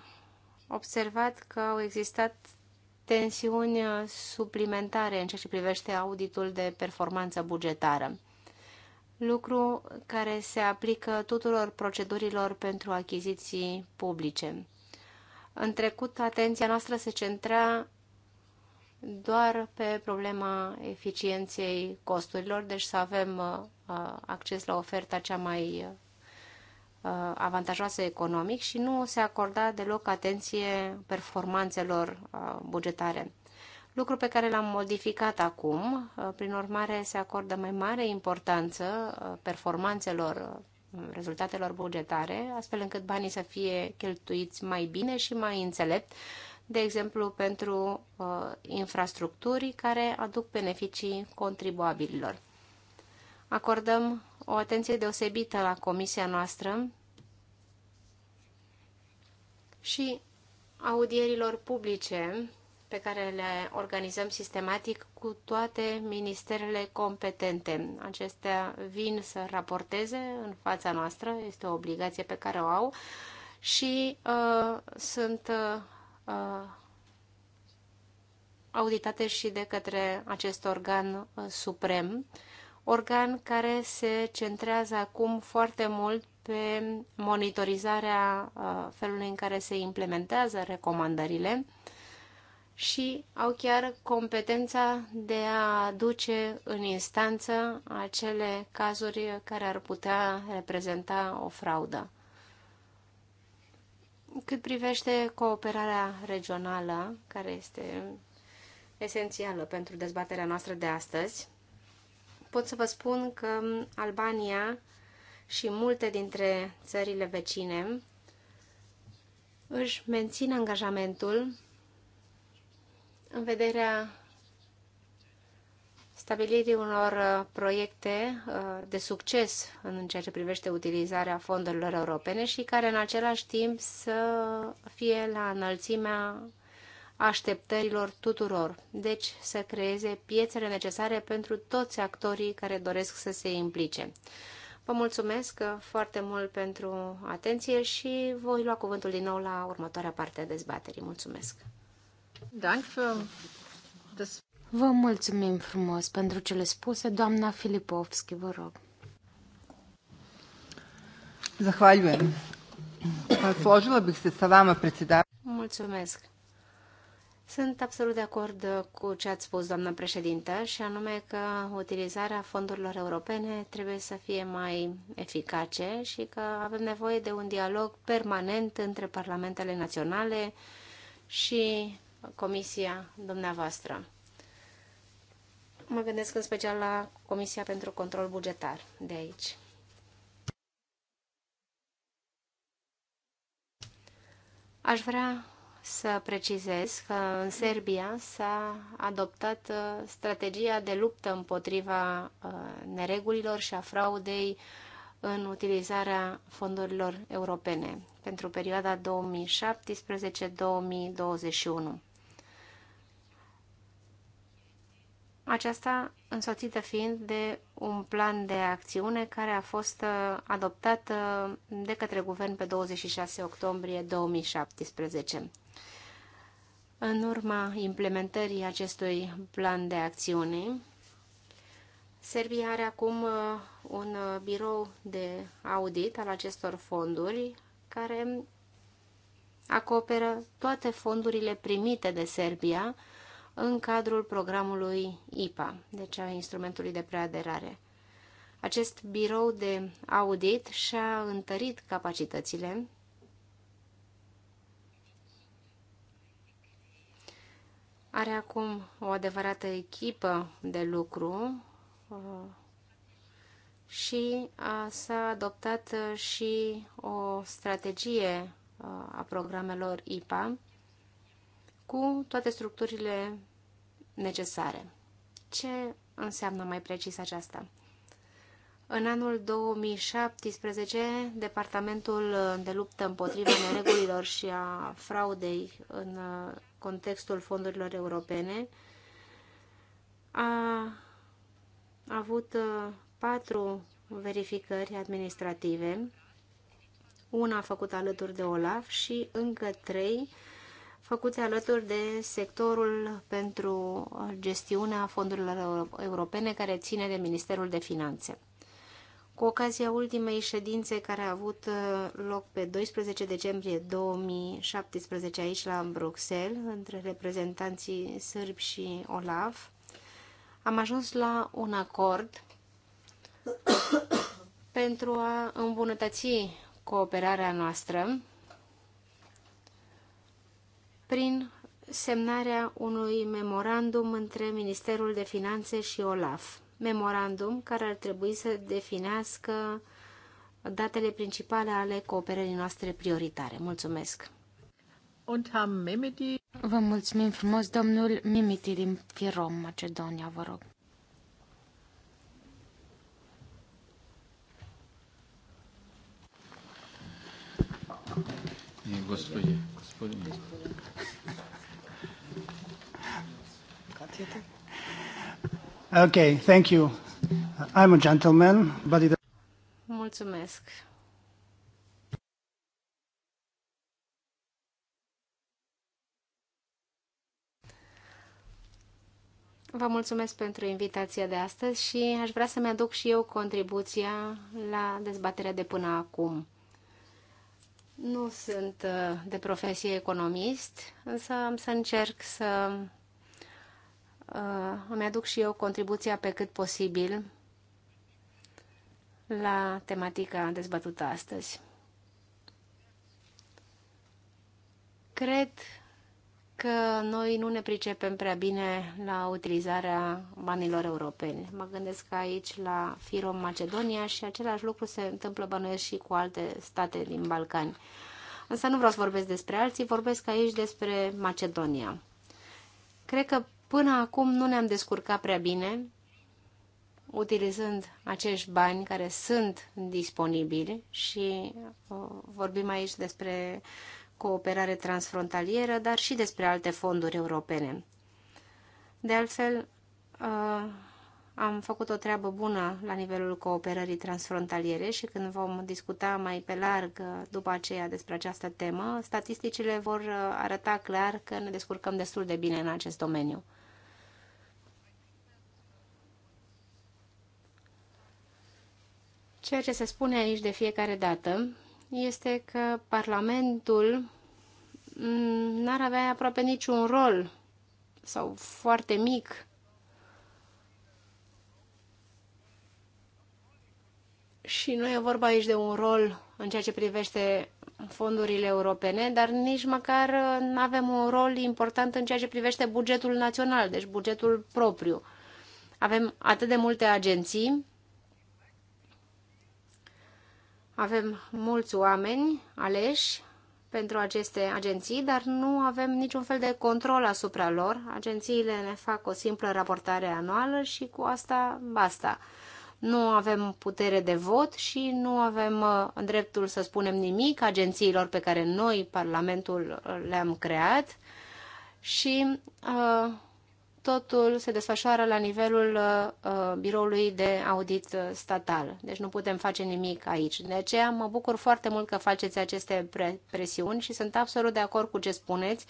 observat că au existat tensiuni suplimentare în ceea ce privește auditul de performanță bugetară, lucru care se aplică tuturor procedurilor pentru achiziții publice. În trecut, atenția noastră se centra doar pe problema eficienței costurilor, deci să avem uh, acces la oferta cea mai Uh, avantajoase economic și nu se acorda deloc atenție performanțelor uh, bugetare. Lucru pe care l-am modificat acum, uh, prin urmare se acordă mai mare importanță performanțelor rezultatelor bugetare, astfel încât banii să fie cheltuiți mai bine și mai înțelept, de exemplu pentru uh, infrastructuri care aduc beneficii contribuabililor. Acordăm o atenție deosebită la comisia noastră și audierilor publice pe care le organizăm sistematic cu toate ministerele competente. Acestea vin să raporteze în fața noastră, este o obligație pe care o au și uh, sunt uh, auditate și de către acest organ uh, suprem uh, organ care se centrează acum foarte mult pe monitorizarea uh, felului în care se implementează recomandările și au chiar competența de a duce în instanță acele cazuri care ar putea reprezenta o fraudă. Cât privește cooperarea regională, care este esențială pentru dezbaterea noastră de astăzi, pot să vă spun că Albania și multe dintre țările vecine își mențin angajamentul în vederea stabilirii unor uh, proiecte uh, de succes în ceea ce privește utilizarea fondurilor europene și care în același timp să fie la înălțimea așteptărilor tuturor, deci să creeze piețele necesare pentru toți actorii care doresc să se implice. Vă mulțumesc foarte mult pentru atenție și voi lua cuvântul din nou la următoarea parte a dezbaterii. Mulțumesc! Vă mulțumim frumos pentru cele spuse, doamna Filipovski, vă rog. Zahvaljujem. Složila bih se sa vama, predsjedavajući. Mulțumesc. Sunt absolut de acord uh, cu ce ați spus, doamnă președintă, și anume că utilizarea fondurilor europene trebuie să fie mai eficace și că avem nevoie de un dialog permanent între parlamentele naționale și comisia dumneavoastră. Mă gândesc în special la Comisia pentru Control Bugetar de aici. Aș vrea să precizez că în Serbia s-a adoptat uh, strategia de luptă împotriva uh, neregulilor și a fraudei în utilizarea fondurilor europene pentru perioada 2017-2021. Aceasta însoțită fiind de un plan de acțiune care a fost uh, adoptat de către guvern pe 26 octombrie 2017. În urma implementării acestui plan de acțiune, Serbia are acum uh, un uh, birou de audit al acestor fonduri care acoperă toate fondurile primite de Serbia în cadrul programului IPA, deci a instrumentului de preaderare. Acest birou de audit și-a întărit capacitățile Are acum o adevărată echipă de lucru uh, și s-a adoptat uh, și o strategie uh, a programelor IPA cu toate structurile necesare. Ce înseamnă mai precis aceasta? În anul 2017, Departamentul de luptă împotriva neregulilor și a fraudei în contextul fondurilor europene, a avut uh, patru verificări administrative, una făcută alături de OLAF și încă trei făcute alături de sectorul pentru gestiunea fondurilor europene care ține de Ministerul de Finanțe. Cu ocazia ultimei ședințe care a avut uh, loc pe 12 decembrie 2017 aici la Bruxelles, între reprezentanții sârbi și OLAF, am ajuns la un acord pentru a îmbunătăți cooperarea noastră prin semnarea unui memorandum între Ministerul de Finanțe și OLAF memorandum care ar trebui să definească datele principale ale cooperării noastre prioritare. Mulțumesc! Vă mulțumim frumos, domnul Mimiti din Firom, Macedonia, vă rog. Господи, господи. Как это? thank you. I'm a gentleman, but it... Mulțumesc. Vă mulțumesc pentru invitația de astăzi și aș vrea să-mi aduc și eu contribuția la dezbaterea de până acum. Nu sunt uh, de profesie economist, însă am să încerc să Uh, îmi aduc și eu contribuția pe cât posibil la tematica dezbătută astăzi. Cred că noi nu ne pricepem prea bine la utilizarea banilor europeni. Mă gândesc aici la Firom Macedonia și același lucru se întâmplă bănuiesc și cu alte state din Balcani. Însă nu vreau să vorbesc despre alții, vorbesc aici despre Macedonia. Cred că Până acum nu ne-am descurcat prea bine utilizând acești bani care sunt disponibili și uh, vorbim aici despre cooperare transfrontalieră, dar și despre alte fonduri europene. De altfel, uh, am făcut o treabă bună la nivelul cooperării transfrontaliere și când vom discuta mai pe larg uh, după aceea despre această temă, statisticile vor arăta clar că ne descurcăm destul de bine în acest domeniu. Ceea ce se spune aici de fiecare dată este că Parlamentul mm, n-ar avea aproape niciun rol sau foarte mic Și nu e vorba aici de un rol în ceea ce privește fondurile europene, dar nici măcar uh, nu avem un rol important în ceea ce privește bugetul național, deci bugetul propriu. Avem atât de multe agenții Avem mulți oameni aleși pentru aceste agenții, dar nu avem niciun fel de control asupra lor. Agențiile ne fac o simplă raportare anuală și cu asta basta. Nu avem putere de vot și nu avem uh, dreptul să spunem nimic agențiilor pe care noi, Parlamentul, le-am creat și uh, totul se desfășoară la nivelul uh, uh biroului de audit uh, statal. Deci nu putem face nimic aici. De aceea mă bucur foarte mult că faceți aceste pre presiuni și sunt absolut de acord cu ce spuneți,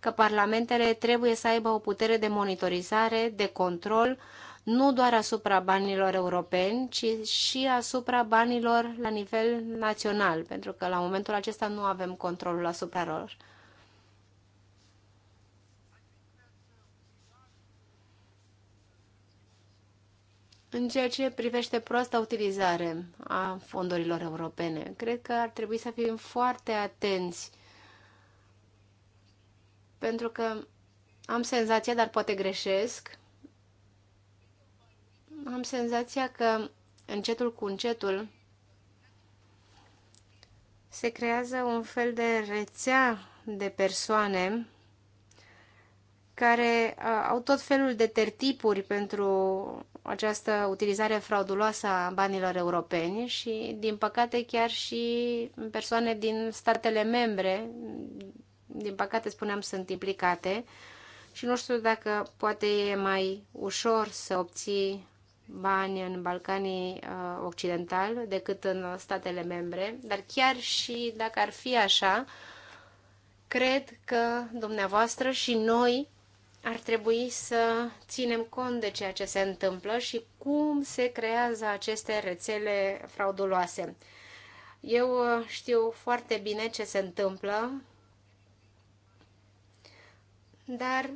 că parlamentele trebuie să aibă o putere de monitorizare, de control, nu doar asupra banilor europeni, ci și asupra banilor la nivel național, pentru că la momentul acesta nu avem controlul asupra lor. În ceea ce privește proasta utilizare a fondurilor europene, cred că ar trebui să fim foarte atenți pentru că am senzația, dar poate greșesc, am senzația că încetul cu încetul se creează un fel de rețea de persoane care uh, au tot felul de tertipuri pentru această utilizare frauduloasă a banilor europeni și, din păcate, chiar și persoane din statele membre, din păcate, spuneam, sunt implicate și nu știu dacă poate e mai ușor să obții bani în Balcanii uh, Occidentali decât în statele membre, dar chiar și dacă ar fi așa, cred că dumneavoastră și noi ar trebui să ținem cont de ceea ce se întâmplă și cum se creează aceste rețele frauduloase. Eu uh, știu foarte bine ce se întâmplă, dar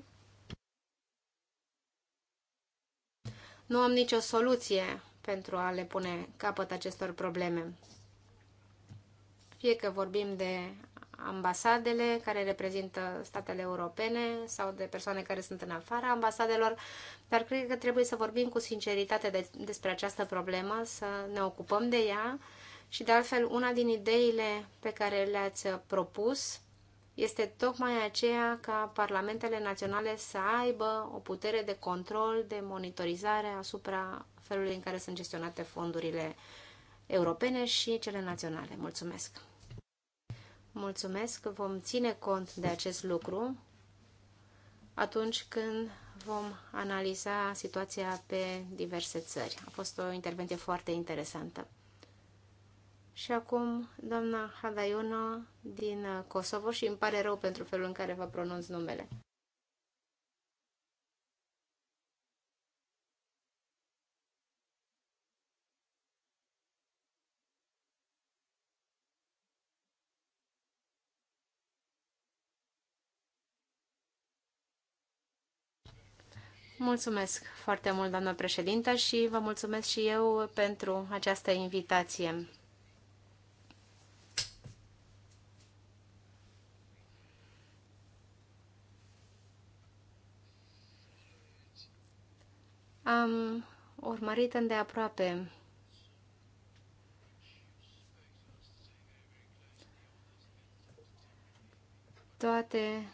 nu am nicio soluție pentru a le pune capăt acestor probleme. Fie că vorbim de ambasadele care reprezintă statele europene sau de persoane care sunt în afara ambasadelor, dar cred că trebuie să vorbim cu sinceritate de, despre această problemă, să ne ocupăm de ea și, de altfel, una din ideile pe care le-ați propus este tocmai aceea ca parlamentele naționale să aibă o putere de control, de monitorizare asupra felului în care sunt gestionate fondurile europene și cele naționale. Mulțumesc! Mulțumesc, vom ține cont de acest lucru atunci când vom analiza situația pe diverse țări. A fost o intervenție foarte interesantă. Și acum, doamna Hadayuno din Kosovo și îmi pare rău pentru felul în care vă pronunț numele. Mulțumesc foarte mult, doamnă președintă, și vă mulțumesc și eu pentru această invitație. Am urmărit îndeaproape toate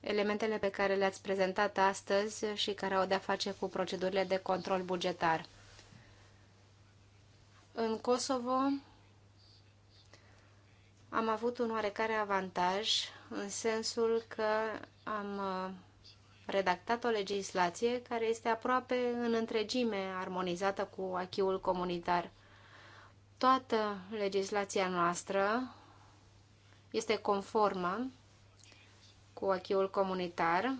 elementele pe care le-ați prezentat astăzi și care au de-a face cu procedurile de control bugetar. În Kosovo am avut un oarecare avantaj în sensul că am uh, redactat o legislație care este aproape în întregime armonizată cu achiul comunitar. Toată legislația noastră este conformă cu achiul comunitar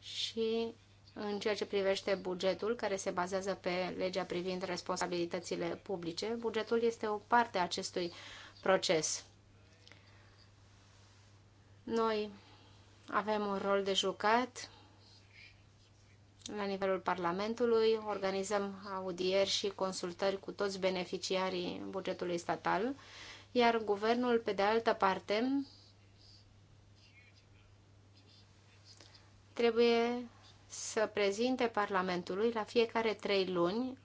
și în ceea ce privește bugetul, care se bazează pe legea privind responsabilitățile publice, bugetul este o parte a acestui proces. Noi avem un rol de jucat la nivelul Parlamentului, organizăm audieri și consultări cu toți beneficiarii bugetului statal, iar guvernul, pe de altă parte, trebuie să prezinte Parlamentului la fiecare trei luni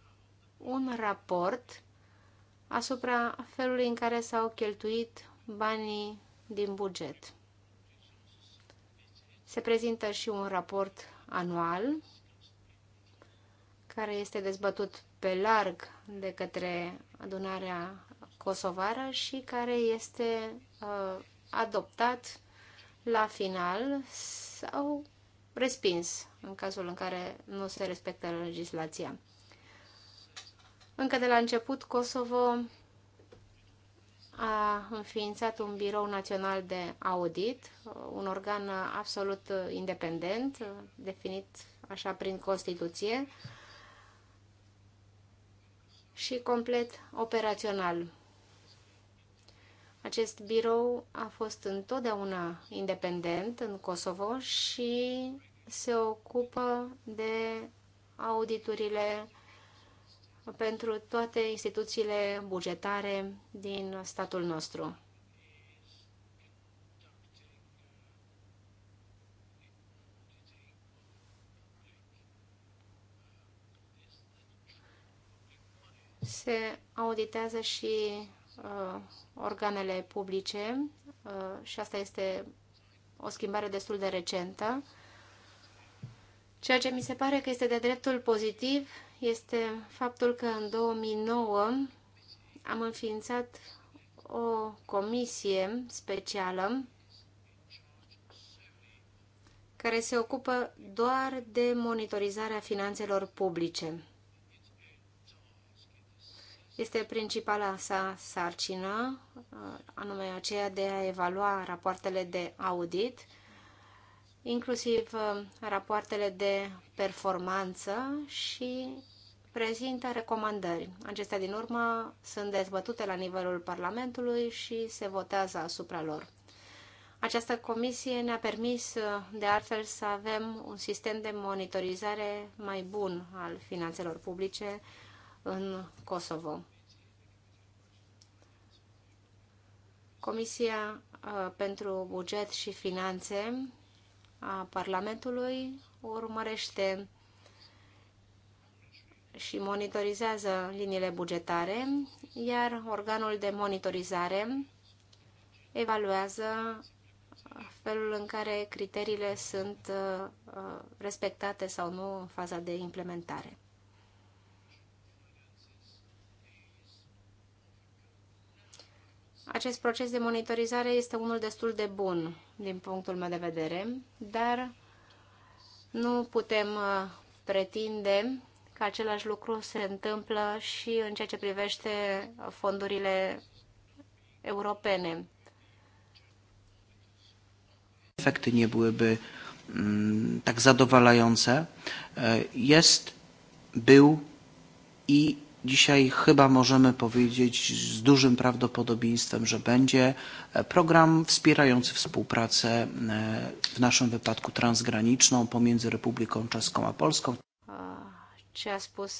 un raport asupra felului în care s-au cheltuit banii din buget. Se prezintă și un raport anual care este dezbătut pe larg de către adunarea kosovară și care este uh, adoptat la final sau respins în cazul în care nu se respectă legislația. Încă de la început, Kosovo a înființat un birou național de audit, un organ absolut independent, definit așa prin Constituție, și complet operațional. Acest birou a fost întotdeauna independent în Kosovo și se ocupă de auditurile pentru toate instituțiile bugetare din statul nostru. Se auditează și Uh, organele publice uh, și asta este o schimbare destul de recentă. Ceea ce mi se pare că este de dreptul pozitiv este faptul că în 2009 am înființat o comisie specială care se ocupă doar de monitorizarea finanțelor publice. Este principala sa sarcină, anume aceea de a evalua rapoartele de audit, inclusiv uh, rapoartele de performanță și prezintă recomandări. Acestea din urmă sunt dezbătute la nivelul Parlamentului și se votează asupra lor. Această comisie ne-a permis uh, de altfel să avem un sistem de monitorizare mai bun al finanțelor publice în Kosovo. Comisia uh, pentru Buget și Finanțe a Parlamentului urmărește și monitorizează liniile bugetare, iar organul de monitorizare evaluează felul în care criteriile sunt uh, respectate sau nu în faza de implementare. Acest proces de monitorizare este unul destul de bun din punctul meu de vedere, dar nu putem uh, pretinde că același lucru se întâmplă și în ceea ce privește fondurile europene. Efecte nie byłyby mm, tak zadowalające. Jest, był i Dzisiaj chyba możemy powiedzieć z dużym prawdopodobieństwem, że będzie program wspierający współpracę, w naszym wypadku transgraniczną, pomiędzy Republiką Czeską a Polską. Ce a spus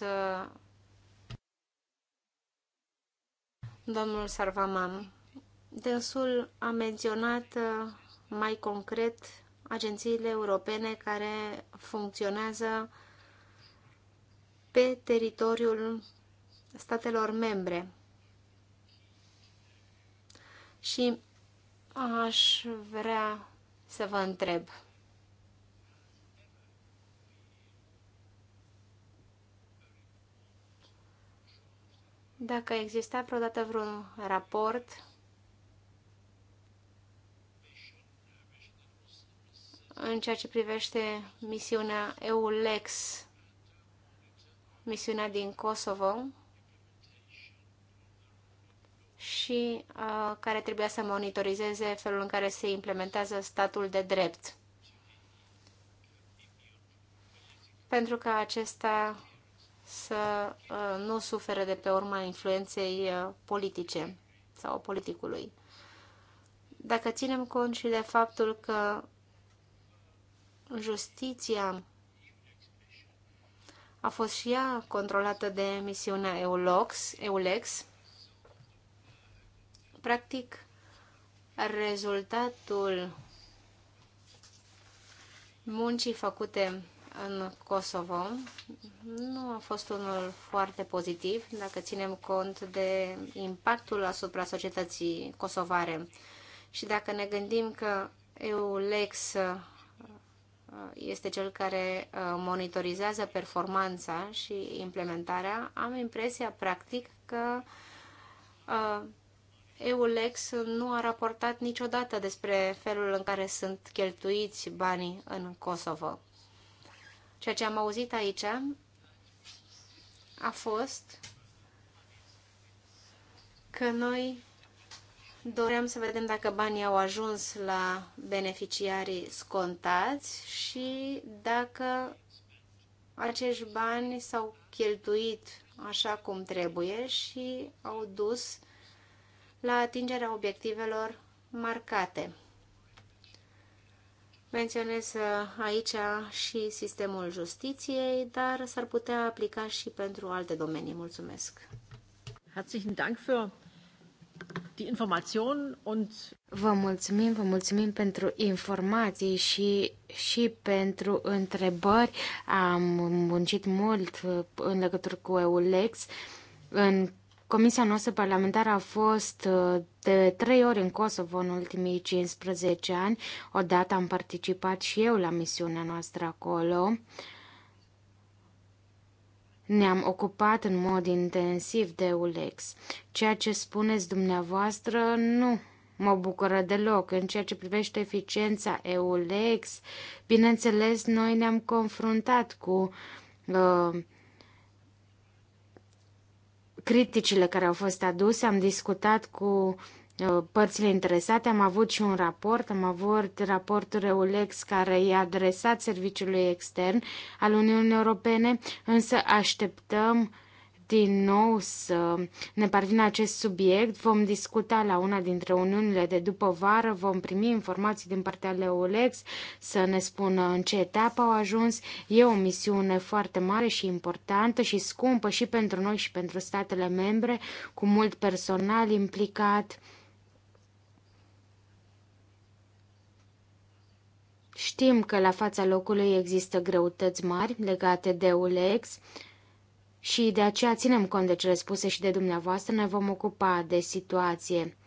domnul Sarvaman? Dânsul a menționat mai concret agențiile europene care funcționează pe teritoriul statelor membre. Și aș vrea să vă întreb. Dacă exista vreodată vreun raport în ceea ce privește misiunea EULEX, misiunea din Kosovo, și uh, care trebuia să monitorizeze felul în care se implementează statul de drept. Pentru că acesta să uh, nu sufere de pe urma influenței uh, politice sau politicului. Dacă ținem cont și de faptul că justiția a fost și ea controlată de misiunea EULOX, EULEX, Practic, rezultatul muncii făcute în Kosovo nu a fost unul foarte pozitiv, dacă ținem cont de impactul asupra societății kosovare. Și dacă ne gândim că EULEX uh, este cel care uh, monitorizează performanța și implementarea, am impresia, practic, că uh, EULEX nu a raportat niciodată despre felul în care sunt cheltuiți banii în Kosovo. Ceea ce am auzit aici a fost că noi doream să vedem dacă banii au ajuns la beneficiarii scontați și dacă acești bani s-au cheltuit așa cum trebuie și au dus la atingerea obiectivelor marcate. Menționez uh, aici și sistemul justiției, dar s-ar putea aplica și pentru alte domenii. Mulțumesc! Herzlichen Dank für die Information und Vă mulțumim, vă mulțumim pentru informații și, și pentru întrebări. Am muncit mult uh, în legătură cu EULEX în Comisia noastră parlamentară a fost uh, de trei ori în Kosovo în ultimii 15 ani. Odată am participat și eu la misiunea noastră acolo. Ne-am ocupat în mod intensiv de ULEX. Ceea ce spuneți dumneavoastră nu mă bucură deloc. În ceea ce privește eficiența EULEX, bineînțeles, noi ne-am confruntat cu uh, criticile care au fost aduse, am discutat cu uh, părțile interesate, am avut și un raport, am avut raportul EULEX care e adresat serviciului extern al Uniunii Europene, însă așteptăm din nou să ne parvină acest subiect. Vom discuta la una dintre uniunile de după vară, vom primi informații din partea Olex să ne spună în ce etapă au ajuns. E o misiune foarte mare și importantă și scumpă și pentru noi și pentru statele membre, cu mult personal implicat. Știm că la fața locului există greutăți mari legate de ULEX, și de aceea ținem cont de cele spuse și de dumneavoastră, ne vom ocupa de situație.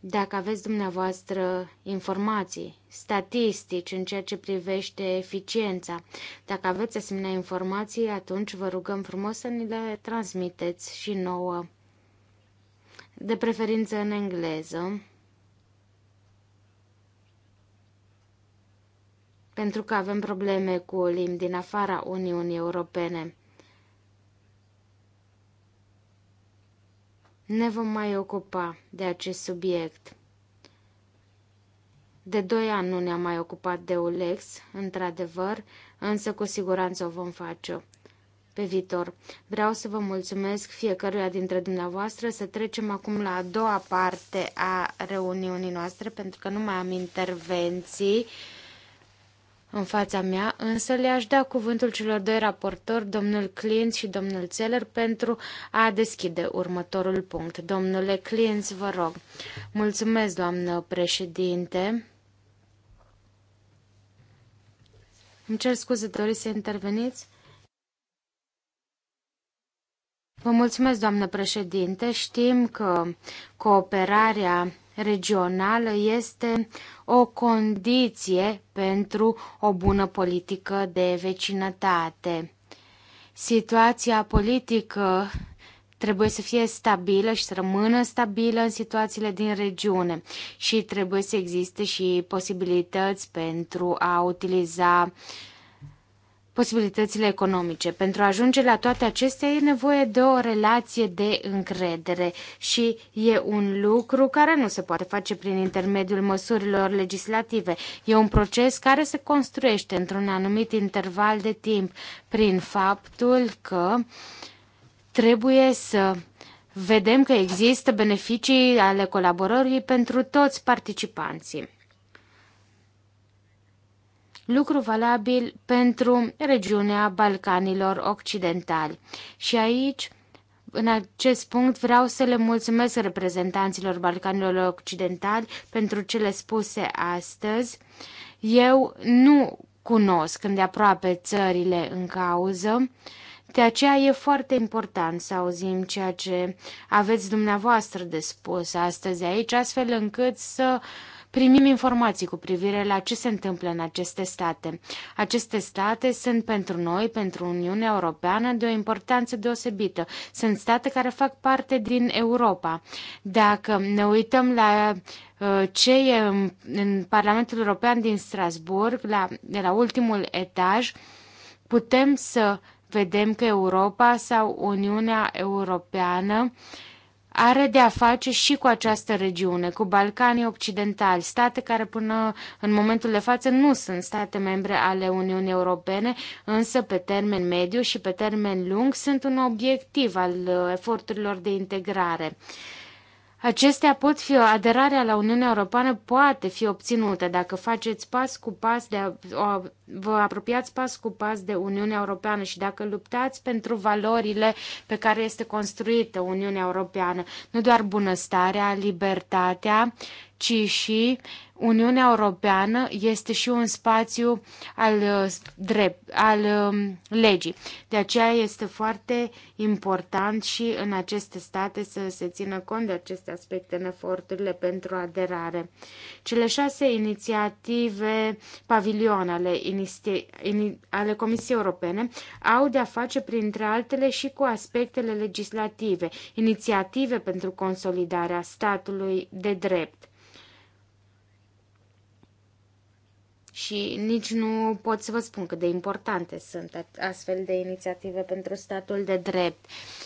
Dacă aveți dumneavoastră informații, statistici în ceea ce privește eficiența, dacă aveți asemenea informații, atunci vă rugăm frumos să ni le transmiteți și nouă, de preferință în engleză. pentru că avem probleme cu limbi din afara Uniunii Europene. Ne vom mai ocupa de acest subiect. De doi ani nu ne-am mai ocupat de ULEX, într-adevăr, însă cu siguranță o vom face pe viitor. Vreau să vă mulțumesc fiecăruia dintre dumneavoastră să trecem acum la a doua parte a reuniunii noastre, pentru că nu mai am intervenții în fața mea, însă le-aș da cuvântul celor doi raportori, domnul Clint și domnul Zeller, pentru a deschide următorul punct. Domnule Clint, vă rog. Mulțumesc, doamnă președinte. Îmi cer scuze, doriți să interveniți? Vă mulțumesc, doamnă președinte. Știm că cooperarea regională este o condiție pentru o bună politică de vecinătate. Situația politică trebuie să fie stabilă și să rămână stabilă în situațiile din regiune și trebuie să existe și posibilități pentru a utiliza uh, posibilitățile economice. Pentru a ajunge la toate acestea e nevoie de o relație de încredere și e un lucru care nu se poate face prin intermediul măsurilor legislative. E un proces care se construiește într-un anumit interval de timp prin faptul că trebuie să vedem că există beneficii ale colaborării pentru toți participanții lucru valabil pentru regiunea Balcanilor Occidentali. Și aici în acest punct vreau să le mulțumesc reprezentanților Balcanilor Occidentali pentru cele spuse astăzi. Eu nu cunosc îndeaproape țările în cauză, de aceea e foarte important să auzim ceea ce aveți dumneavoastră de spus astăzi aici, astfel încât să uh, primim informații cu privire la ce se întâmplă în aceste state. Aceste state sunt pentru noi, pentru Uniunea Europeană, de o importanță deosebită. Sunt state care fac parte din Europa. Dacă ne uităm la uh, ce e în Parlamentul European din Strasburg, la, de la ultimul etaj, putem să vedem că Europa sau Uniunea Europeană uh, are de a face și cu această regiune, cu Balcanii Occidentali, state care până în momentul de față nu sunt state membre ale Uniunii Europene, însă pe termen mediu și pe termen lung sunt un obiectiv al uh, eforturilor de integrare. Acestea pot fi, aderarea la Uniunea Europeană poate fi obținută dacă faceți pas cu pas de a, o vă apropiați pas cu pas de Uniunea Europeană și dacă luptați pentru valorile pe care este construită Uniunea Europeană, nu doar bunăstarea, libertatea, ci și Uniunea Europeană este și un spațiu al, drept, al um, legii. De aceea este foarte important și în aceste state să se țină cont de aceste aspecte în eforturile pentru aderare. Cele șase inițiative pavilion ale ale Comisiei Europene au de-a face, printre altele, și cu aspectele legislative, inițiative pentru consolidarea statului de drept. și nici nu pot să vă spun cât de importante sunt astfel de inițiative pentru statul de drept.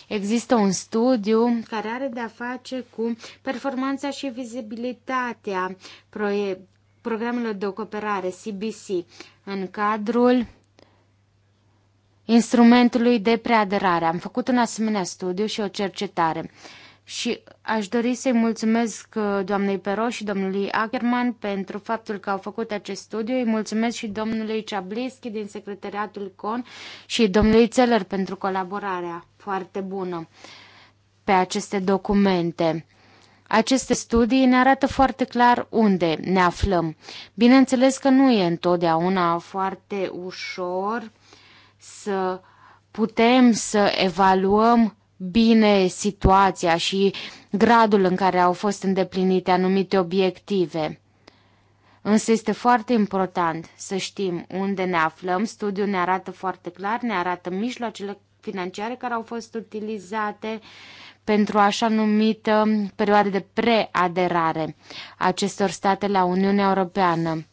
Există un studiu care are de-a face cu performanța și vizibilitatea proiect programelor de cooperare CBC în cadrul instrumentului de preaderare. Am făcut un asemenea studiu și o cercetare. Și aș dori să-i mulțumesc uh, doamnei Pero și domnului Ackerman pentru faptul că au făcut acest studiu. Îi mulțumesc și domnului Ciablischi din secretariatul CON și domnului Țeler pentru colaborarea foarte bună pe aceste documente. Aceste studii ne arată foarte clar unde ne aflăm. Bineînțeles că nu e întotdeauna foarte ușor să putem să evaluăm bine situația și gradul în care au fost îndeplinite anumite obiective. Însă este foarte important să știm unde ne aflăm. Studiul ne arată foarte clar, ne arată mijloacele financiare care au fost utilizate, uh, pentru așa numită perioadă de preaderare acestor state la Uniunea Europeană.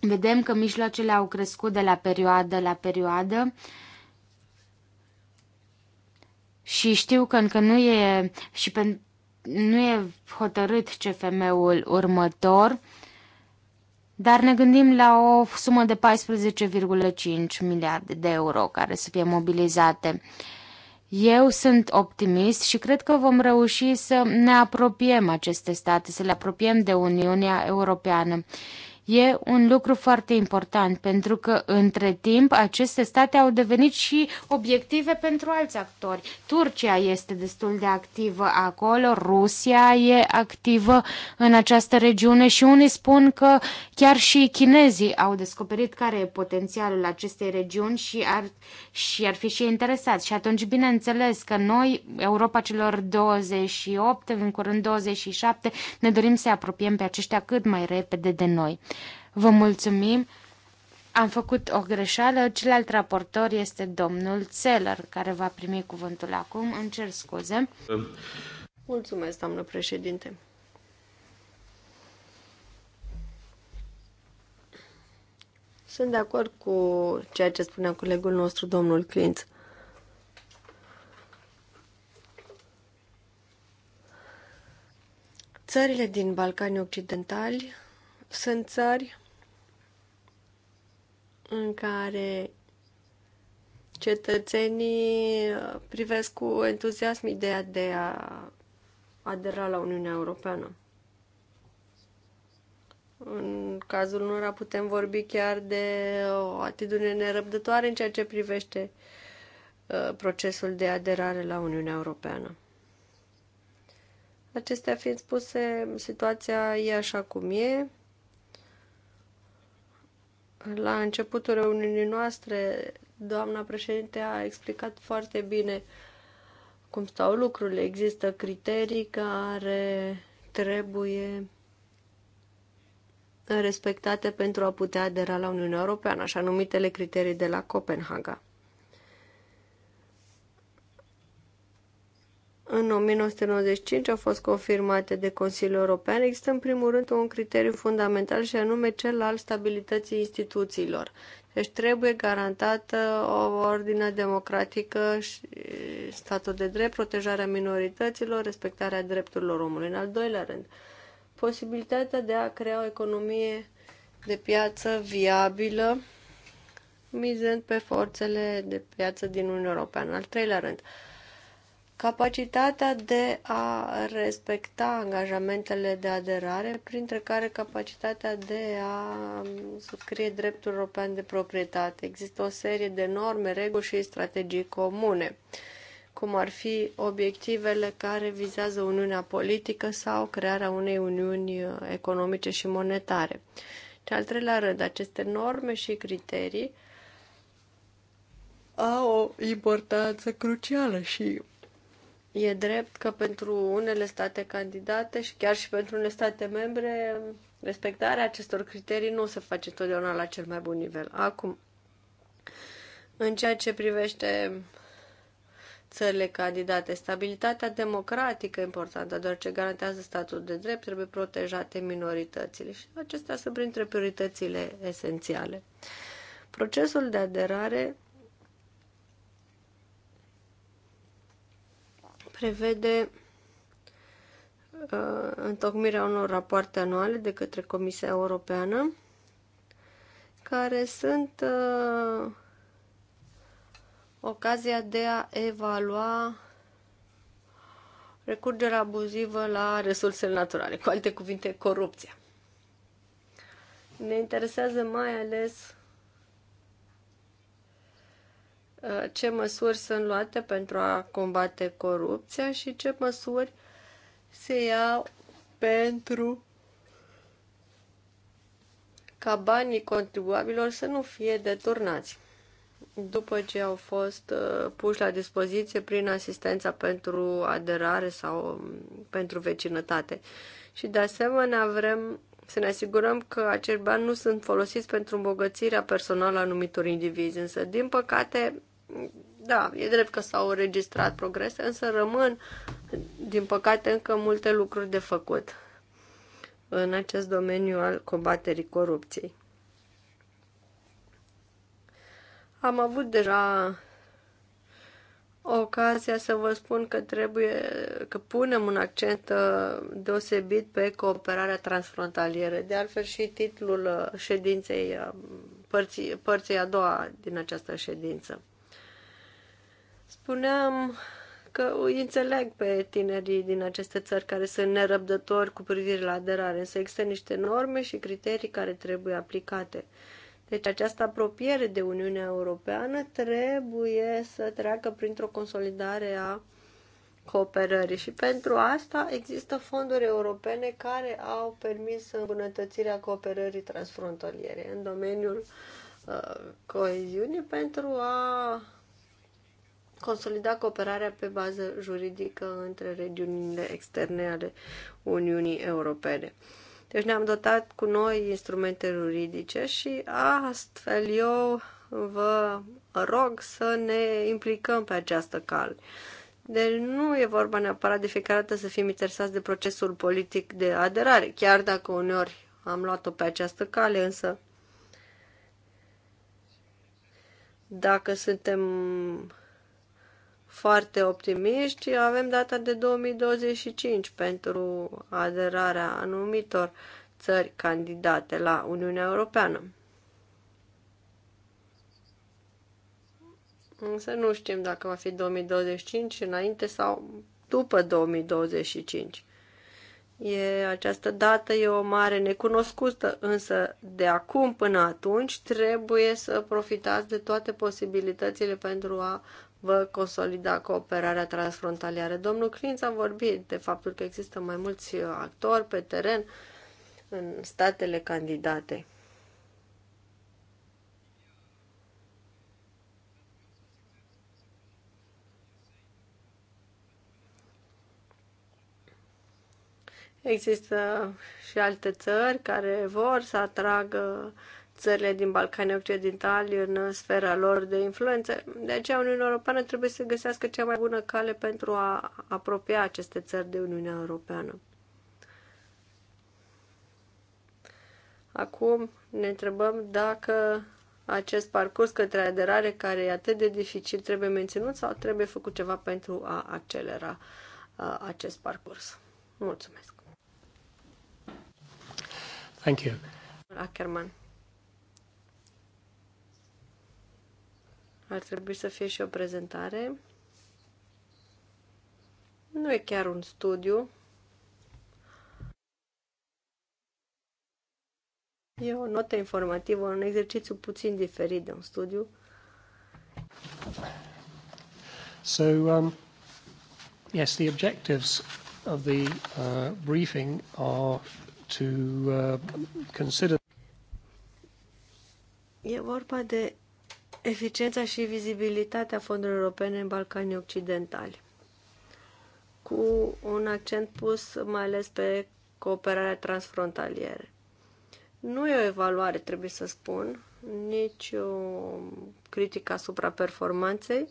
Vedem că mijloacele au crescut de la perioadă la perioadă și știu că încă nu e și pe, nu e hotărât CFM-ul următor, dar ne gândim la o sumă de 14,5 miliarde de euro care să fie mobilizate. Uh, eu sunt optimist și cred că vom reuși să ne apropiem aceste state, să le apropiem de Uniunea Europeană. E un lucru foarte important, pentru că între timp aceste state au devenit și obiective pentru alți actori. Turcia este destul de activă acolo, Rusia e activă în această regiune și unii spun că chiar și chinezii au descoperit care e potențialul acestei regiuni și ar, și ar fi și interesați. Și atunci, bineînțeles că noi, Europa celor 28, în curând 27, ne dorim să apropiem pe aceștia cât mai repede de noi. Vă mulțumim. Am făcut o greșeală. Celălalt raportor este domnul Țeller, care va primi cuvântul acum. Îmi cer scuze. Mulțumesc, doamnă președinte. Sunt de acord cu ceea ce spunea colegul nostru, domnul Clint. Țările din Balcanii Occidentali sunt țări în care cetățenii uh, privesc cu entuziasm ideea de a adera la Uniunea Europeană. În cazul unor putem vorbi chiar de o atitudine nerăbdătoare în ceea ce privește uh, procesul de aderare la Uniunea Europeană. Acestea fiind spuse, situația e așa cum e. La începutul reuniunii noastre, doamna președinte a explicat foarte bine cum stau lucrurile. Există criterii care trebuie respectate pentru a putea adera la Uniunea Europeană, așa numitele criterii de la Copenhaga. în 1995 au fost confirmate de Consiliul European, există în primul rând un criteriu fundamental și anume cel al stabilității instituțiilor. Deci trebuie garantată o ordine democratică și statul de drept, protejarea minorităților, respectarea drepturilor omului. În al doilea rând, posibilitatea de a crea o economie de piață viabilă, mizând pe forțele de piață din Uniunea Europeană. În al treilea rând, uh, capacitatea de a respecta angajamentele de aderare, printre care capacitatea de a subscrie um, dreptul european de proprietate. Există o serie de norme, reguli și strategii comune, cum ar fi obiectivele care vizează Uniunea politică sau crearea unei uniuni uh, economice și monetare. Și al treilea rând, aceste norme și criterii au o importanță crucială și E drept că pentru unele state candidate și chiar și pentru unele state membre, respectarea acestor criterii nu se face totdeauna la cel mai bun nivel. Acum, în ceea ce privește țările candidate, stabilitatea democratică importantă, doar ce garantează statul de drept, trebuie protejate minoritățile și acestea sunt printre prioritățile esențiale. Procesul de aderare prevede uh, întocmirea unor rapoarte anuale de către Comisia Europeană care sunt uh, ocazia de a evalua recurgerea abuzivă la resursele naturale, cu alte cuvinte, corupția. Ne interesează mai ales Uh, ce măsuri sunt luate pentru a combate corupția și ce măsuri se iau pentru ca banii contribuabilor să nu fie deturnați după ce au fost uh, puși la dispoziție prin asistența pentru aderare sau um, pentru vecinătate. Și de asemenea vrem să ne asigurăm că acești bani nu sunt folosiți pentru îmbogățirea personală a anumitor indivizi. Însă, din păcate, da, e drept că s-au înregistrat progrese, însă rămân, din păcate, încă multe lucruri de făcut în acest domeniu al combaterii corupției. Am avut deja ocazia să vă spun că trebuie că punem un accent uh, deosebit pe cooperarea transfrontalieră. De altfel și titlul uh, ședinței uh, părții, părții a doua din această ședință. Spuneam că îi înțeleg pe tinerii din aceste țări care sunt nerăbdători cu privire la aderare, însă există niște norme și criterii care trebuie aplicate. Uh, deci această apropiere de Uniunea Europeană trebuie să treacă printr-o consolidare a cooperării și pentru asta există fonduri europene care au permis îmbunătățirea cooperării transfrontaliere în domeniul uh, coeziunii pentru a consolida cooperarea pe bază juridică între regiunile externe ale Uniunii Europene. Deci ne-am dotat cu noi instrumente juridice și astfel eu vă rog să ne implicăm pe această cale. Deci nu e vorba neapărat de fiecare dată să fim interesați de procesul politic de aderare, chiar dacă uneori am luat-o pe această cale, însă dacă suntem foarte optimiști, avem data de 2025 pentru aderarea anumitor țări candidate la Uniunea Europeană. Însă nu știm dacă va fi 2025 înainte sau după 2025. E, această dată e o mare necunoscută, însă de acum până atunci trebuie să profitați de toate posibilitățile pentru a vă consolida cooperarea transfrontalieră. Domnul Clinț a vorbit de faptul că există mai mulți actori pe teren în statele candidate. Există și alte țări care vor să atragă uh, țările din Balcanii Occidentali în sfera lor de influență. De aceea Uniunea Europeană trebuie să găsească cea mai bună cale pentru a apropia aceste țări de Uniunea Europeană. Acum ne întrebăm dacă acest parcurs către aderare care e atât de dificil trebuie menținut sau trebuie făcut ceva pentru a accelera acest parcurs. Mulțumesc! Thank you. Ackerman. Ar trebui să fie și o prezentare. Nu e chiar un studiu. E o notă informativă, un exercițiu puțin diferit de un studiu. So, um, yes, the objectives of the uh, briefing are to uh, consider. E vorba de eficiența și vizibilitatea fondurilor europene în Balcanii Occidentali, cu un accent pus mai ales pe cooperarea transfrontalieră. Nu e o evaluare, trebuie să spun, nici o critică asupra performanței.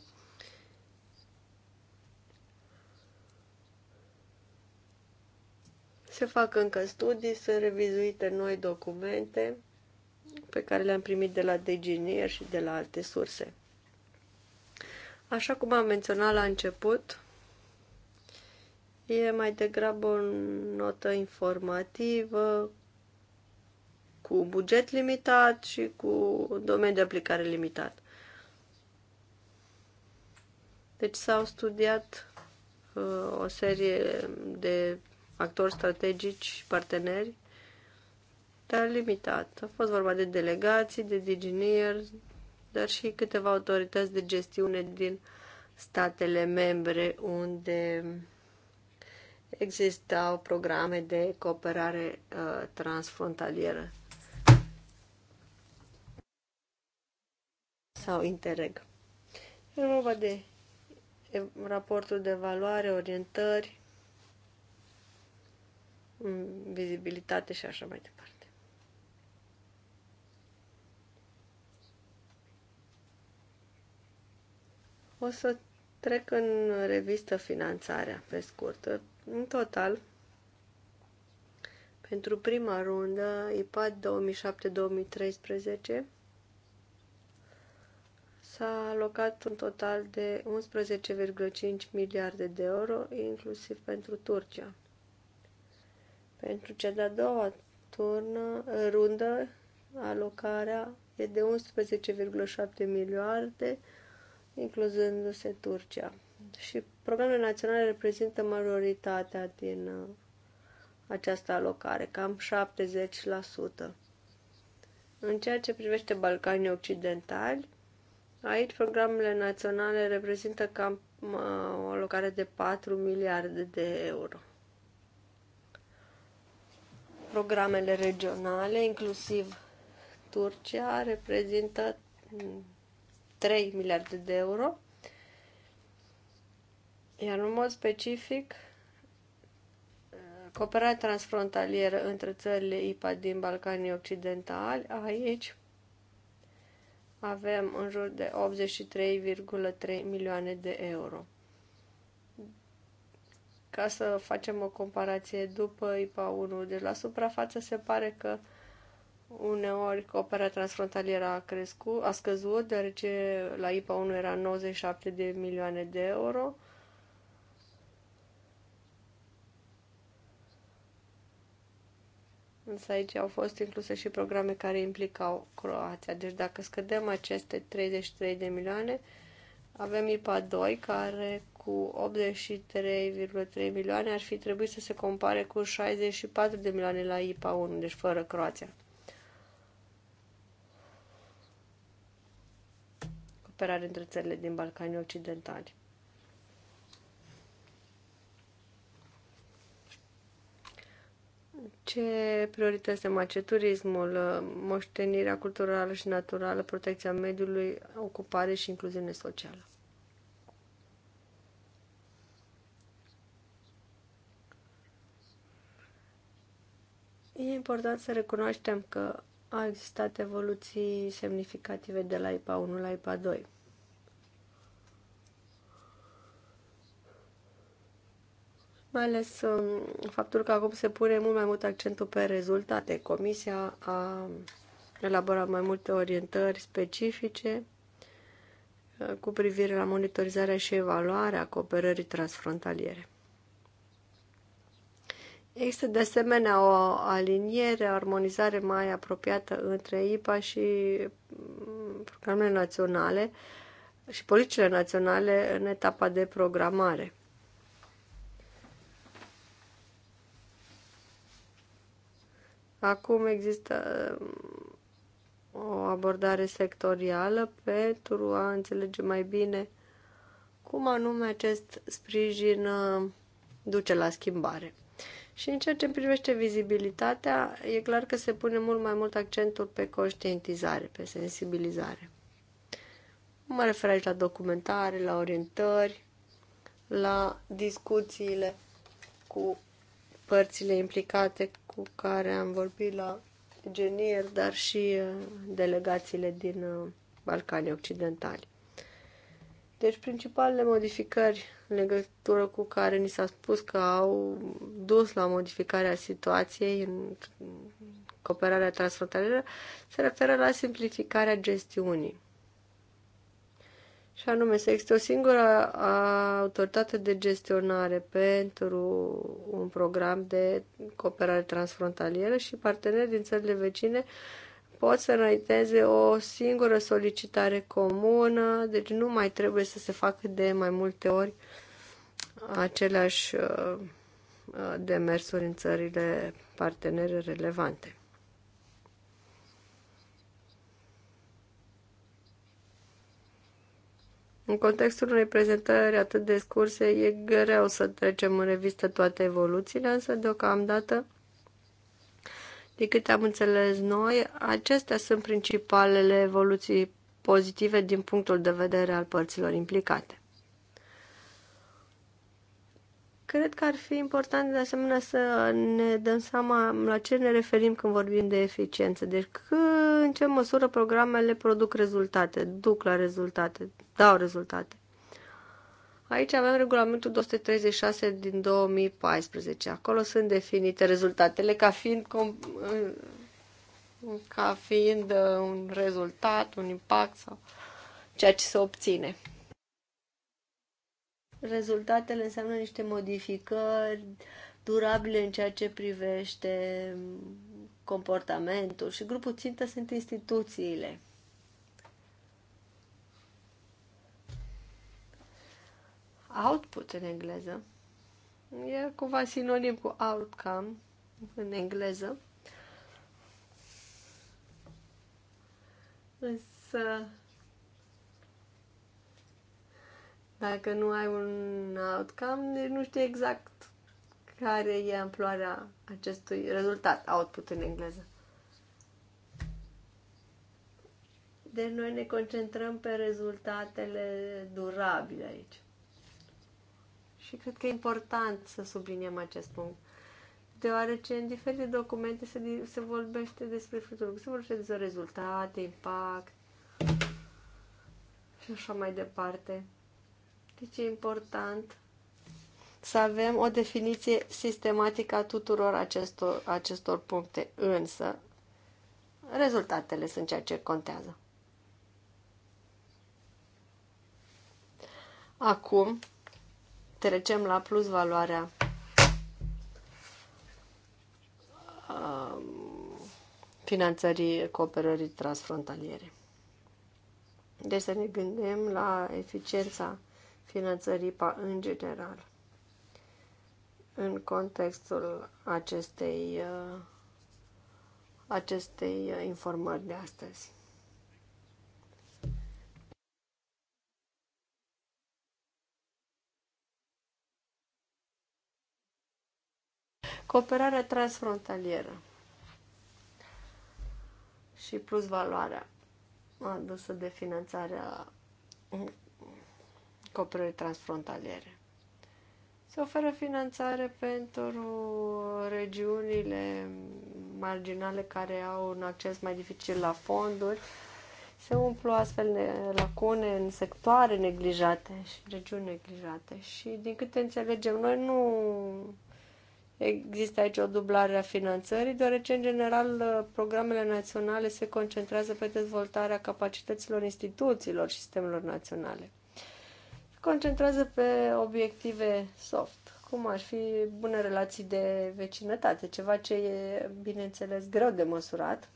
Se fac încă studii, sunt revizuite noi documente pe care le-am primit de la Deginier și de la alte surse. Așa cum am menționat la început, e mai degrabă o notă informativă cu buget limitat și cu domeniu de aplicare limitat. Deci s-au studiat uh, o serie de actori strategici și parteneri dar limitat. A fost vorba de delegații, de engineers, dar și câteva autorități de gestiune din statele membre unde existau programe de cooperare uh, transfrontalieră sau interreg. E vorba de raportul de valoare, orientări, vizibilitate și așa mai departe. O să trec în revistă finanțarea, pe scurt. În total, pentru prima rundă, IPAD 2007-2013, s-a alocat un total de 11,5 miliarde de euro, inclusiv pentru Turcia. Pentru cea de-a doua turnă, rundă, alocarea e de 11,7 miliarde euro, incluzându-se Turcia. Și programele naționale reprezintă majoritatea din uh, această alocare, cam 70%. În ceea ce privește Balcanii Occidentali, aici programele naționale reprezintă cam uh, o alocare de 4 miliarde de euro. Programele regionale, inclusiv Turcia, reprezintă mm, 3 miliarde de euro. Iar în mod specific, cooperarea transfrontalieră între țările IPA din Balcanii Occidentali, aici avem în jur de 83,3 milioane de euro. Ca să facem o comparație după IPA 1, de la suprafață se pare că Uneori cooperarea transfrontalieră a, crescut, a scăzut, deoarece la IPA 1 era 97 de milioane de euro. Însă aici au fost incluse și programe care implicau Croația. Deci dacă scădem aceste 33 de milioane, avem IPA 2 care cu 83,3 milioane ar fi trebuit să se compare cu 64 de milioane la IPA 1, deci fără Croația. cooperare între țările din Balcanii Occidentali. Ce priorități de ce turismul, moștenirea culturală și naturală, protecția mediului, ocupare și incluziune socială. E important să recunoaștem că au existat evoluții semnificative de la IPA 1 la IPA 2. Mai ales um, faptul că acum se pune mult mai mult accentul pe rezultate. Comisia a elaborat mai multe orientări specifice uh, cu privire la monitorizarea și evaluarea cooperării transfrontaliere. Există de asemenea o aliniere, o armonizare mai apropiată între IPA și mm, programele naționale și politicile naționale în etapa de programare. Acum există mm, o abordare sectorială pentru a înțelege mai bine cum anume acest sprijin mm, duce la schimbare. Și în ceea ce privește vizibilitatea, e clar că se pune mult mai mult accentul pe conștientizare, pe sensibilizare. Mă refer aici la documentare, la orientări, la discuțiile cu părțile implicate cu care am vorbit la genier, dar și uh, delegațiile din uh, Balcanii Occidentali. Deci principalele modificări în legătură cu care ni s-a spus că au dus la modificarea situației în cooperarea transfrontalieră se referă la simplificarea gestiunii. Și anume, să există o singură autoritate de gestionare pentru un program de cooperare transfrontalieră și parteneri din țările vecine uh, pot să înainteze o singură solicitare comună, deci nu mai trebuie să se facă de mai multe ori aceleași uh, uh, demersuri în țările partenere relevante. În contextul unei prezentări atât de scurse, e greu să trecem în revistă toate evoluțiile, însă deocamdată de câte am înțeles noi, acestea sunt principalele evoluții pozitive din punctul de vedere al părților implicate. Cred că ar fi important de asemenea să ne dăm seama la ce ne referim când vorbim de eficiență. Deci că, în ce măsură programele produc rezultate, duc la rezultate, dau rezultate. Aici avem regulamentul 236 din 2014. Acolo sunt definite rezultatele ca fiind, ca fiind uh, un rezultat, un impact sau ceea ce se obține. Rezultatele înseamnă niște modificări durabile în ceea ce privește comportamentul și grupul țintă sunt instituțiile output în engleză. E cumva sinonim cu outcome în engleză. Însă, dacă nu ai un outcome, deci nu știi exact care e amploarea acestui rezultat, output în engleză. Deci noi ne concentrăm pe rezultatele durabile aici. Și cred că e important să subliniem acest punct. Deoarece în diferite documente se, se vorbește despre fructul, se vorbește despre rezultate, impact și așa mai departe. Deci e important să avem o definiție sistematică a tuturor acestor, acestor puncte, însă rezultatele sunt ceea ce contează. Acum trecem la plus valoarea um, finanțării cooperării transfrontaliere. Deci să ne gândim la eficiența finanțării în general în contextul acestei, uh, acestei uh, informări de astăzi. cooperarea transfrontalieră și plus valoarea adusă de finanțarea cooperării transfrontaliere. Se oferă finanțare pentru regiunile marginale care au un acces mai dificil la fonduri. Se umplu astfel lacune în sectoare neglijate și regiuni neglijate. Și din câte înțelegem, noi nu Există aici o dublare a finanțării, deoarece, în general, programele naționale se concentrează pe dezvoltarea capacităților instituțiilor și sistemelor naționale. Se concentrează pe obiective soft, cum ar fi bune relații de vecinătate, ceva ce e, bineînțeles, greu de măsurat.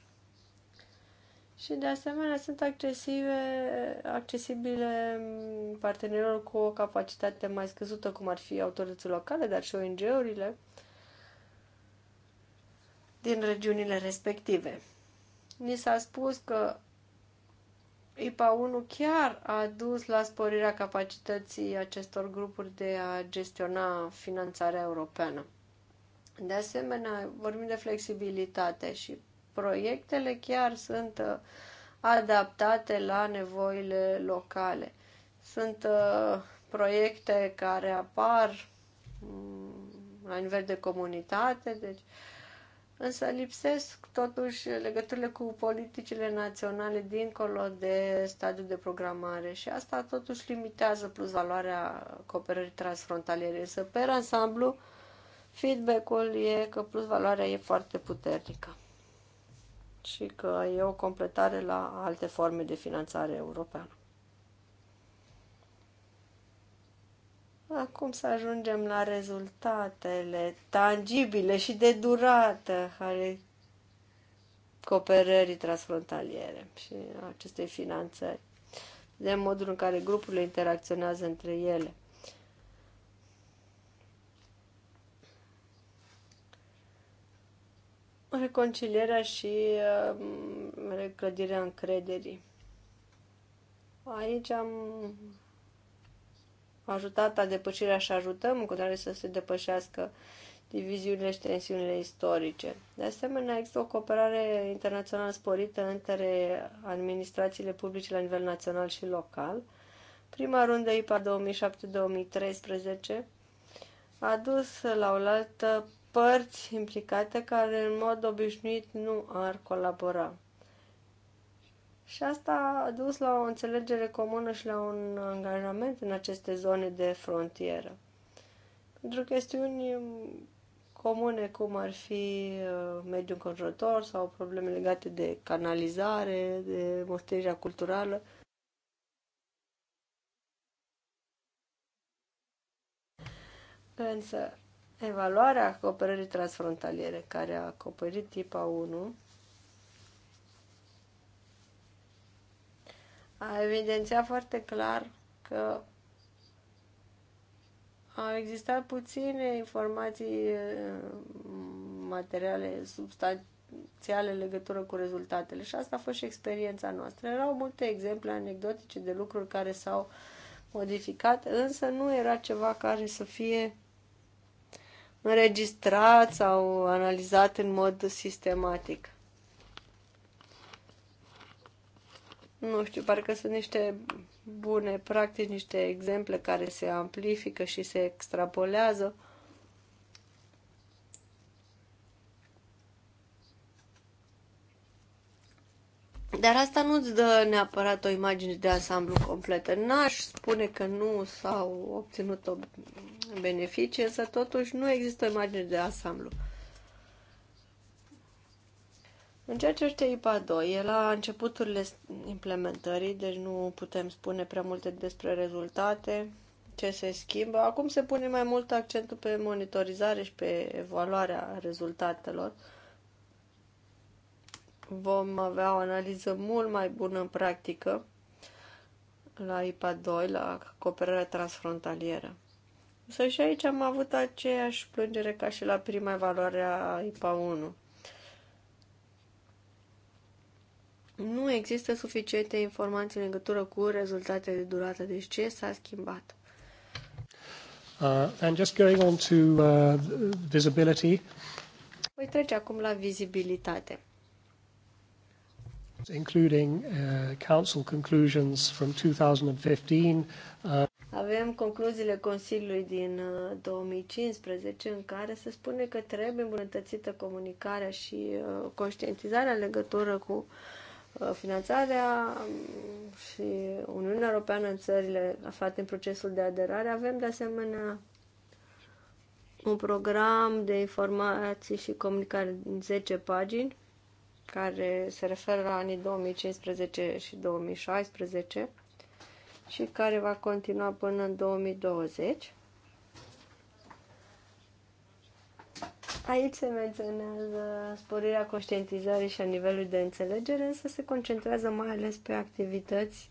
Și, de asemenea, sunt accesive, accesibile partenerilor cu o capacitate mai scăzută, cum ar fi autoritățile locale, dar și ONG-urile, din regiunile respective. Ni s-a spus că IPA 1 chiar a dus la sporirea capacității acestor grupuri de a gestiona finanțarea europeană. De asemenea, vorbim de flexibilitate și proiectele chiar sunt uh, adaptate la nevoile locale. Sunt uh, proiecte care apar mm, la nivel de comunitate, deci uh, însă lipsesc totuși legăturile cu politicile naționale dincolo de stadiul de programare și asta totuși limitează plus valoarea cooperării transfrontaliere. Însă, per ansamblu, feedback-ul e că plus valoarea e foarte puternică și că e o completare la alte forme de finanțare europeană. Acum să ajungem la rezultatele tangibile și de durată ale cooperării transfrontaliere și acestei finanțări, de modul în care grupurile interacționează între ele. Reconcilierea și uh, reclădirea încrederii. Aici am ajutat la depășirea și ajutăm în continuare să se depășească diviziunile și tensiunile istorice. De asemenea, există o cooperare internațională sporită între administrațiile publice la nivel național și local. Prima rundă IPA 2007-2013 a dus la oaltă părți implicate care în mod obișnuit nu ar colabora. Și asta a dus la o înțelegere comună și la un angajament în aceste zone de frontieră. Pentru chestiuni comune, cum ar fi uh, mediul înconjurător sau probleme legate de canalizare, de moștenirea culturală. Însă, evaluarea acoperării transfrontaliere, care a acoperit tipa 1, a evidențiat foarte clar că au existat puține informații materiale, substanțiale în legătură cu rezultatele și asta a fost și experiența noastră. Erau multe exemple anecdotice de lucruri care s-au modificat, însă nu era ceva care să fie înregistrat sau analizat în mod sistematic. nu știu, parcă sunt niște bune practici, niște exemple care se amplifică și se extrapolează. Dar asta nu-ți dă neapărat o imagine de ansamblu completă. N-aș spune că nu s-au obținut o beneficii, însă totuși nu există o imagine de ansamblu. În ceea ce este IPA 2, e la începuturile implementării, deci nu putem spune prea multe despre rezultate, ce se schimbă. Acum se pune mai mult accentul pe monitorizare și pe evaluarea rezultatelor. Vom avea o analiză mult mai bună în practică la IPA 2, la cooperarea transfrontalieră. Să și aici am avut aceeași plângere ca și la prima evaluare a IPA 1. nu există suficiente informații în legătură cu rezultatele de durată. Deci ce s-a schimbat? Uh, and just going on to uh, visibility. Voi trece acum la vizibilitate. Including uh, council conclusions from 2015. Uh... Avem concluziile Consiliului din 2015 uh, în care se spune că trebuie îmbunătățită comunicarea și uh, conștientizarea în legătură cu uh, Uh, finanțarea mm, și Uniunea Europeană în țările aflate în procesul de aderare. Avem de asemenea un program de informații și comunicare în 10 pagini care se referă la anii 2015 și 2016 și care va continua până în 2020. Aici se menționează sporirea conștientizării și a nivelului de înțelegere, însă se concentrează mai ales pe activități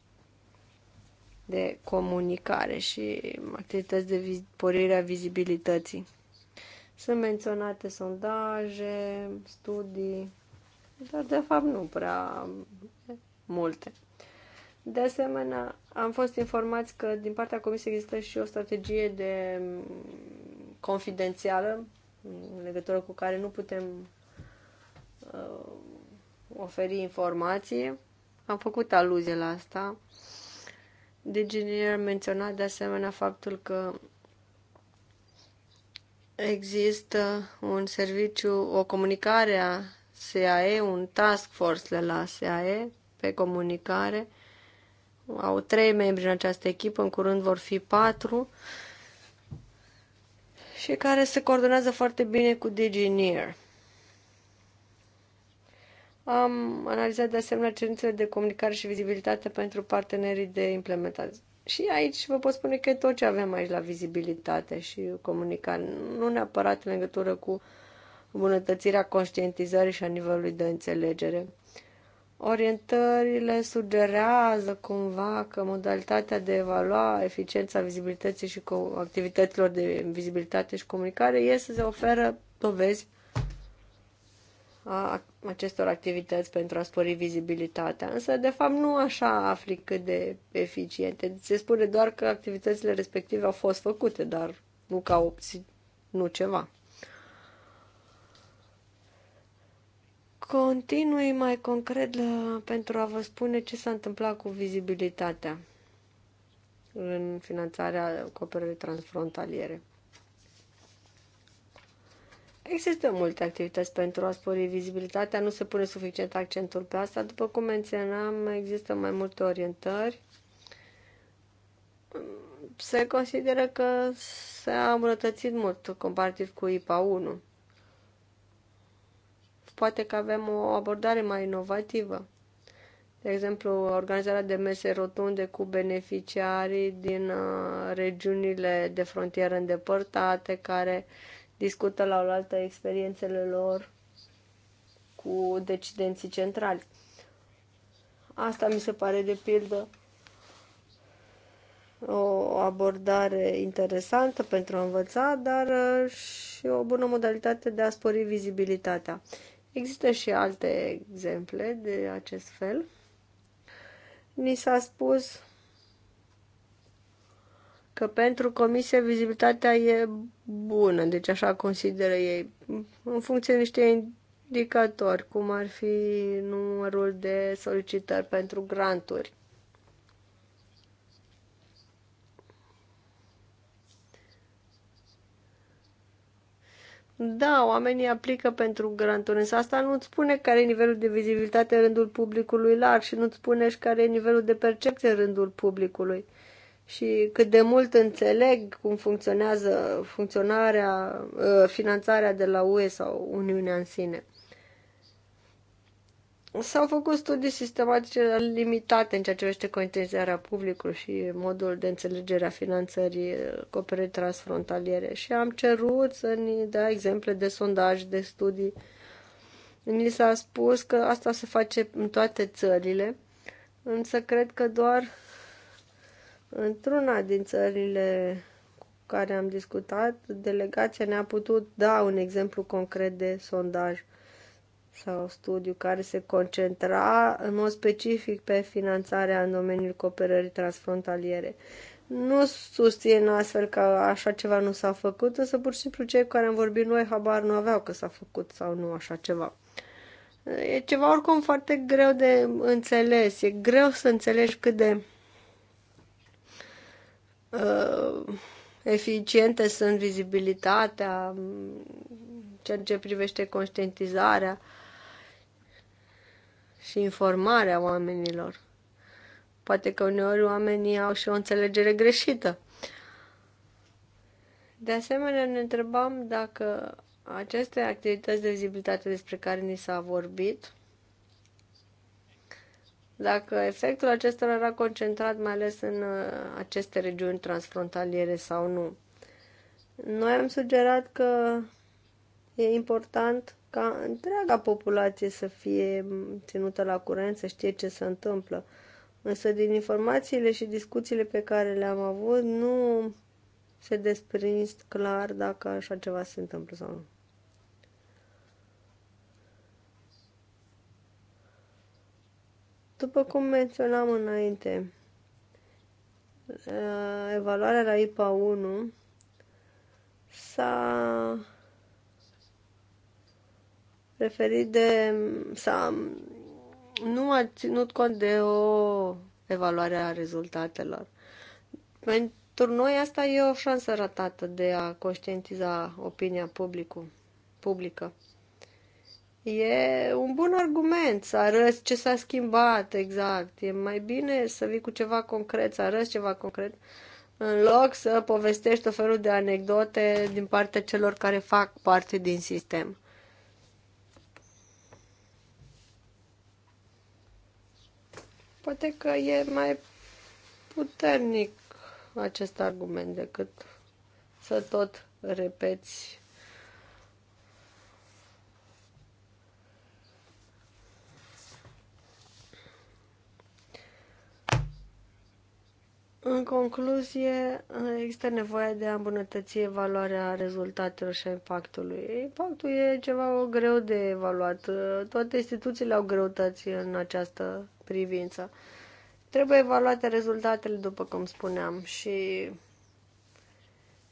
de comunicare și activități de viz- sporire a vizibilității. Sunt menționate sondaje, studii, dar de fapt nu prea multe. De asemenea, am fost informați că din partea Comisiei există și o strategie de mm, confidențială în legătură cu care nu putem uh, oferi informație. Am făcut aluzie la asta. Deginier menționat de asemenea faptul că există un serviciu, o comunicare a SAE, un task force de la SAE pe comunicare. Au trei membri în această echipă, în curând vor fi patru. Uh, și care se coordonează foarte bine cu DigiNear. Am analizat de asemenea cerințele de comunicare și vizibilitate pentru partenerii de implementare. Și aici vă pot spune că tot ce avem aici la vizibilitate și comunicare, nu neapărat în legătură cu îmbunătățirea conștientizării și a nivelului de înțelegere. Orientările sugerează cumva că modalitatea de evalua eficiența vizibilității și activităților de vizibilitate și comunicare este să se oferă dovezi a acestor activități pentru a spori vizibilitatea. Însă, de fapt, nu așa afli cât de eficiente. Se spune doar că activitățile respective au fost făcute, dar nu ca au nu ceva. continui mai concret la, pentru a vă spune ce s-a întâmplat cu vizibilitatea în finanțarea cooperării transfrontaliere. Există multe activități pentru a spori vizibilitatea, nu se pune suficient accentul pe asta. După cum menționam, există mai multe orientări. Se consideră că s-a îmbunătățit mult comparativ cu IPA 1 poate că avem o abordare mai inovativă. De exemplu, organizarea de mese rotunde cu beneficiarii din uh, regiunile de frontieră îndepărtate care discută la oaltă experiențele lor cu decidenții centrali. Asta mi se pare de pildă o abordare interesantă pentru a învăța, dar uh, și o bună modalitate de a spori vizibilitatea. Există și alte exemple de acest fel. Ni s-a spus că pentru comisie vizibilitatea e bună, deci așa consideră ei, în funcție de niște indicatori, cum ar fi numărul de solicitări pentru granturi Da, oamenii aplică pentru granturi, însă asta nu-ți spune care e nivelul de vizibilitate în rândul publicului larg și nu-ți spune și care e nivelul de percepție în rândul publicului. Și cât de mult înțeleg cum funcționează funcționarea, ă, finanțarea de la UE sau Uniunea în sine. S-au făcut studii sistematice limitate în ceea ce vește conștientizarea publicului și modul de înțelegere a finanțării eh, cooperării transfrontaliere și am cerut să ne dea exemple de sondaj, de studii. Mi s-a spus că asta se face în toate țările, însă cred că doar într-una din țările cu care am discutat, delegația ne-a putut da un exemplu concret de sondaj sau studiu care se concentra în mod specific pe finanțarea în domeniul cooperării transfrontaliere. Nu susțin astfel că așa ceva nu s-a făcut, însă pur și simplu cei care am vorbit noi habar nu aveau că s-a făcut sau nu așa ceva. E ceva oricum foarte greu de înțeles. E greu să înțelegi cât de uh, eficiente sunt vizibilitatea, ceea ce privește conștientizarea. Uh, și informarea oamenilor. Poate că uneori oamenii au și o înțelegere greșită. De asemenea, ne întrebam dacă aceste activități de vizibilitate despre care ni s-a vorbit, dacă efectul acestor era concentrat mai ales în uh, aceste regiuni transfrontaliere sau nu. Noi am sugerat că e important ca întreaga populație să fie ținută la curent, să știe ce se întâmplă. Însă din informațiile și discuțiile pe care le-am avut, nu se desprins clar dacă așa ceva se întâmplă sau nu. După cum menționam înainte, evaluarea la IPA 1 s-a referit de... să nu a ținut cont de o evaluare a rezultatelor. Pentru noi asta e o șansă ratată de a conștientiza opinia publicu, publică. E un bun argument să arăți ce s-a schimbat exact. E mai bine să vii cu ceva concret, să arăți ceva concret, în loc să povestești o felul de anecdote din partea celor care fac parte din sistem. Poate că e mai puternic acest argument decât să tot repeți În concluzie, există nevoie de a îmbunătăți evaluarea rezultatelor și a impactului. Impactul e ceva greu de evaluat. Toate instituțiile au greutăți în această privință. Trebuie evaluate rezultatele, după cum spuneam, și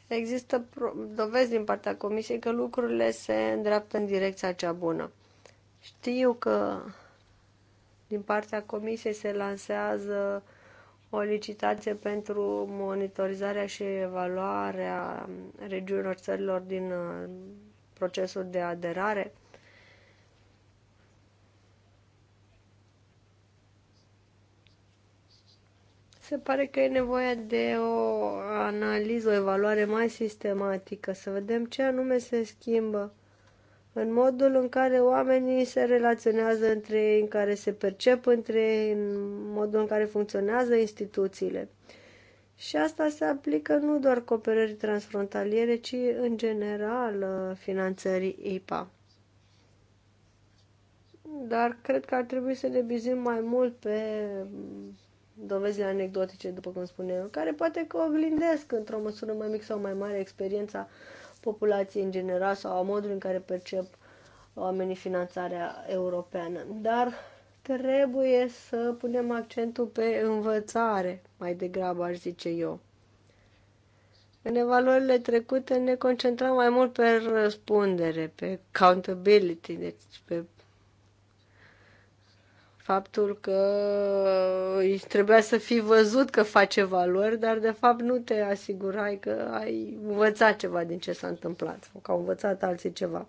există dovezi din partea Comisiei că lucrurile se îndreaptă în direcția cea bună. Știu că din partea Comisiei se lansează o licitație pentru monitorizarea și evaluarea regiunilor țărilor din uh, procesul de aderare. Se pare că e nevoie de o analiză, o evaluare mai sistematică, să vedem ce anume se schimbă în modul în care oamenii se relaționează între ei, în care se percep între ei, în modul în care funcționează instituțiile. Și asta se aplică nu doar cooperării transfrontaliere, ci în general finanțării IPA. Dar cred că ar trebui să ne bizim mai mult pe dovezile anecdotice, după cum spuneam, care poate că oglindesc într-o măsură mai mică sau mai mare experiența populației în general sau a modului în care percep oamenii finanțarea europeană. Dar trebuie să punem accentul pe învățare, mai degrabă aș zice eu. În evaluările trecute ne concentram mai mult pe răspundere, pe accountability, deci pe faptul că îi trebuia să fii văzut că face valori, dar de fapt nu te asigurai că ai învățat ceva din ce s-a întâmplat sau că au învățat alții ceva.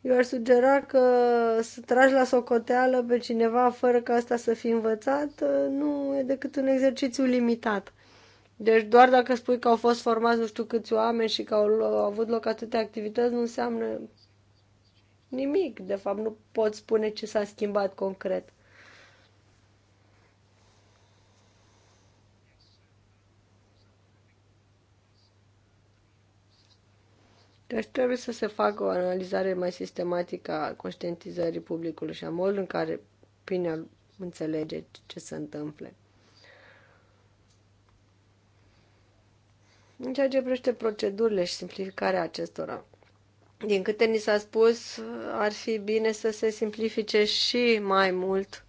Eu ar sugera că să tragi la socoteală pe cineva fără ca asta să fi învățat nu e decât un exercițiu limitat. Deci doar dacă spui că au fost formați nu știu câți oameni și că au, au avut loc atâtea activități, nu înseamnă nimic. De fapt, nu pot spune ce s-a schimbat concret. Deci trebuie să se facă o analizare mai sistematică a conștientizării publicului și a modului în care opinia înțelege ce se întâmple. În ceea ce privește procedurile și simplificarea acestora, din câte ni s-a spus, ar fi bine să se simplifice și mai mult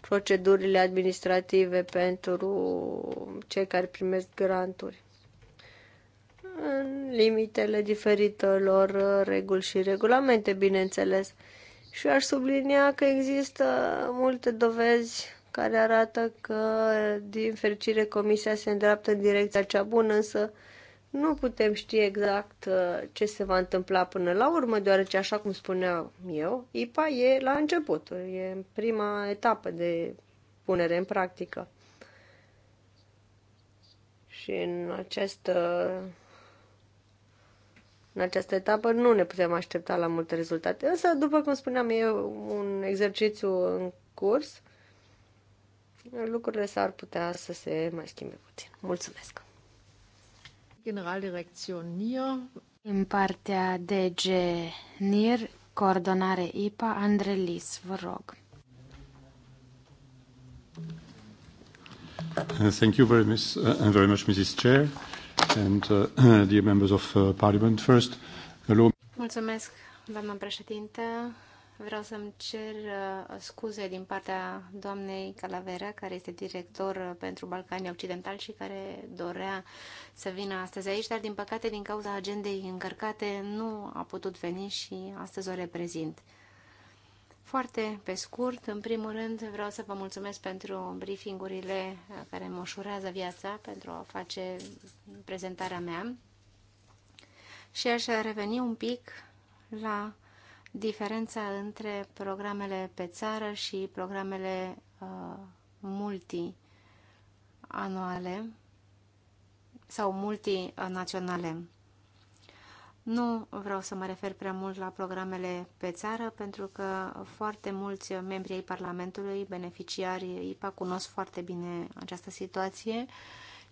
procedurile administrative pentru cei care primesc granturi în limitele diferitelor reguli și regulamente, bineînțeles. Și aș sublinia că există multe dovezi care arată că, din fericire, Comisia se îndreaptă în direcția cea bună, însă nu putem ști exact uh, ce se va întâmpla până la urmă, deoarece, așa cum spuneam eu, IPA e la început, e în prima etapă de punere în practică. Și în această, în această etapă nu ne putem aștepta la multe rezultate. Însă, după cum spuneam, e un exercițiu în curs. Lucrurile s-ar putea să se mai schimbe puțin. Mulțumesc! Generaldirektion NIR. În partea DG NIR, coordonare IPA, Andrelis, vă rog. Uh, thank you very much, uh, very much Mrs. Chair and uh, dear members of uh, Parliament. First, hello. Mulțumesc, doamnă președinte, Vreau să-mi cer uh, scuze din partea doamnei Calavera, care este director uh, pentru Balcanii Occidentali și care dorea să vină astăzi aici, dar din păcate din cauza agendei încărcate nu a putut veni și astăzi o reprezint. Foarte pe scurt, în primul rând vreau să vă mulțumesc pentru briefingurile uh, care mă ușurează viața pentru a face prezentarea mea și aș reveni un pic la diferența între programele pe țară și programele uh, multianuale sau multinaționale. Nu vreau să mă refer prea mult la programele pe țară, pentru că foarte mulți membri ai Parlamentului, beneficiarii IPA, cunosc foarte bine această situație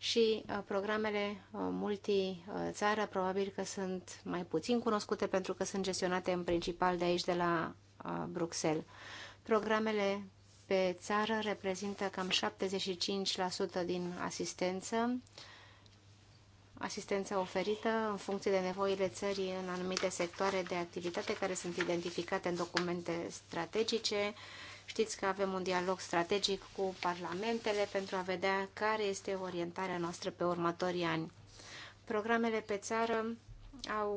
și uh, programele uh, multi-țară probabil că sunt mai puțin cunoscute pentru că sunt gestionate în principal de aici, de la uh, Bruxelles. Programele pe țară reprezintă cam 75% din asistență, asistența oferită în funcție de nevoile țării în anumite sectoare de activitate care sunt identificate în documente strategice, Știți că avem un dialog strategic cu parlamentele pentru a vedea care este orientarea noastră pe următorii ani. Programele pe țară au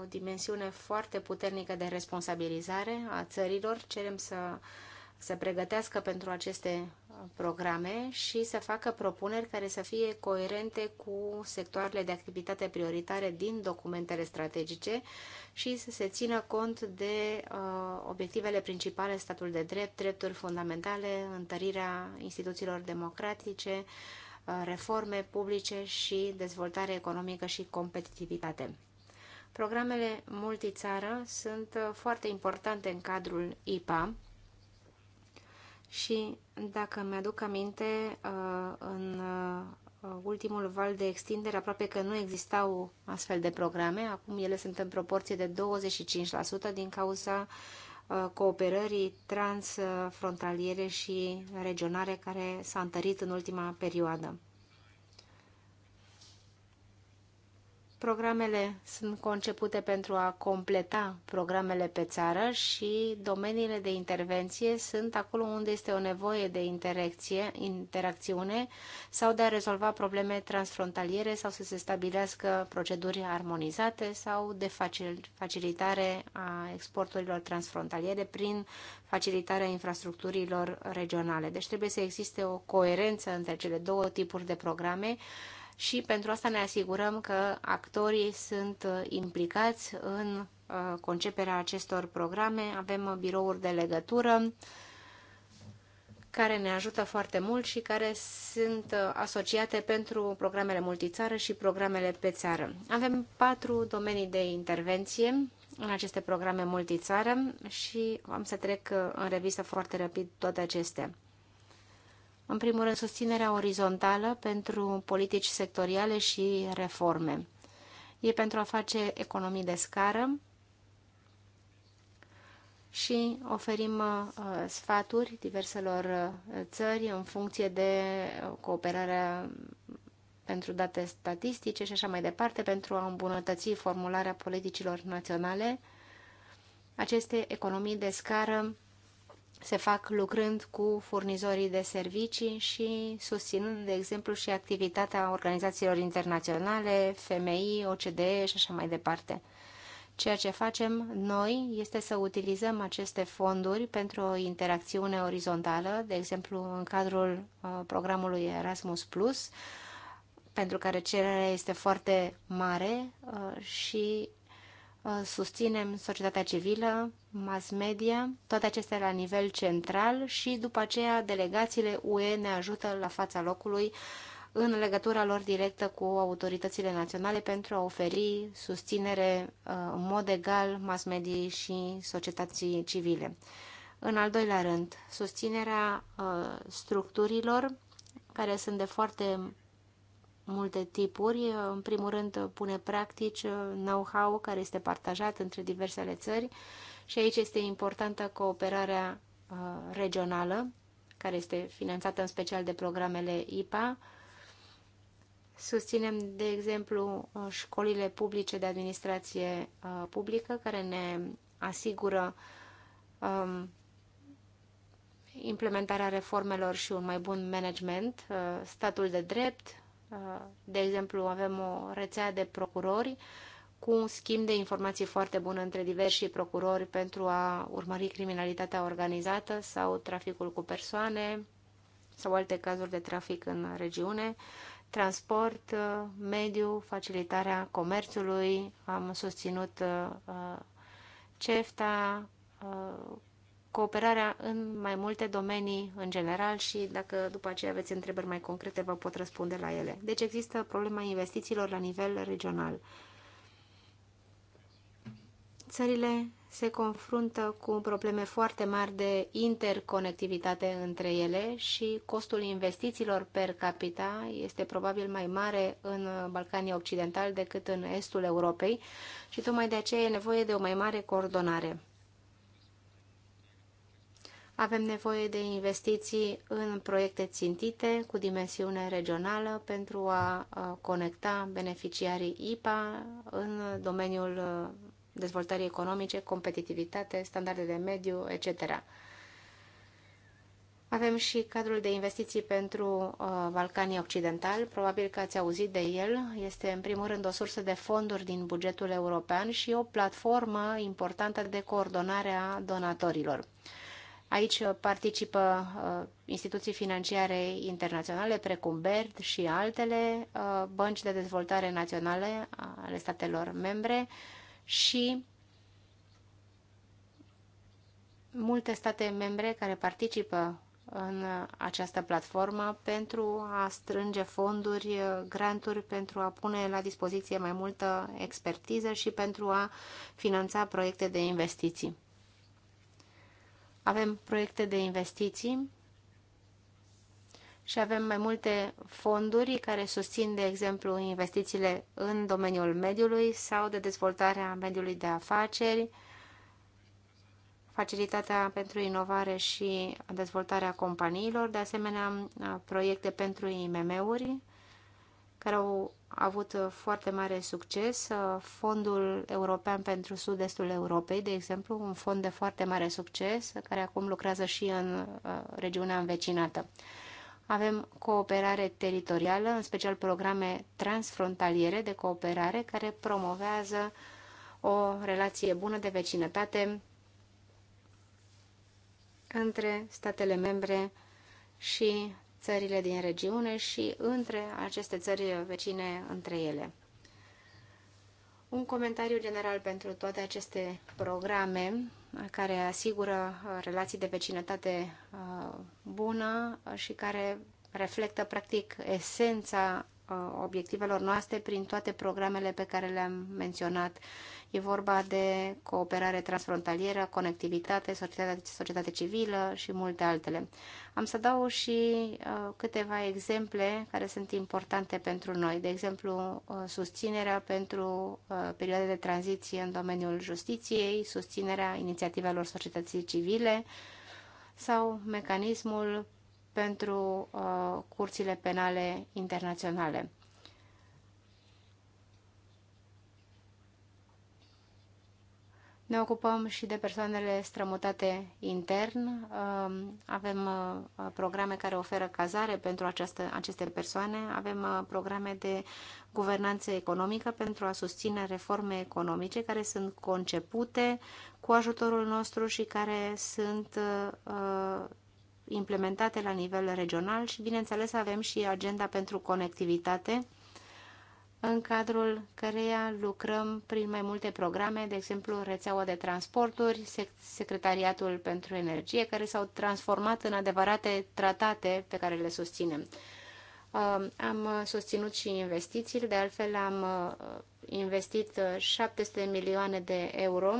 o dimensiune foarte puternică de responsabilizare a țărilor. Cerem să uh, să pregătească pentru aceste uh, programe și să facă propuneri care să fie coerente cu sectoarele de activitate prioritare din documentele strategice și să se țină cont de uh, obiectivele principale, statul de drept, drepturi fundamentale, întărirea instituțiilor democratice, uh, reforme publice și dezvoltare economică și competitivitate. Programele multițară sunt uh, foarte importante în cadrul IPA, și dacă mi-aduc aminte, uh, în uh, ultimul val de extindere, aproape că nu existau astfel de programe, acum ele sunt în proporție de 25% din cauza uh, cooperării transfrontaliere și regionare care s-a întărit în ultima perioadă. Programele sunt concepute pentru a completa programele pe țară și domeniile de intervenție sunt acolo unde este o nevoie de interacțiune sau de a rezolva probleme transfrontaliere sau să se stabilească proceduri armonizate sau de facilitare a exporturilor transfrontaliere prin facilitarea infrastructurilor regionale. Deci trebuie să existe o coerență între cele două tipuri de programe și pentru asta ne asigurăm că actorii sunt uh, implicați în uh, conceperea acestor programe. Avem uh, birouri de legătură care ne ajută foarte mult și care sunt asociate pentru programele multițară și programele pe țară. Avem patru domenii de intervenție în aceste programe multițară și am să trec în revistă foarte rapid toate acestea. În primul rând, susținerea orizontală pentru politici sectoriale și reforme. E pentru a face economii de scară și oferim uh, sfaturi diverselor uh, țări în funcție de uh, cooperarea pentru date statistice și așa mai departe, pentru a îmbunătăți formularea politicilor naționale. Aceste economii de scară se fac lucrând cu furnizorii de servicii și susținând, de exemplu, și activitatea organizațiilor internaționale, FMI, OCDE și așa mai departe. Ceea ce facem noi este să utilizăm aceste fonduri pentru o interacțiune orizontală, de exemplu, în cadrul uh, programului Erasmus+, pentru care cererea este foarte mare uh, și Uh, susținem societatea civilă, mass media, toate acestea la nivel central și după aceea delegațiile UE ne ajută la fața locului în legătura lor directă cu autoritățile naționale pentru a oferi susținere uh, în mod egal mass mediei și societății civile. În al doilea rând, susținerea uh, structurilor care sunt de foarte multe tipuri. În primul rând, pune practici, know-how care este partajat între diversele țări și aici este importantă cooperarea uh, regională, care este finanțată în special de programele IPA. Susținem, de exemplu, uh, școlile publice de administrație uh, publică, care ne asigură um, implementarea reformelor și un mai bun management, statul de drept, de exemplu, avem o rețea de procurori cu un schimb de informații foarte bun între diversi procurori pentru a urmări criminalitatea organizată sau traficul cu persoane sau alte cazuri de trafic în regiune, transport, mediu, facilitarea comerțului. Am susținut uh, uh, CEFTA uh, cooperarea în mai multe domenii în general și dacă după aceea aveți întrebări mai concrete, vă pot răspunde la ele. Deci există problema investițiilor la nivel regional. Țările se confruntă cu probleme foarte mari de interconectivitate între ele și costul investițiilor per capita este probabil mai mare în Balcanii Occidentali decât în estul Europei și tocmai de aceea e nevoie de o mai mare coordonare. Avem nevoie de investiții în proiecte țintite cu dimensiune regională pentru a conecta beneficiarii IPA în domeniul dezvoltării economice, competitivitate, standarde de mediu, etc. Avem și cadrul de investiții pentru uh, Balcanii Occidentali. Probabil că ați auzit de el. Este, în primul rând, o sursă de fonduri din bugetul european și o platformă importantă de coordonare a donatorilor. Aici uh, participă uh, instituții financiare internaționale precum BERD și altele, uh, bănci de dezvoltare naționale ale statelor membre și multe state membre care participă în această platformă pentru a strânge fonduri, granturi, pentru a pune la dispoziție mai multă expertiză și pentru a finanța proiecte de investiții avem proiecte de investiții și avem mai multe fonduri care susțin, de exemplu, investițiile în domeniul mediului sau de dezvoltarea mediului de afaceri, facilitatea pentru inovare și dezvoltarea companiilor, de asemenea proiecte pentru IMM-uri care au avut uh, foarte mare succes. Uh, Fondul European pentru Sud-Estul Europei, de exemplu, un fond de foarte mare succes, uh, care acum lucrează și în regiunea învecinată. Avem cooperare teritorială, în special programe transfrontaliere de cooperare, care promovează o relație bună de vecinătate între statele membre și țările din regiune și între aceste țări vecine între ele. Un comentariu general pentru toate aceste programe care asigură uh, relații de vecinătate uh, bună și care reflectă practic esența Uh, obiectivelor noastre prin toate programele pe care le-am menționat. E vorba de cooperare transfrontalieră, conectivitate, societate, societate civilă și multe altele. Am să dau și uh, câteva exemple care sunt importante pentru noi. De exemplu, uh, susținerea pentru perioade de tranziție în domeniul justiției, susținerea inițiativelor societății civile sau mecanismul pentru uh, curțile penale internaționale. Ne ocupăm și de persoanele strămutate intern. Um, avem uh, programe care oferă cazare pentru această, aceste persoane. Avem uh, programe de guvernanță economică pentru a susține reforme economice care sunt concepute cu ajutorul nostru și care sunt uh, implementate la nivel regional și, bineînțeles, avem și agenda pentru conectivitate, în cadrul căreia lucrăm prin mai multe programe, de exemplu rețeaua de transporturi, Secretariatul pentru Energie, care s-au transformat în adevărate tratate pe care le susținem. Uh, am susținut și investițiile, de altfel am uh, investit 700 uh, milioane de euro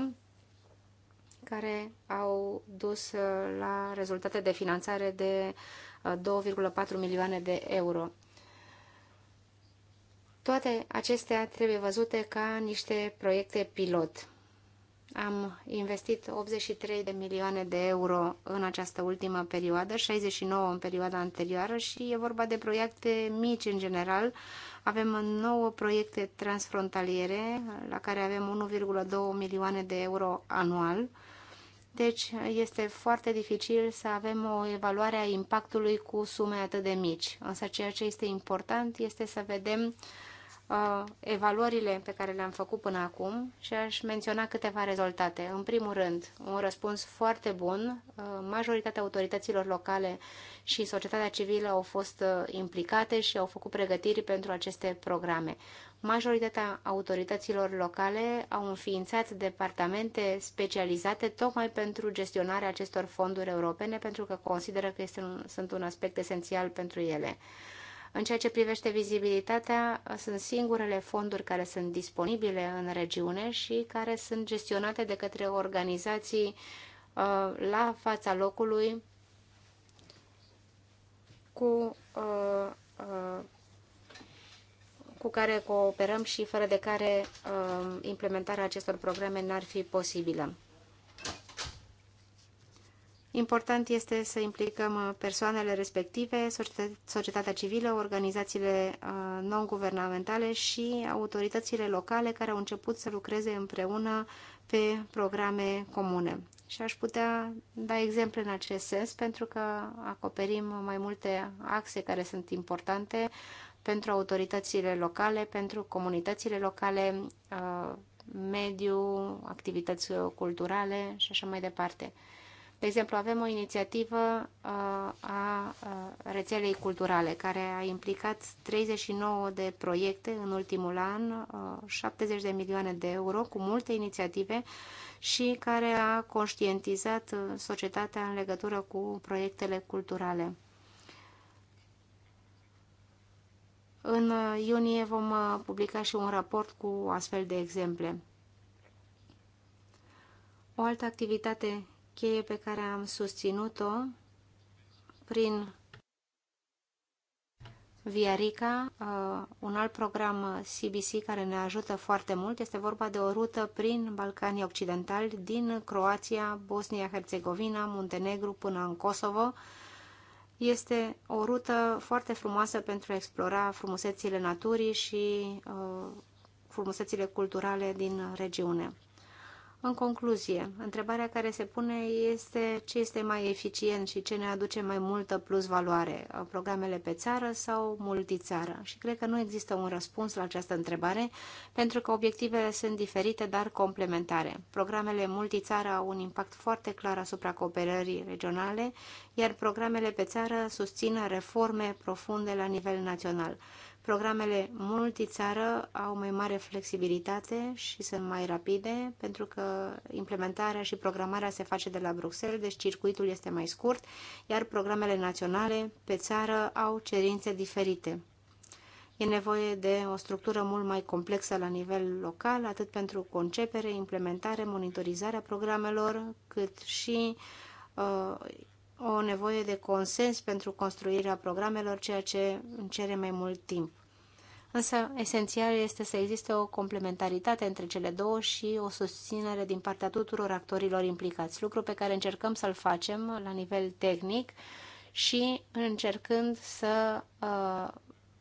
care au dus uh, la rezultate de finanțare de 2,4 uh, milioane de euro. Toate acestea trebuie văzute ca niște proiecte pilot. Am investit 83 de milioane de euro în această ultimă perioadă, 69 în perioada anterioară și e vorba de proiecte mici în general. Avem 9 proiecte transfrontaliere la care avem 1,2 milioane de euro anual deci este foarte dificil să avem o evaluare a impactului cu sume atât de mici. Însă ceea ce este important este să vedem uh, evaluările pe care le-am făcut până acum și aș menționa câteva rezultate. În primul rând, un răspuns foarte bun. Uh, majoritatea autorităților locale și societatea civilă au fost uh, implicate și au făcut pregătiri pentru aceste programe majoritatea autorităților locale au înființat departamente specializate tocmai pentru gestionarea acestor fonduri europene, pentru că consideră că este un, sunt un aspect esențial pentru ele. În ceea ce privește vizibilitatea, sunt singurele fonduri care sunt disponibile în regiune și care sunt gestionate de către organizații uh, la fața locului cu uh, uh, cu care cooperăm și fără de care uh, implementarea acestor programe n-ar fi posibilă. Important este să implicăm uh, persoanele respective, societatea civilă, organizațiile uh, non-guvernamentale și autoritățile locale care au început să lucreze împreună pe programe comune. Și aș putea da exemple în acest sens pentru că acoperim mai multe axe care sunt importante, pentru autoritățile locale, pentru comunitățile locale, uh, mediu, activități culturale și așa mai departe. De exemplu, avem o inițiativă uh, a uh, rețelei culturale care a implicat 39 de proiecte în ultimul an, 70 de milioane de euro cu multe inițiative și care a conștientizat societatea în legătură cu proiectele culturale. În iunie vom uh, publica și un raport cu astfel de exemple. O altă activitate cheie pe care am susținut-o prin Viarica, uh, un alt program CBC care ne ajută foarte mult, este vorba de o rută prin Balcanii Occidentali, din Croația, Bosnia-Herzegovina, Muntenegru până în Kosovo, este o rută foarte frumoasă pentru a explora frumusețile naturii și uh, frumusețile culturale din regiune. În concluzie, întrebarea care se pune este ce este mai eficient și ce ne aduce mai multă plus valoare, uh, programele pe țară sau multițară. Și cred că nu există un răspuns la această întrebare, pentru că obiectivele sunt diferite, dar complementare. Programele multițară au un impact foarte clar asupra cooperării regionale, iar programele pe țară susțin reforme profunde la nivel național. Programele multițară au mai mare flexibilitate și sunt mai rapide, pentru că implementarea și programarea se face de la Bruxelles, deci circuitul este mai scurt, iar programele naționale pe țară au cerințe diferite. E nevoie de o structură mult mai complexă la nivel local, atât pentru concepere, implementare, monitorizarea programelor, cât și uh, o nevoie de consens pentru construirea programelor, ceea ce îmi cere mai mult timp. Însă, esențial este să existe o complementaritate între cele două și o susținere din partea tuturor actorilor implicați, lucru pe care încercăm să-l facem la nivel tehnic și încercând să uh,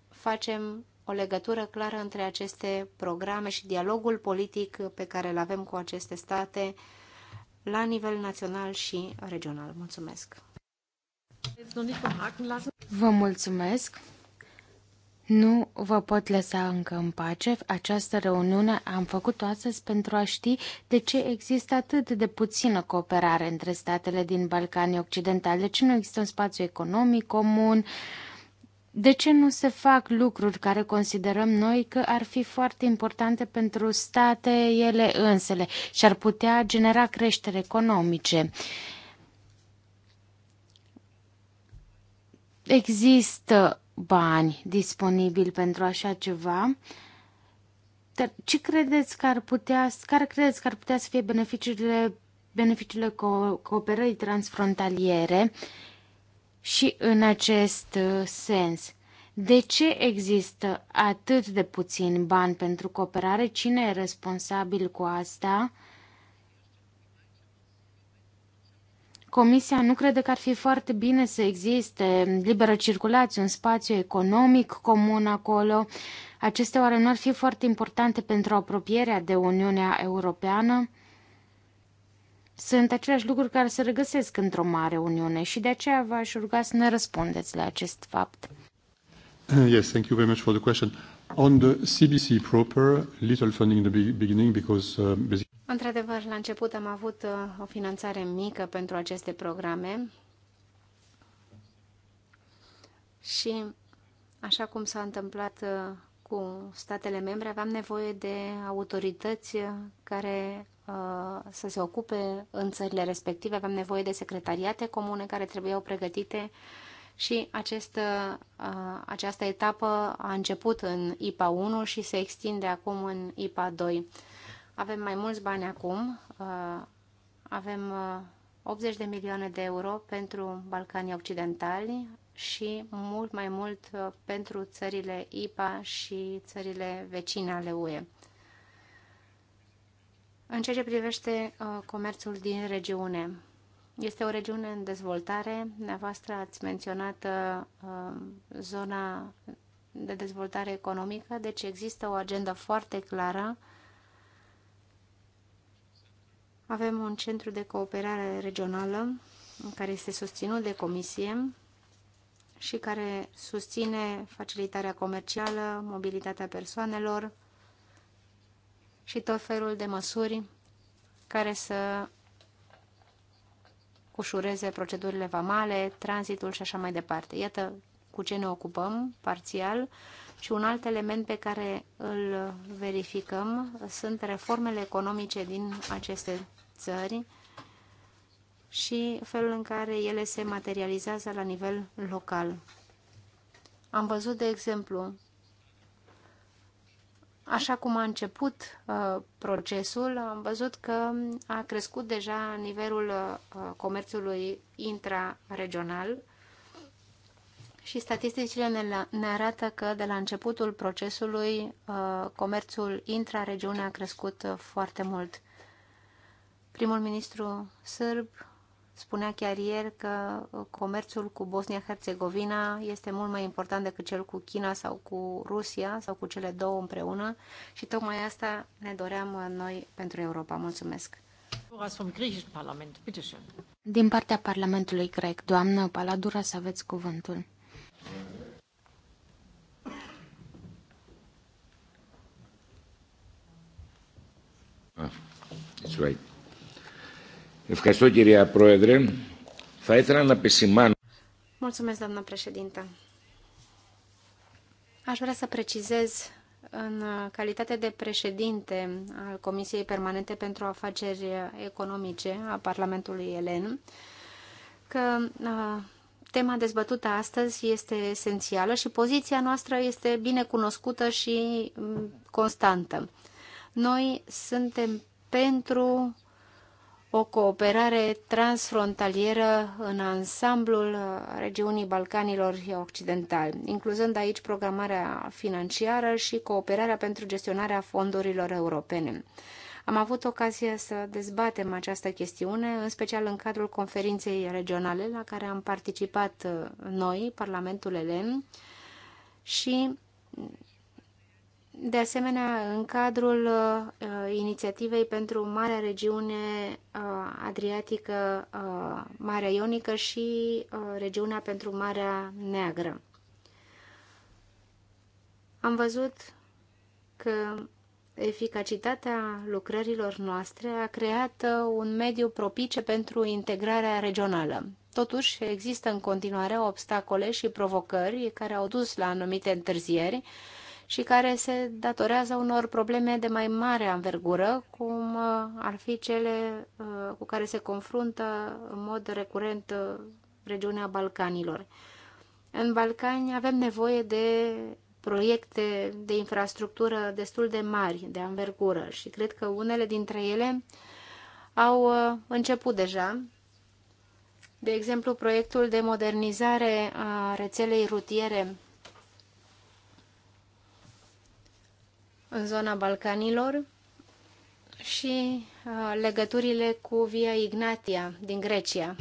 facem o legătură clară între aceste programe și dialogul politic pe care îl avem cu aceste state la nivel național și regional. Mulțumesc! Vă mulțumesc. Nu vă pot lăsa încă în pace. Această reuniune am făcut-o astăzi pentru a ști de ce există atât de puțină cooperare între statele din Balcanii Occidentale, de ce nu există un spațiu economic comun, de ce nu se fac lucruri care considerăm noi că ar fi foarte importante pentru state ele însele și ar putea genera creștere economice? Există bani disponibili pentru așa ceva. Dar ce credeți că ar putea, care credeți că ar putea să fie beneficiile, beneficiile co- cooperării transfrontaliere și în acest uh, sens? De ce există atât de puțin bani pentru cooperare? Cine e responsabil cu asta? Comisia nu crede că ar fi foarte bine să existe liberă circulație, un spațiu economic comun acolo. Acestea oare nu ar fi foarte importante pentru apropierea de Uniunea Europeană? Sunt aceleași lucruri care se regăsesc într-o mare Uniune și de aceea v-aș ruga să ne răspundeți la acest fapt. Yes, thank you very much for the question. On the CBC proper, little funding in the beginning because uh, basically... Într-adevăr, la început am avut uh, o finanțare mică pentru aceste programe și, așa cum s-a întâmplat uh, cu statele membre, aveam nevoie de autorități care să se ocupe în țările respective, aveam nevoie de secretariate comune care trebuiau pregătite și acest, uh, această etapă a început în IPA 1 și se extinde acum în IPA 2. Avem mai mulți bani acum, uh, avem 80 uh, de milioane de euro pentru Balcanii Occidentali și mult mai mult pentru țările IPA și țările vecine ale UE. În ceea ce privește comerțul din regiune, este o regiune în dezvoltare. Dumneavoastră ați menționat uh, zona de dezvoltare economică, deci există o agendă foarte clară. Avem un centru de cooperare regională care este susținut de comisie și care susține facilitarea comercială, mobilitatea persoanelor și tot felul de măsuri care să ușureze procedurile vamale, tranzitul și așa mai departe. Iată cu ce ne ocupăm parțial și un alt element pe care îl verificăm sunt reformele economice din aceste țări și felul în care ele se materializează la nivel local. Am văzut, de exemplu, Așa cum a început uh, procesul, am văzut că a crescut deja nivelul uh, comerțului intraregional și statisticile ne, ne arată că de la începutul procesului uh, comerțul intraregiune a crescut uh, foarte mult. Primul ministru sârb Spunea chiar ieri că uh, comerțul cu Bosnia-Herzegovina este mult mai important decât cel cu China sau cu Rusia sau cu cele două împreună și tocmai asta ne doream uh, noi pentru Europa. Mulțumesc! Din partea Parlamentului grec, doamnă Paladura, să aveți cuvântul. Ah, it's right. Ευχαριστώ κυρία Πρόεδρε. Θα ήθελα να επισημάνω. Mulțumesc, doamnă președintă. Aș vrea să precizez în calitate de președinte al Comisiei Permanente pentru Afaceri Economice a Parlamentului Elen că tema dezbătută astăzi este esențială și poziția noastră este bine cunoscută și constantă. Noi suntem pentru uh, o cooperare transfrontalieră în ansamblul uh, regiunii Balcanilor Occidentali, incluzând aici programarea financiară și cooperarea pentru gestionarea fondurilor europene. Am avut ocazia să dezbatem această chestiune, în special în cadrul conferinței regionale la care am participat uh, noi, Parlamentul Elen, și de asemenea, în cadrul uh, inițiativei pentru Marea Regiune uh, Adriatică, uh, Marea Ionică și uh, regiunea pentru Marea Neagră. Am văzut că eficacitatea lucrărilor noastre a creat uh, un mediu propice pentru integrarea regională. Totuși, există în continuare obstacole și provocări care au dus la anumite întârzieri, uh, și care se datorează unor probleme de mai mare anvergură, cum uh, ar fi cele uh, cu care se confruntă în mod recurent uh, regiunea Balcanilor. În Balcani avem nevoie de proiecte de infrastructură destul de mari, de anvergură și cred că unele dintre ele au început deja. De exemplu, proiectul de modernizare a rețelei rutiere în zona Balcanilor și uh, legăturile cu Via Ignatia din Grecia.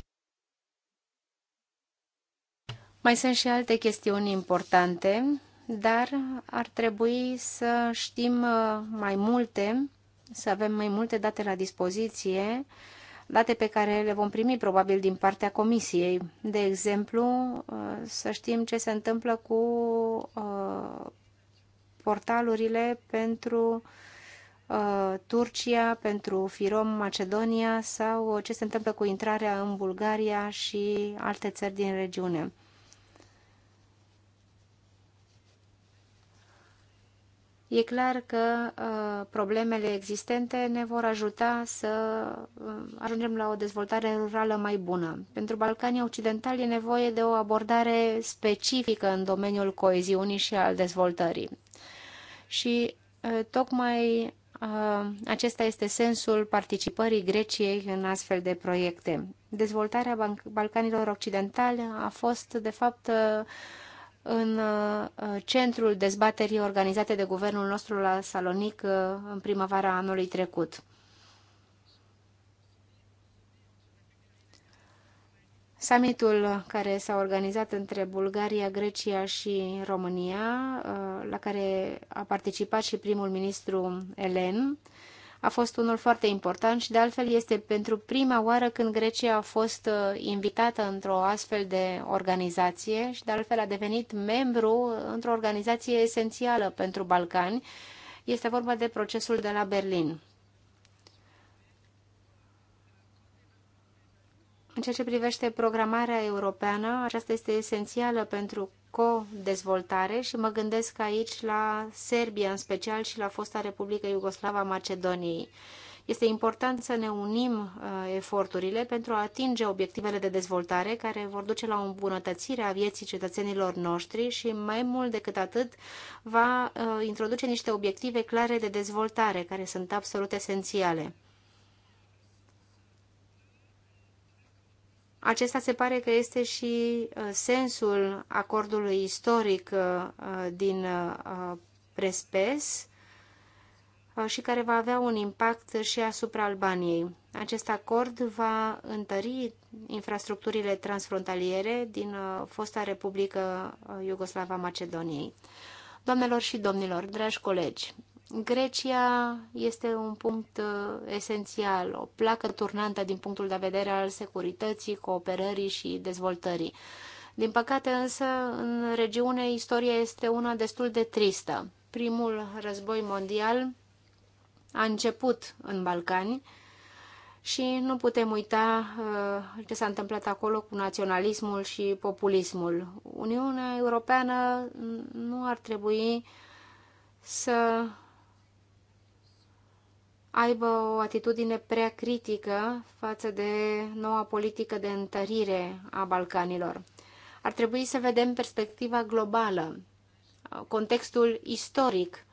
Mai sunt și alte chestiuni importante, dar ar trebui să știm uh, mai multe, să avem mai multe date la dispoziție, date pe care le vom primi probabil din partea comisiei. De exemplu, uh, să știm ce se întâmplă cu portalurile pentru uh, Turcia, pentru Firom, Macedonia sau uh, ce se întâmplă cu intrarea în Bulgaria și alte țări din regiune. E clar că uh, problemele existente ne vor ajuta să uh, ajungem la o dezvoltare rurală mai bună. Pentru Balcanii Occidentali e nevoie de o abordare specifică în domeniul coeziunii și al dezvoltării și uh, tocmai uh, acesta este sensul participării Greciei în astfel de proiecte. Dezvoltarea Balcanilor Occidentale a fost, de fapt, uh, în centrul dezbaterii organizate de guvernul nostru la Salonic în primăvara anului trecut. Summitul care s-a organizat între Bulgaria, Grecia și România, uh, la care a participat și primul ministru Elen, a fost unul foarte important și de altfel este pentru prima oară când Grecia a fost uh, invitată într-o astfel de organizație și de altfel a devenit membru într-o organizație esențială pentru Balcani. Este vorba de procesul de la Berlin. În ceea ce privește programarea europeană, aceasta este esențială pentru co-dezvoltare și mă gândesc aici la Serbia în special și la fosta Republică Iugoslava Macedoniei. Este important să ne unim uh, eforturile pentru a atinge obiectivele de dezvoltare care vor duce la o îmbunătățire a vieții cetățenilor noștri și mai mult decât atât va uh, introduce niște obiective clare de dezvoltare care sunt absolut esențiale. Acesta se pare că este și uh, sensul acordului istoric uh, din uh, Prespes și care va avea un impact și asupra Albaniei. Acest acord va întări infrastructurile transfrontaliere din fosta Republică Iugoslava Macedoniei. Doamnelor și domnilor, dragi colegi, Grecia este un punct uh, esențial, o placă turnantă din punctul de vedere al securității, cooperării și dezvoltării. Din păcate însă, în regiune, istoria este una destul de tristă. Primul război mondial a început în Balcani și nu putem uita uh, ce s-a întâmplat acolo cu naționalismul și populismul. Uniunea Europeană nu ar trebui să aibă o atitudine prea critică față de noua politică de întărire a Balcanilor. Ar trebui să vedem perspectiva globală, contextul istoric,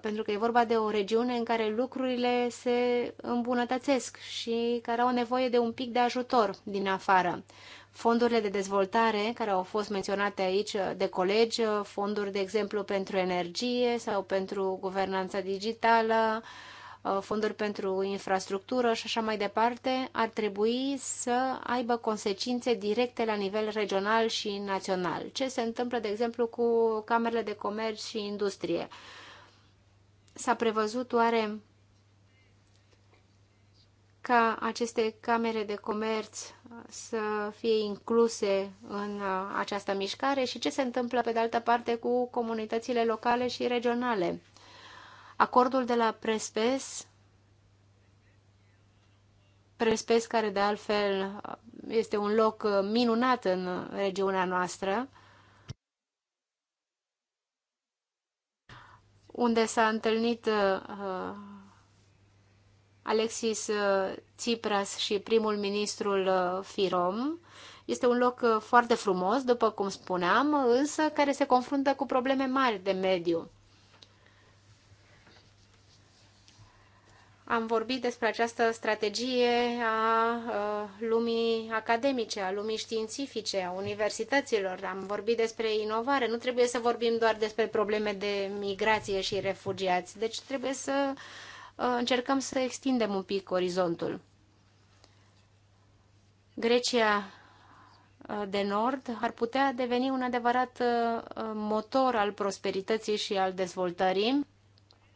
pentru că e vorba de o regiune în care lucrurile se îmbunătățesc și care au nevoie de un pic de ajutor din afară. Fondurile de dezvoltare care au fost menționate aici de colegi, fonduri, de exemplu, pentru energie sau pentru guvernanța digitală, Uh, fonduri pentru infrastructură și așa mai departe, ar trebui să aibă consecințe directe la nivel regional și național. Ce se întâmplă, de exemplu, cu camerele de comerț și industrie? S-a prevăzut oare ca aceste camere de comerț să fie incluse în uh, această mișcare și ce se întâmplă, pe de altă parte, cu comunitățile locale și regionale. Acordul de la Prespes, Prespes care de altfel este un loc uh, minunat în regiunea noastră, unde s-a întâlnit uh, uh Alexis uh, Tsipras și primul ministrul Firom. Este un loc foarte frumos, după cum spuneam, însă care se confruntă cu probleme mari de mediu. am vorbit despre această strategie a lumii academice, a lumii științifice, a universităților, am vorbit despre inovare. Nu trebuie să vorbim doar despre probleme de migrație și refugiați, deci trebuie să încercăm să extindem un pic orizontul. Grecia de nord ar putea deveni un adevărat motor al prosperității și al dezvoltării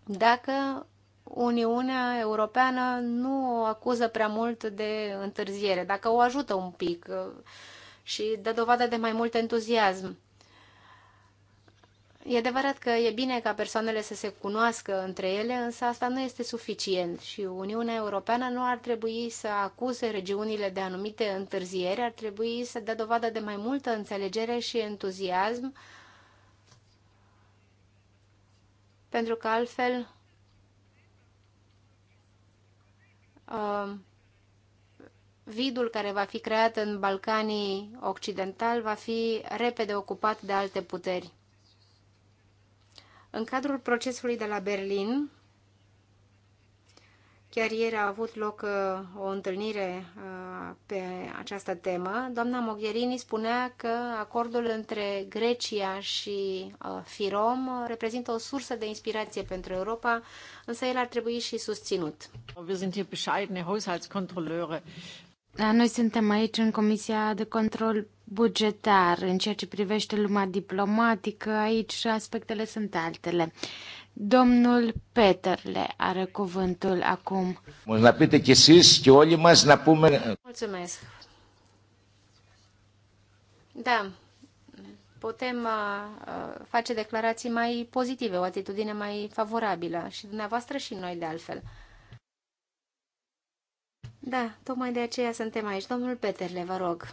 dacă Uniunea Europeană nu o acuză prea mult de întârziere, dacă o ajută un pic uh, și dă dovadă de mai mult entuziasm. E adevărat că e bine ca persoanele să se cunoască între ele, însă asta nu este suficient și Uniunea Europeană nu ar trebui să acuze regiunile de anumite întârzieri, ar trebui să dea dovadă de mai multă înțelegere și entuziasm, pentru că altfel Um, vidul care va fi creat în Balcanii Occidental va fi repede ocupat de alte puteri. În cadrul procesului de la Berlin, Chiar ieri a avut loc uh, o întâlnire uh, pe această temă. Doamna Mogherini spunea că acordul între Grecia și uh, Firom reprezintă o sursă de inspirație pentru Europa, însă el ar trebui și susținut. Da, noi suntem aici în Comisia de Control Bugetar. În ceea ce privește lumea diplomatică, aici aspectele sunt altele. Uh, Domnul Peterle are cuvântul acum. Mulțumesc. Da, putem uh, uh, face declarații mai pozitive, o atitudine mai favorabilă și dumneavoastră și noi de altfel. Da, tocmai de aceea suntem aici. Domnul Peterle, vă rog.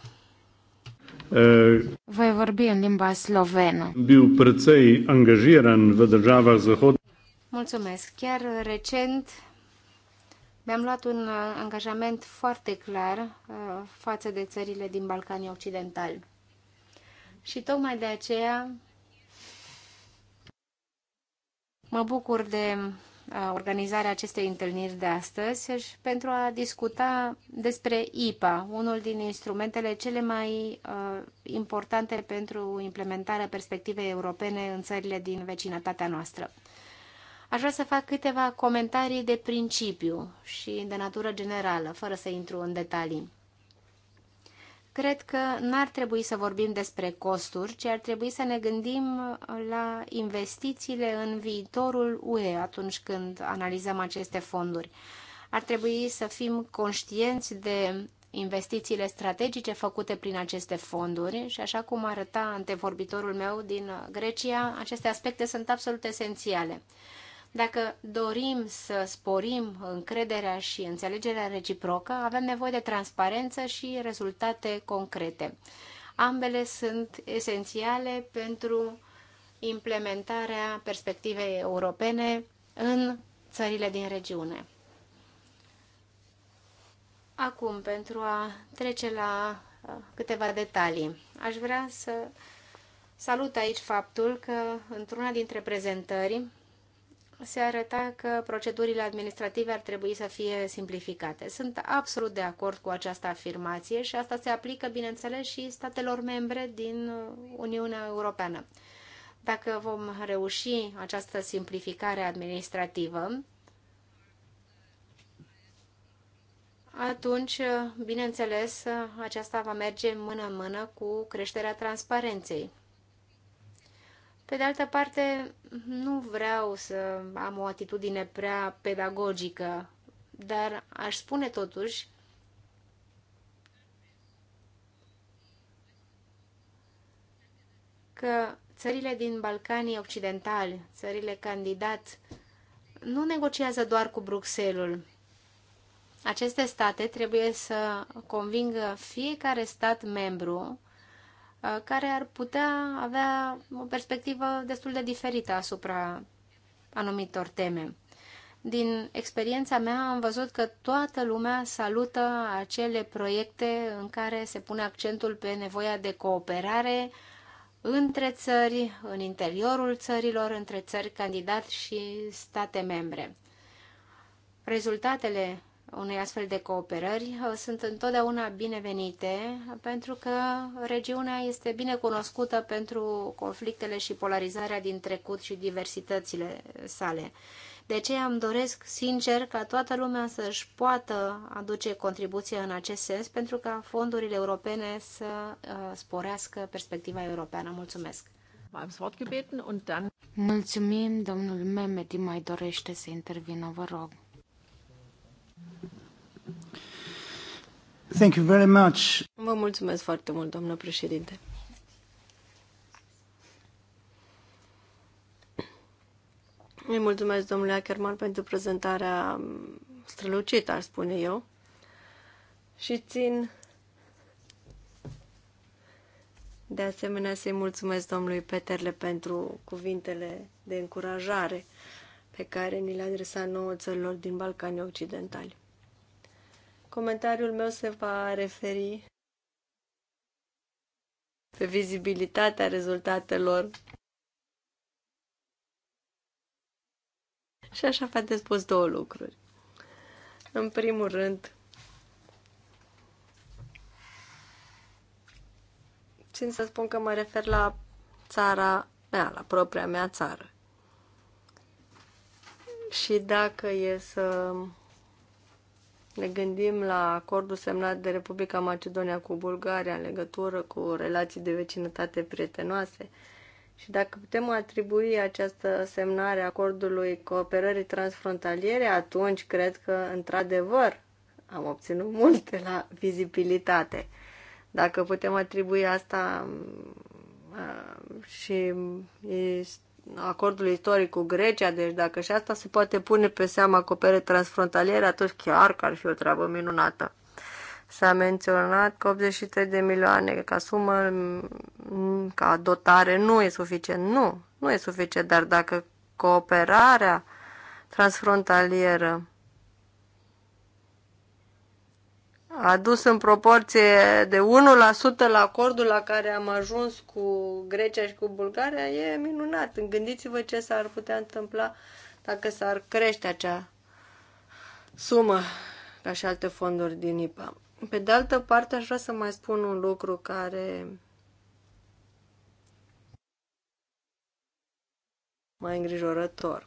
Voi vorbi în limba slovenă. Biu prăței angajiran în vădăjava zahod. Mulțumesc. Chiar recent mi-am luat un uh, angajament foarte clar uh, față de țările din Balcanii Occidentali. Și tocmai de aceea mă bucur de organizarea acestei întâlniri de astăzi și pentru a discuta despre IPA, unul din instrumentele cele mai uh, importante pentru implementarea perspectivei europene în țările din vecinătatea noastră. Aș vrea să fac câteva comentarii de principiu și de natură generală, fără să intru în detalii cred că n-ar trebui să vorbim despre costuri, ci ar trebui să ne gândim la investițiile în viitorul UE atunci când analizăm aceste fonduri. Ar trebui să fim conștienți de investițiile strategice făcute prin aceste fonduri și așa cum arăta antevorbitorul meu din Grecia, aceste aspecte sunt absolut esențiale. Dacă dorim să sporim încrederea și înțelegerea reciprocă, avem nevoie de transparență și rezultate concrete. Ambele sunt esențiale pentru implementarea perspectivei europene în țările din regiune. Acum, pentru a trece la uh, câteva detalii, aș vrea să salut aici faptul că într-una dintre prezentări se arăta că procedurile administrative ar trebui să fie simplificate. Sunt absolut de acord cu această afirmație și asta se aplică, bineînțeles, și statelor membre din Uniunea Europeană. Dacă vom reuși această simplificare administrativă, atunci, bineînțeles, aceasta va merge mână-mână cu creșterea transparenței. Pe de altă parte, nu vreau să am o atitudine prea pedagogică, dar aș spune totuși că țările din Balcanii Occidentali, țările candidat, nu negociază doar cu Bruxelles. Aceste state trebuie să convingă fiecare stat membru Uh, care ar putea avea o perspectivă destul de diferită asupra anumitor teme. Din experiența mea am văzut că toată lumea salută acele proiecte în care se pune accentul pe nevoia de cooperare între țări, în interiorul țărilor, între țări candidat și state membre. Rezultatele unei astfel de cooperări uh, sunt întotdeauna binevenite pentru că regiunea este bine cunoscută pentru conflictele și polarizarea din trecut și diversitățile sale. De aceea îmi doresc sincer ca toată lumea să-și poată aduce contribuția în acest sens pentru ca fondurile europene să uh, sporească perspectiva europeană. Mulțumesc! Mulțumim, domnul Memedi mai dorește să intervină, vă rog. Thank you very much. Vă mulțumesc foarte mult, domnule președinte. Îi mulțumesc, domnule Ackerman, pentru prezentarea mm, strălucită, ar spune eu. Și țin de asemenea să-i mulțumesc domnului Peterle pentru cuvintele de încurajare pe care ni le adresat nouă țărilor din Balcanii Occidentali. Comentariul meu se va referi pe vizibilitatea rezultatelor. Și așa v a spus două lucruri. În primul rând, țin să spun că mă refer la țara mea, la propria mea țară. Și dacă e să ne gândim la acordul semnat de Republica Macedonia cu Bulgaria în legătură cu relații de vecinătate prietenoase și dacă putem atribui această semnare acordului cooperării transfrontaliere, atunci cred că, într-adevăr, am obținut multe la vizibilitate. Dacă putem atribui asta uh, și acordul istoric cu Grecia, deci dacă și asta se poate pune pe seama acopere transfrontaliere, atunci chiar că ar fi o treabă minunată. S-a menționat că 83 de milioane ca sumă, mm, ca dotare, nu e suficient. Nu, nu e suficient, dar dacă cooperarea transfrontalieră adus în proporție de 1% la acordul la care am ajuns cu Grecia și cu Bulgaria, e minunat. Gândiți-vă ce s-ar putea întâmpla dacă s-ar crește acea sumă ca și alte fonduri din IPA. Pe de altă parte, aș vrea să mai spun un lucru care mai îngrijorător.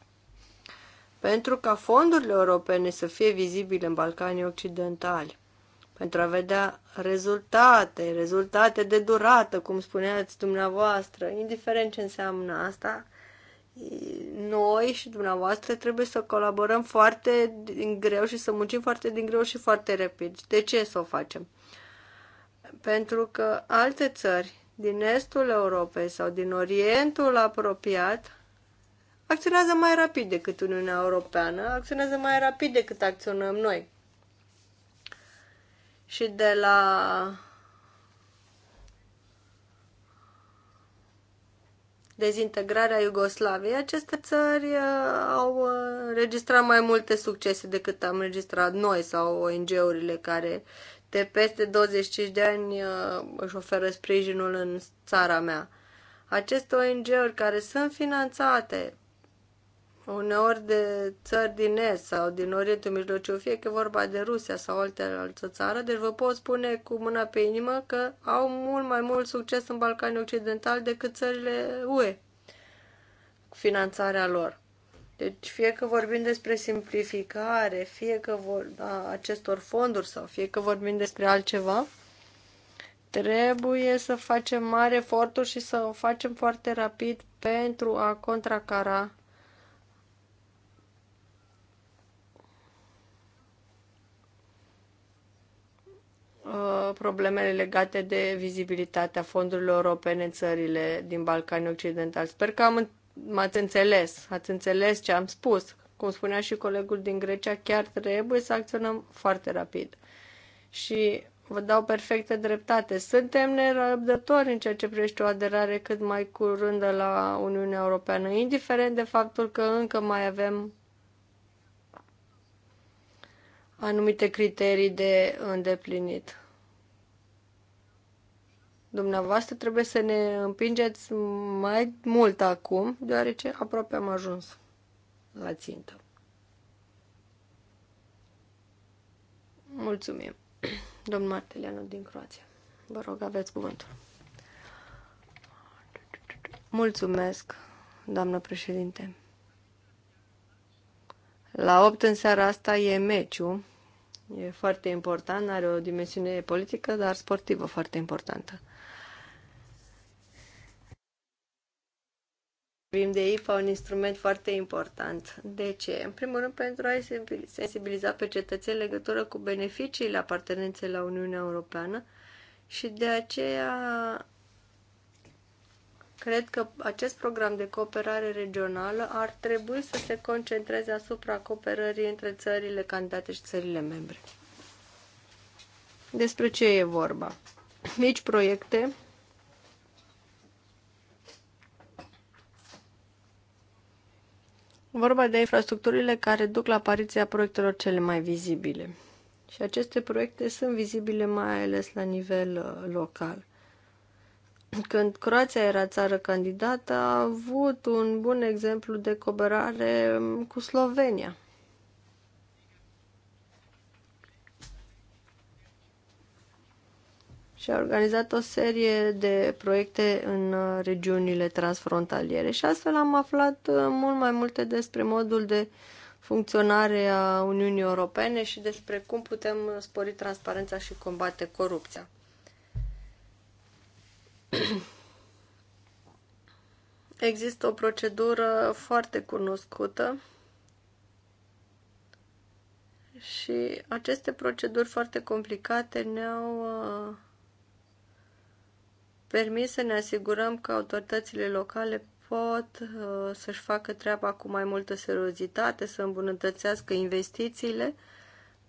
Pentru ca fondurile europene să fie vizibile în Balcanii Occidentali, pentru a vedea rezultate, rezultate de durată, cum spuneați dumneavoastră, indiferent ce înseamnă asta, noi și dumneavoastră trebuie să colaborăm foarte din greu și să muncim foarte din greu și foarte repid. De ce să o facem? Pentru că alte țări din estul Europei sau din Orientul apropiat acționează mai rapid decât Uniunea Europeană, acționează mai rapid decât acționăm noi și de la dezintegrarea Iugoslaviei, aceste țări uh, au uh, înregistrat mai multe succese decât am înregistrat noi sau ONG-urile care de peste 25 de ani uh, își oferă sprijinul în țara mea. Aceste ONG-uri care sunt finanțate uneori de țări din Est sau din Orientul Mijlociu, fie că e vorba de Rusia sau alte altă țară, deci vă pot spune cu mâna pe inimă că au mult mai mult succes în Balcanii Occidentali decât țările UE cu finanțarea lor. Deci fie că vorbim despre simplificare, fie că vor, da, acestor fonduri sau fie că vorbim despre altceva, trebuie să facem mari eforturi și să o facem foarte rapid pentru a contracara problemele legate de vizibilitatea fondurilor europene în țările din Balcanii occidentali. Sper că am, m-ați înțeles, ați înțeles ce am spus. Cum spunea și colegul din Grecia, chiar trebuie să acționăm foarte rapid. Și vă dau perfectă dreptate. Suntem nerăbdători în ceea ce privește o aderare cât mai curândă la Uniunea Europeană, indiferent de faptul că încă mai avem anumite criterii de îndeplinit. Dumneavoastră trebuie să ne împingeți mai mult acum, deoarece aproape am ajuns la țintă. Mulțumim. Domnul Martelianu din Croația. Vă rog, aveți cuvântul. Mulțumesc, doamnă președinte. La 8 în seara asta e meciul. E foarte important, are o dimensiune politică, dar sportivă foarte importantă. vorbim de IPA, un instrument foarte important. De ce? În primul rând pentru a sensibiliza pe cetățeni legătură cu beneficiile apartenenței la Uniunea Europeană și de aceea cred că acest program de cooperare regională ar trebui să se concentreze asupra cooperării între țările candidate și țările membre. Despre ce e vorba? Mici proiecte vorba de infrastructurile care duc la apariția proiectelor cele mai vizibile. Și aceste proiecte sunt vizibile mai ales la nivel uh, local. Când Croația era țară candidată, a avut un bun exemplu de cooperare mm, cu Slovenia. și a organizat o serie de proiecte în uh, regiunile transfrontaliere și astfel am aflat uh, mult mai multe despre modul de funcționare a Uniunii Europene și despre cum putem uh, spori transparența și combate corupția. Există o procedură foarte cunoscută și aceste proceduri foarte complicate ne-au permis să ne asigurăm că autoritățile locale pot uh, să-și facă treaba cu mai multă seriozitate, să îmbunătățească investițiile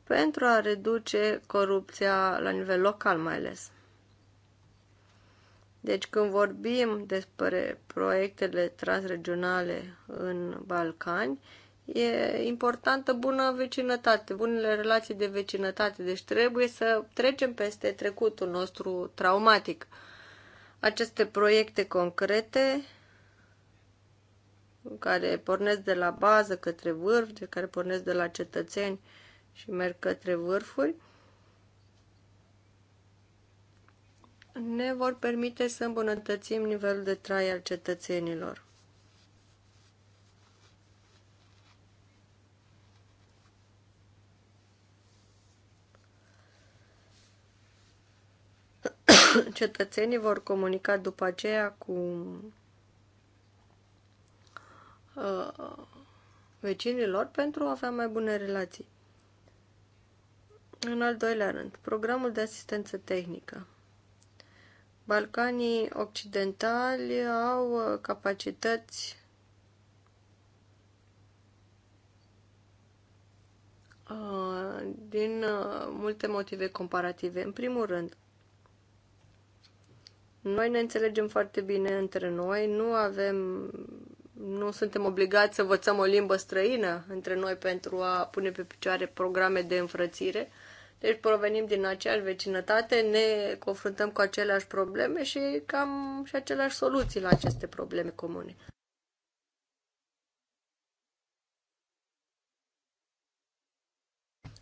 pentru a reduce corupția la nivel local mai ales. Deci când vorbim despre proiectele transregionale în Balcani, e importantă bună vecinătate, bunele relații de vecinătate. Deci trebuie să trecem peste trecutul nostru traumatic aceste proiecte concrete care pornesc de la bază către vârf, de care pornesc de la cetățeni și merg către vârfuri, ne vor permite să îmbunătățim nivelul de trai al cetățenilor. cetățenii vor comunica după aceea cu uh, vecinilor pentru a avea mai bune relații. În al doilea rând, programul de asistență tehnică. Balcanii occidentali au uh, capacități uh, din uh, multe motive comparative. În primul rând, noi ne înțelegem foarte bine între noi, nu avem, nu suntem obligați să învățăm o limbă străină între noi pentru a pune pe picioare programe de înfrățire. Deci provenim din aceeași vecinătate, ne confruntăm cu aceleași probleme și cam și aceleași soluții la aceste probleme comune.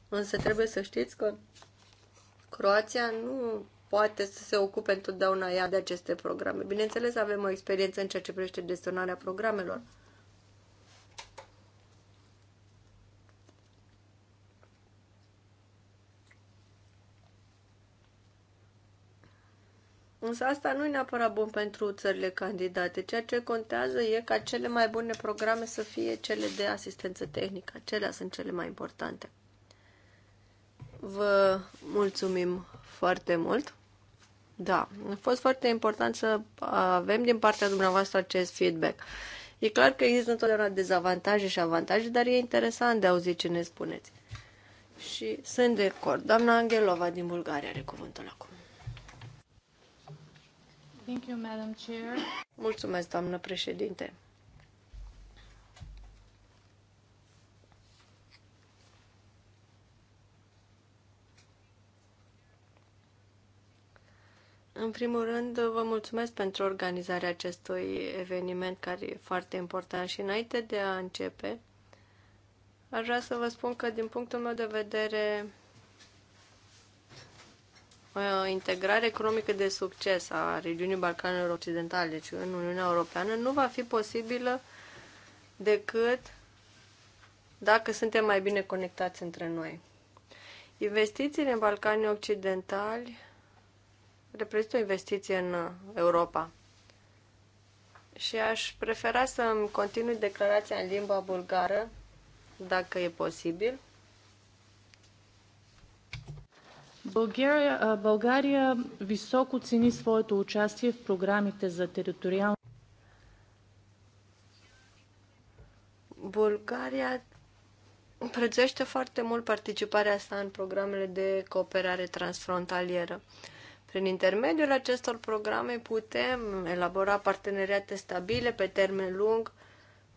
Însă trebuie să știți că Croația nu poate să se ocupe întotdeauna ea de aceste programe. Bineînțeles, avem o experiență în ceea ce privește gestionarea programelor. Însă asta nu e neapărat bun pentru țările candidate. Ceea ce contează e ca cele mai bune programe să fie cele de asistență tehnică. Acelea sunt cele mai importante. Vă mulțumim foarte mult. Da, a fost foarte important să avem din partea dumneavoastră acest feedback. E clar că există întotdeauna dezavantaje și avantaje, dar e interesant de auzit ce ne spuneți. Și sunt de acord. Doamna Angelova din Bulgaria are cuvântul acum. Thank you, Madam Chair. Mulțumesc, doamnă președinte. În primul rând, vă mulțumesc pentru organizarea acestui eveniment care e foarte important și înainte de a începe, aș vrea să vă spun că din punctul meu de vedere o integrare economică de succes a regiunii Balcanilor Occidentale, deci în Uniunea Europeană, nu va fi posibilă decât dacă suntem mai bine conectați între noi. Investițiile în Balcanii Occidentali reprezintă o investiție în uh, Europa. Și aș prefera să-mi continui declarația în limba bulgară, dacă e posibil. Bulgaria, uh, Bulgaria високо цени своето участие в програмите за teritorial. Bulgaria prețuiește foarte mult participarea sa în programele de cooperare transfrontalieră. Uh, prin intermediul acestor programe putem elabora parteneriate stabile pe termen lung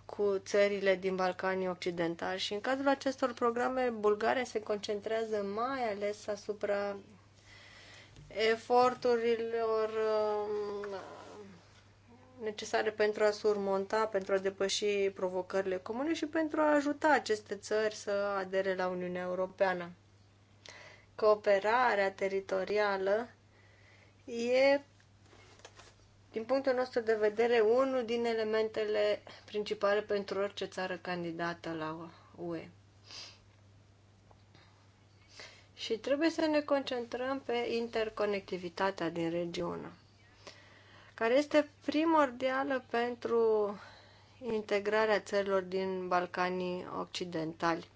cu țările din Balcanii Occidentali și în cadrul acestor programe Bulgaria se concentrează mai ales asupra eforturilor um, necesare pentru a surmonta, pentru a depăși provocările comune și pentru a ajuta aceste țări să adere la Uniunea Europeană. Cooperarea teritorială e, din punctul nostru de vedere, unul din elementele principale pentru orice țară candidată la UE. Și trebuie să ne concentrăm pe interconectivitatea din regiune, care este primordială pentru integrarea țărilor din Balcanii Occidentali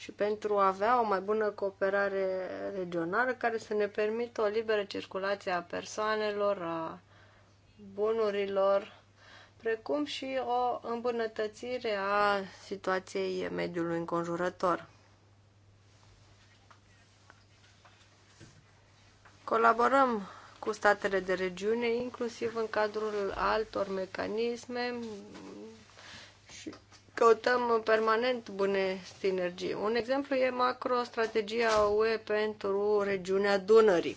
și pentru a avea o mai bună cooperare regională care să ne permită o liberă circulație a persoanelor, a bunurilor, precum și o îmbunătățire a situației mediului înconjurător. Colaborăm cu statele de regiune, inclusiv în cadrul altor mecanisme, căutăm permanent bune sinergii. Un exemplu e macro-strategia UE pentru regiunea Dunării.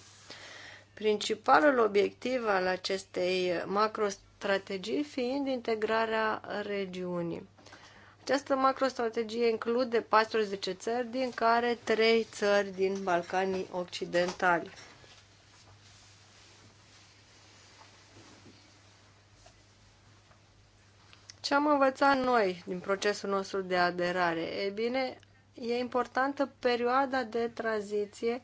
Principalul obiectiv al acestei macrostrategii fiind integrarea regiunii. Această macrostrategie include 14 țări, din care 3 țări din Balcanii Occidentali. Ce am învățat noi din procesul nostru de aderare? E bine, e importantă perioada de tranziție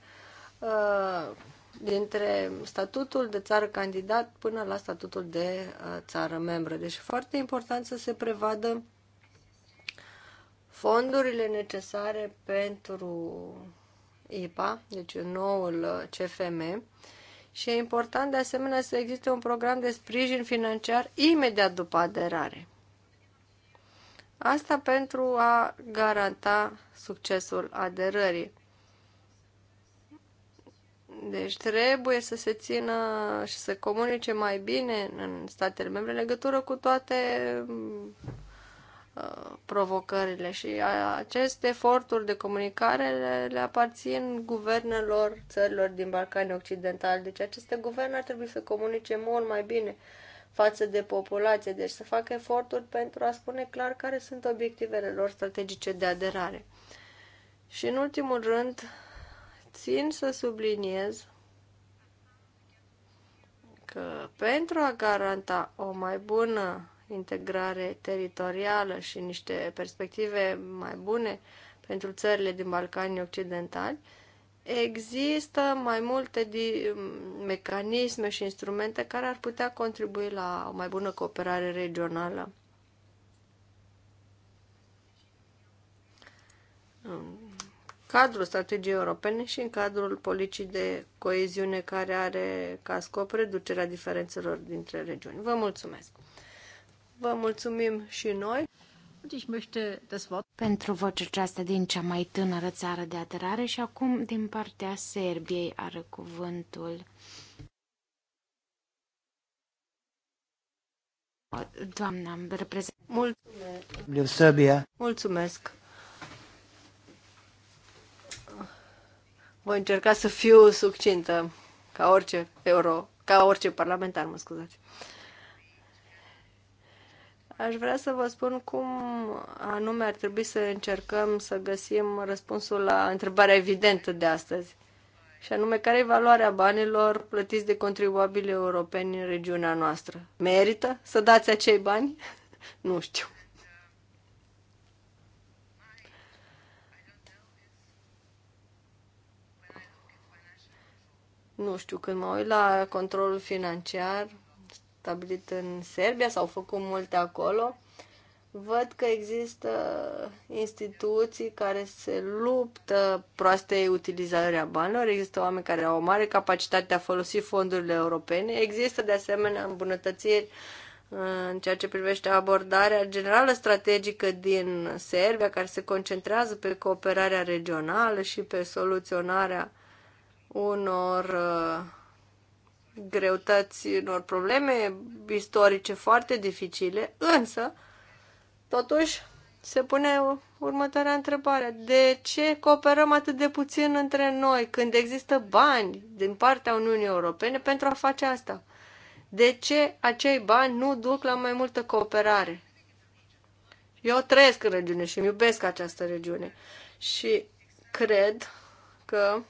uh, dintre statutul de țară candidat până la statutul de uh, țară membră. Deci foarte important să se prevadă fondurile necesare pentru IPA, deci noul uh, CFM, și e important de asemenea să existe un program de sprijin financiar imediat după aderare. Asta pentru a garanta succesul aderării. Deci trebuie să se țină și să comunice mai bine în statele membre în legătură cu toate uh, provocările și aceste eforturi de comunicare le, le aparțin guvernelor țărilor din Balcanii Occidentali. Deci aceste guverne ar trebui să comunice mult mai bine față de populație, deci să facă eforturi pentru a spune clar care sunt obiectivele lor strategice de aderare. Și în ultimul rând, țin să subliniez că pentru a garanta o mai bună integrare teritorială și niște perspective mai bune pentru țările din Balcanii Occidentali, Există mai multe mecanisme și instrumente care ar putea contribui la o mai bună cooperare regională. În cadrul strategiei europene și în cadrul politicii de coeziune care are ca scop reducerea diferențelor dintre regiuni. Vă mulțumesc! Vă mulțumim și noi! pentru vocea aceasta din cea mai tânără țară de aderare și acum din partea Serbiei are cuvântul. Doamna, reprezent. Mulțumesc. Mulțumesc. Voi încerca să fiu succintă, ca orice euro, ca orice parlamentar, mă scuzați. Aș vrea să vă spun cum anume ar trebui să încercăm să găsim răspunsul la întrebarea evidentă de astăzi. Și anume, care e valoarea banilor plătiți de contribuabili europeni în regiunea noastră? Merită să dați acei bani? nu știu. Nu știu, când mă uit la controlul financiar, stabilit în Serbia, s-au făcut multe acolo. Văd că există instituții care se luptă proastei utilizarea banilor, există oameni care au o mare capacitate de a folosi fondurile europene, există de asemenea îmbunătățiri uh, în ceea ce privește abordarea generală strategică din Serbia, care se concentrează pe cooperarea regională și pe soluționarea unor uh, greutăți, unor probleme istorice foarte dificile, însă, totuși, se pune următoarea întrebare. De ce cooperăm atât de puțin între noi când există bani din partea Uniunii Europene pentru a face asta? De ce acei bani nu duc la mai multă cooperare? Eu trăiesc în regiune și îmi iubesc această regiune și cred că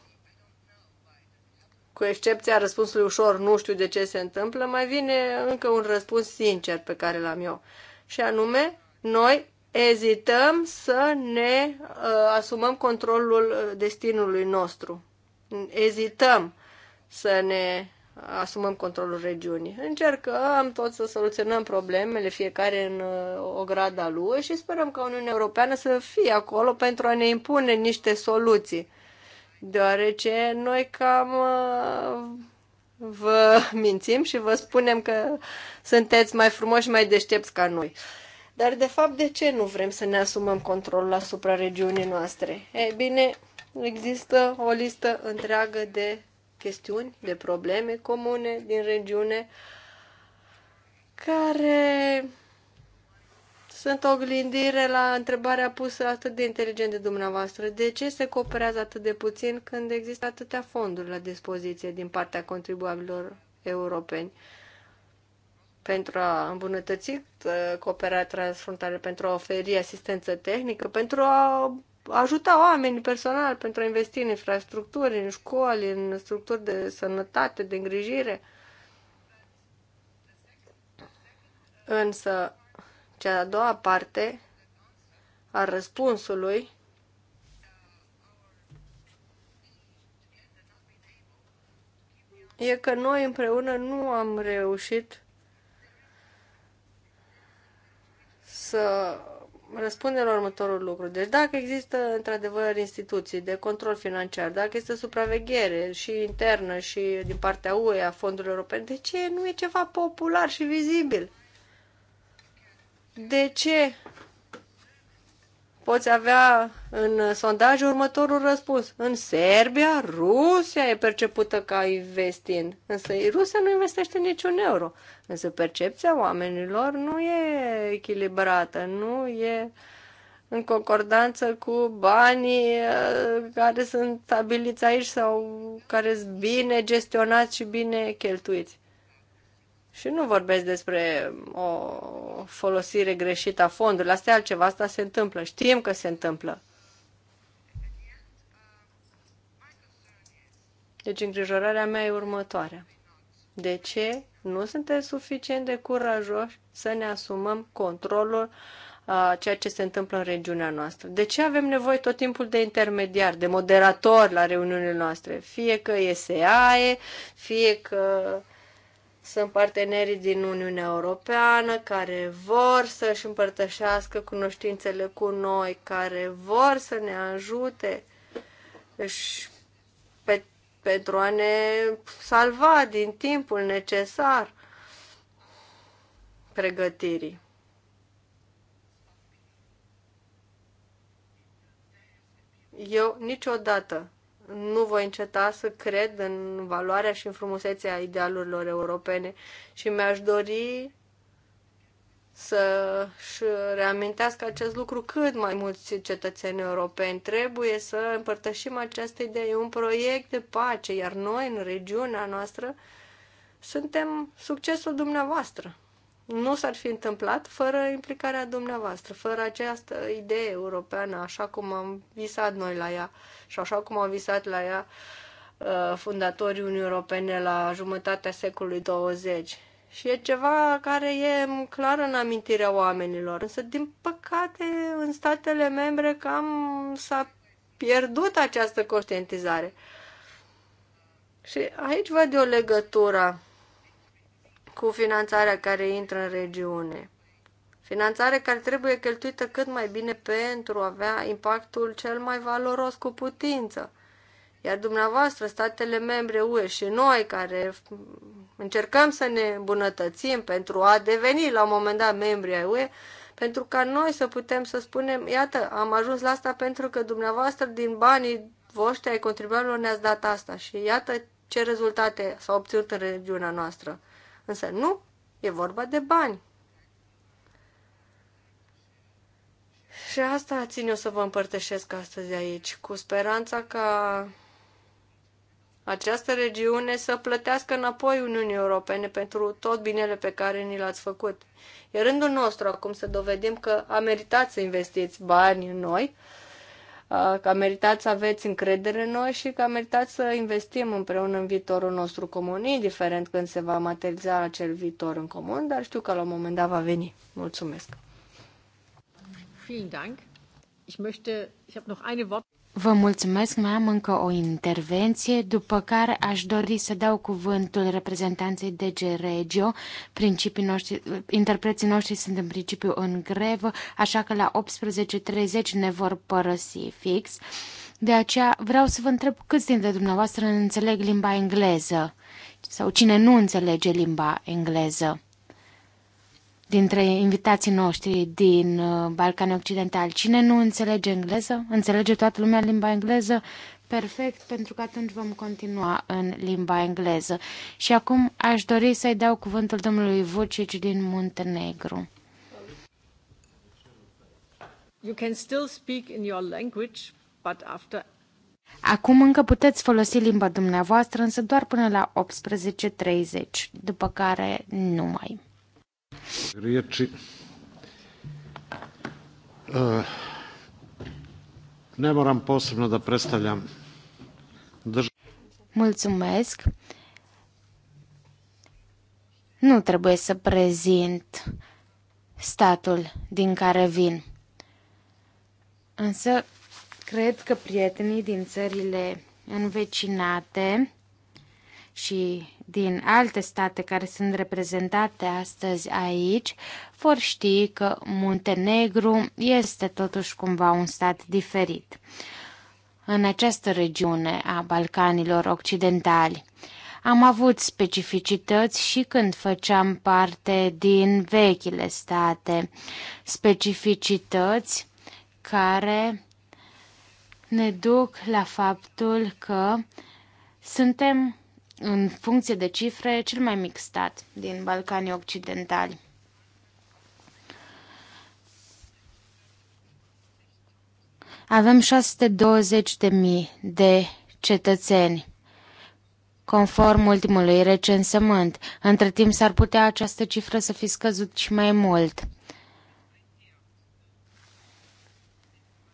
cu excepția răspunsului ușor, nu știu de ce se întâmplă, mai vine încă un răspuns sincer pe care l-am eu. Și anume, noi ezităm să ne uh, asumăm controlul destinului nostru. Ezităm să ne asumăm controlul regiunii. Încercăm tot să soluționăm problemele, fiecare în uh, o grada lui și sperăm ca Uniunea Europeană să fie acolo pentru a ne impune niște soluții deoarece noi cam uh, vă mințim și vă spunem că sunteți mai frumoși și mai deștepți ca noi. Dar, de fapt, de ce nu vrem să ne asumăm controlul asupra regiunii noastre? E bine, există o listă întreagă de chestiuni, de probleme comune din regiune care sunt o glindire la întrebarea pusă atât de inteligent de dumneavoastră. De ce se cooperează atât de puțin când există atâtea fonduri la dispoziție din partea contribuabililor europeni pentru a îmbunătăți uh, cooperarea transfrontală, pentru a oferi asistență tehnică, pentru a ajuta oamenii personal, pentru a investi în infrastructuri, în școli, în structuri de sănătate, de îngrijire. Însă, cea a doua parte a răspunsului e că noi împreună nu am reușit să răspundem la următorul lucru. Deci dacă există într-adevăr instituții de control financiar, dacă este supraveghere și internă și din partea UE a fondurilor europene, de ce nu e ceva popular și vizibil? de ce poți avea în sondaj următorul răspuns. În Serbia, Rusia e percepută ca investind, însă Rusia nu investește niciun euro. Însă percepția oamenilor nu e echilibrată, nu e în concordanță cu banii uh, care sunt stabiliți aici sau care sunt bine gestionați și bine cheltuiți. Și nu vorbesc despre um, o folosire greșită a fondurilor. Asta e altceva, asta se întâmplă. Știm că se întâmplă. Deci îngrijorarea mea e următoarea. De ce nu suntem suficient de curajoși să ne asumăm controlul a ceea ce se întâmplă în regiunea noastră? De ce avem nevoie tot timpul de intermediari, de moderatori la reuniunile noastre? Fie că e S.A.E. fie că sunt partenerii din Uniunea Europeană care vor să-și împărtășească cunoștințele cu noi, care vor să ne ajute și deci, pe, pentru a ne salva din timpul necesar pregătirii. Eu niciodată nu voi înceta să cred în valoarea și în frumusețea idealurilor europene și mi-aș dori să-și reamintească acest lucru cât mai mulți cetățeni europeni. Trebuie să împărtășim această idee. E un proiect de pace, iar noi, în regiunea noastră, suntem succesul dumneavoastră nu s-ar fi întâmplat fără implicarea dumneavoastră, fără această idee europeană, așa cum am visat noi la ea și așa cum am visat la ea uh, fundatorii Uniunii Europene la jumătatea secolului 20. Și e ceva care e clar în amintirea oamenilor. Însă, din păcate, în statele membre cam s-a pierdut această conștientizare. Și aici văd eu legătura cu finanțarea care intră în regiune. Finanțare care trebuie cheltuită cât mai bine pentru a avea impactul cel mai valoros cu putință. Iar dumneavoastră, statele membre UE și noi care încercăm să ne îmbunătățim pentru a deveni la un moment dat membri ai UE, pentru ca noi să putem să spunem, iată, am ajuns la asta pentru că dumneavoastră din banii voștri ai contribuabilor ne-ați dat asta și iată ce rezultate s-au obținut în regiunea noastră. Însă nu, e vorba de bani. Și asta țin eu să vă împărtășesc astăzi aici, cu speranța ca această regiune să plătească înapoi Uniunii Europene pentru tot binele pe care ni l-ați făcut. E rândul nostru acum să dovedim că a meritat să investiți bani în noi, că meritați să aveți încredere în noi și că meritați să investim împreună în viitorul nostru comun, indiferent când se va materializa acel viitor în comun, dar știu că la un moment dat va veni. Mulțumesc! Vielen Dank. Ich möchte, ich habe noch eine Wort. Vă mulțumesc, mai am încă o intervenție, după care aș dori să dau cuvântul reprezentanței DG Regio. Principii noștri, interpreții noștri sunt în principiu în grevă, așa că la 18.30 ne vor părăsi fix. De aceea vreau să vă întreb câți dintre dumneavoastră înțeleg limba engleză sau cine nu înțelege limba engleză dintre invitații noștri din uh, Balcanii Occidentali. Cine nu înțelege engleză? Înțelege toată lumea limba engleză? Perfect, pentru că atunci vom continua în limba engleză. Și acum aș dori să-i dau cuvântul domnului Vucic din Muntenegru. You can still speak in your language, but after Acum încă puteți folosi limba dumneavoastră, însă doar până la 18.30, după care nu mai. Riječi. Ne moram posebno da predstavljam Mulțumesc. Nu trebuie să prezint statul din care vin. Însă, cred că prietenii din țările învecinate și din alte state care sunt reprezentate astăzi aici vor ști că Muntenegru este totuși cumva un stat diferit în această regiune a Balcanilor Occidentali. Am avut specificități și când făceam parte din vechile state, specificități care ne duc la faptul că suntem în funcție de cifre, cel mai mic stat din Balcanii Occidentali. Avem 620.000 de cetățeni, conform ultimului recensământ. Între timp s-ar putea această cifră să fi scăzut și mai mult.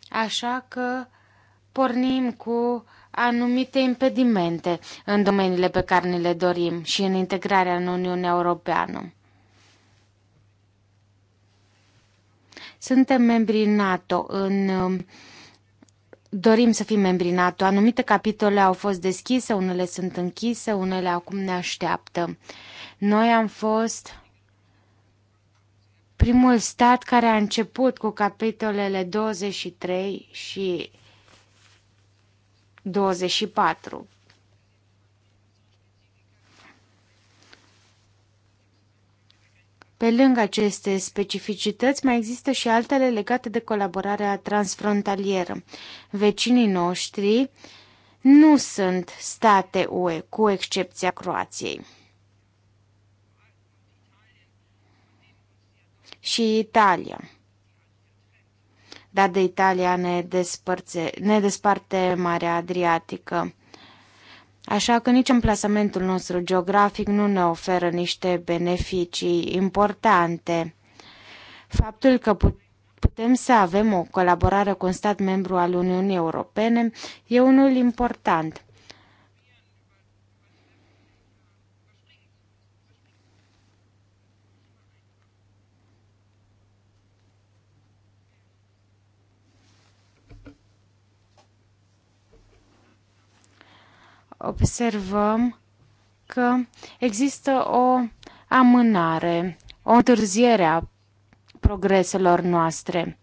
Așa că pornim cu anumite impedimente în domeniile pe care ne le dorim și în integrarea în Uniunea Europeană. Suntem membri NATO în um, dorim să fim membri NATO. Anumite capitole au fost deschise, unele sunt închise, unele acum ne așteaptă. Noi am fost primul stat care a început cu capitolele 23 și 24. Pe lângă aceste specificități, mai există și altele legate de colaborarea transfrontalieră. Vecinii noștri nu sunt state UE, cu excepția Croației. Și Italia dar de Italia ne, despărțe, ne desparte Marea Adriatică. Așa că nici amplasamentul nostru geografic nu ne oferă niște beneficii importante. Faptul că putem să avem o colaborare cu un stat membru al Uniunii Europene e unul important. observăm că există o amânare, o întârziere a progreselor noastre,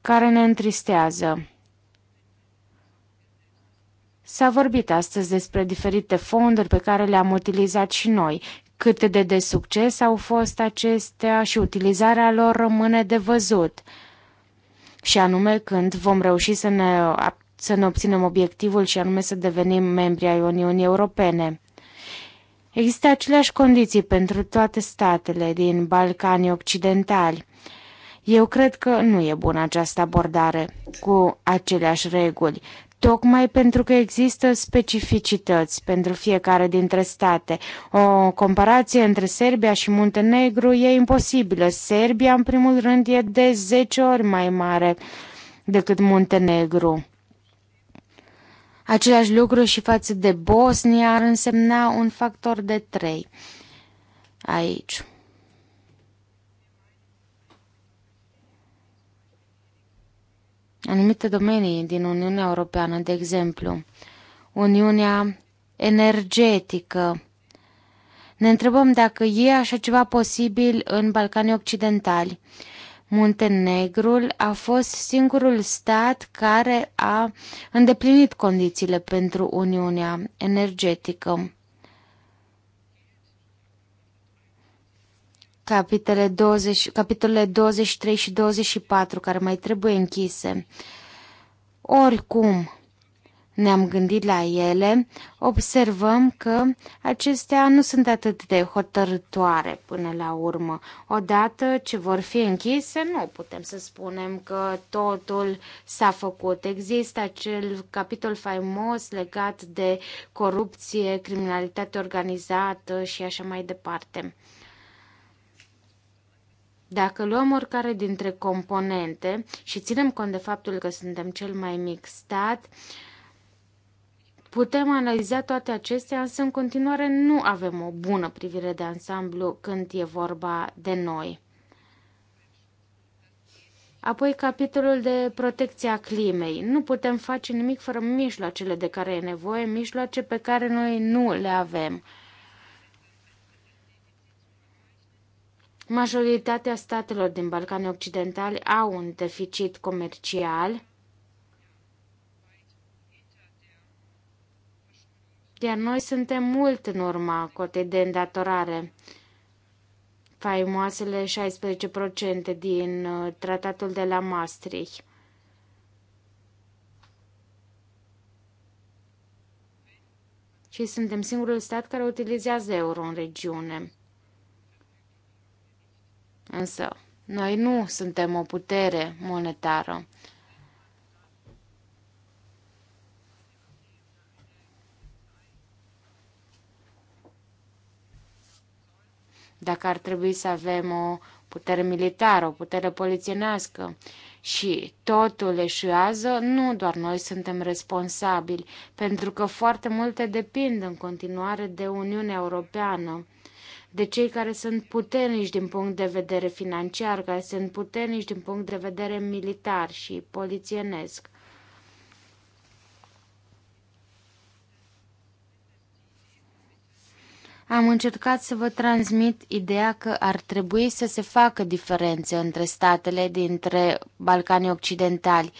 care ne întristează. S-a vorbit astăzi despre diferite fonduri pe care le-am utilizat și noi. Cât de de succes au fost acestea și utilizarea lor rămâne de văzut. Și anume când vom reuși să ne să ne obținem obiectivul și anume să devenim membri ai Uniunii Europene. Există aceleași condiții pentru toate statele din Balcanii Occidentali. Eu cred că nu e bună această abordare cu aceleași reguli, tocmai pentru că există specificități pentru fiecare dintre state. O comparație între Serbia și Muntenegru e imposibilă. Serbia, în primul rând, e de 10 ori mai mare decât Muntenegru. Același lucru și față de Bosnia ar însemna un factor de 3 aici. Anumite domenii din Uniunea Europeană, de exemplu, Uniunea Energetică, ne întrebăm dacă e așa ceva posibil în Balcanii Occidentali. Muntenegrul a fost singurul stat care a îndeplinit condițiile pentru Uniunea Energetică. Capitele 20, capitolele 23 și 24 care mai trebuie închise. Oricum, ne-am gândit la ele, observăm că acestea nu sunt atât de hotărătoare până la urmă. Odată ce vor fi închise, nu putem să spunem că totul s-a făcut. Există acel capitol faimos legat de corupție, criminalitate organizată și așa mai departe. Dacă luăm oricare dintre componente și ținem cont de faptul că suntem cel mai mic stat, uh, Putem analiza toate acestea, însă în continuare nu avem o bună privire de ansamblu când e vorba de noi. Apoi capitolul de protecția climei. Nu putem face nimic fără mijloacele de care e nevoie, mijloace pe care noi nu le avem. Majoritatea statelor din Balcanii Occidentali au un deficit comercial Iar noi suntem mult în urma cotei de îndatorare. Faimoasele 16% din uh, tratatul de la Maastricht. Și suntem singurul stat care utilizează euro în regiune. Însă, noi nu suntem o putere monetară. dacă ar trebui să avem o putere militară, o putere poliționească. și totul eșuează, nu doar noi suntem responsabili, pentru că foarte multe depind în continuare de Uniunea Europeană, de cei care sunt puternici din punct de vedere financiar, care sunt puternici din punct de vedere militar și polițienesc. Am încercat să vă transmit ideea că ar trebui să se facă diferențe între statele dintre Balcanii Occidentali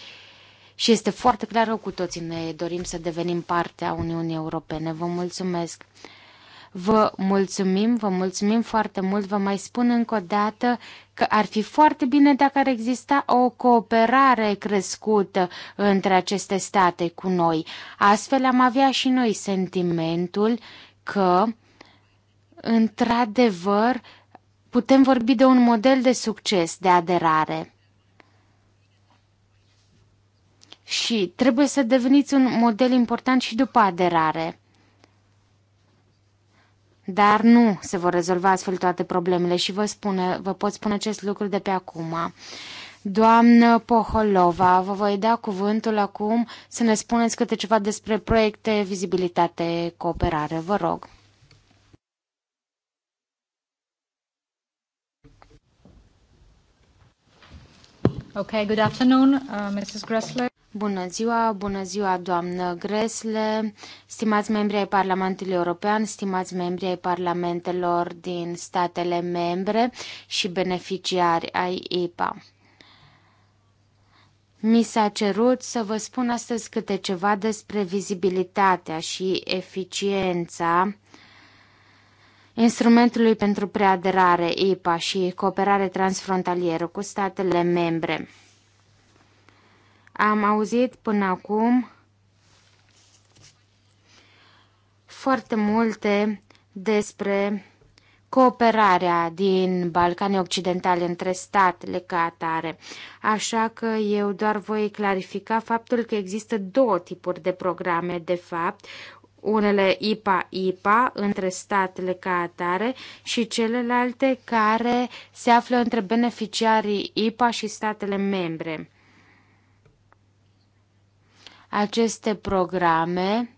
și este foarte clar că cu toții ne dorim să devenim parte a Uniunii Europene. Vă mulțumesc! Vă mulțumim, vă mulțumim foarte mult, vă mai spun încă o dată că ar fi foarte bine dacă ar exista o cooperare crescută între aceste state cu noi. Astfel am avea și noi sentimentul că într-adevăr, putem vorbi de un model de succes de aderare. Și trebuie să deveniți un model important și după aderare. Dar nu se vor rezolva astfel toate problemele și vă, spune, vă pot spune acest lucru de pe acum. Doamnă Poholova, vă voi da cuvântul acum să ne spuneți câte ceva despre proiecte, vizibilitate, cooperare. Vă rog. Okay, good afternoon, uh, Mrs. Gressler. Bună ziua, bună ziua, doamnă Gresle, stimați membri ai Parlamentului European, stimați membri ai parlamentelor din statele membre și beneficiari ai IPA. Mi s-a cerut să vă spun astăzi câte ceva despre vizibilitatea și eficiența instrumentului pentru preaderare IPA și cooperare transfrontalieră cu statele membre. Am auzit până acum foarte multe despre cooperarea din Balcanii Occidentale între statele ca atare. Așa că eu doar voi clarifica faptul că există două tipuri de programe, de fapt unele IPA-IPA între statele ca atare și celelalte care se află între beneficiarii IPA și statele membre. Aceste programe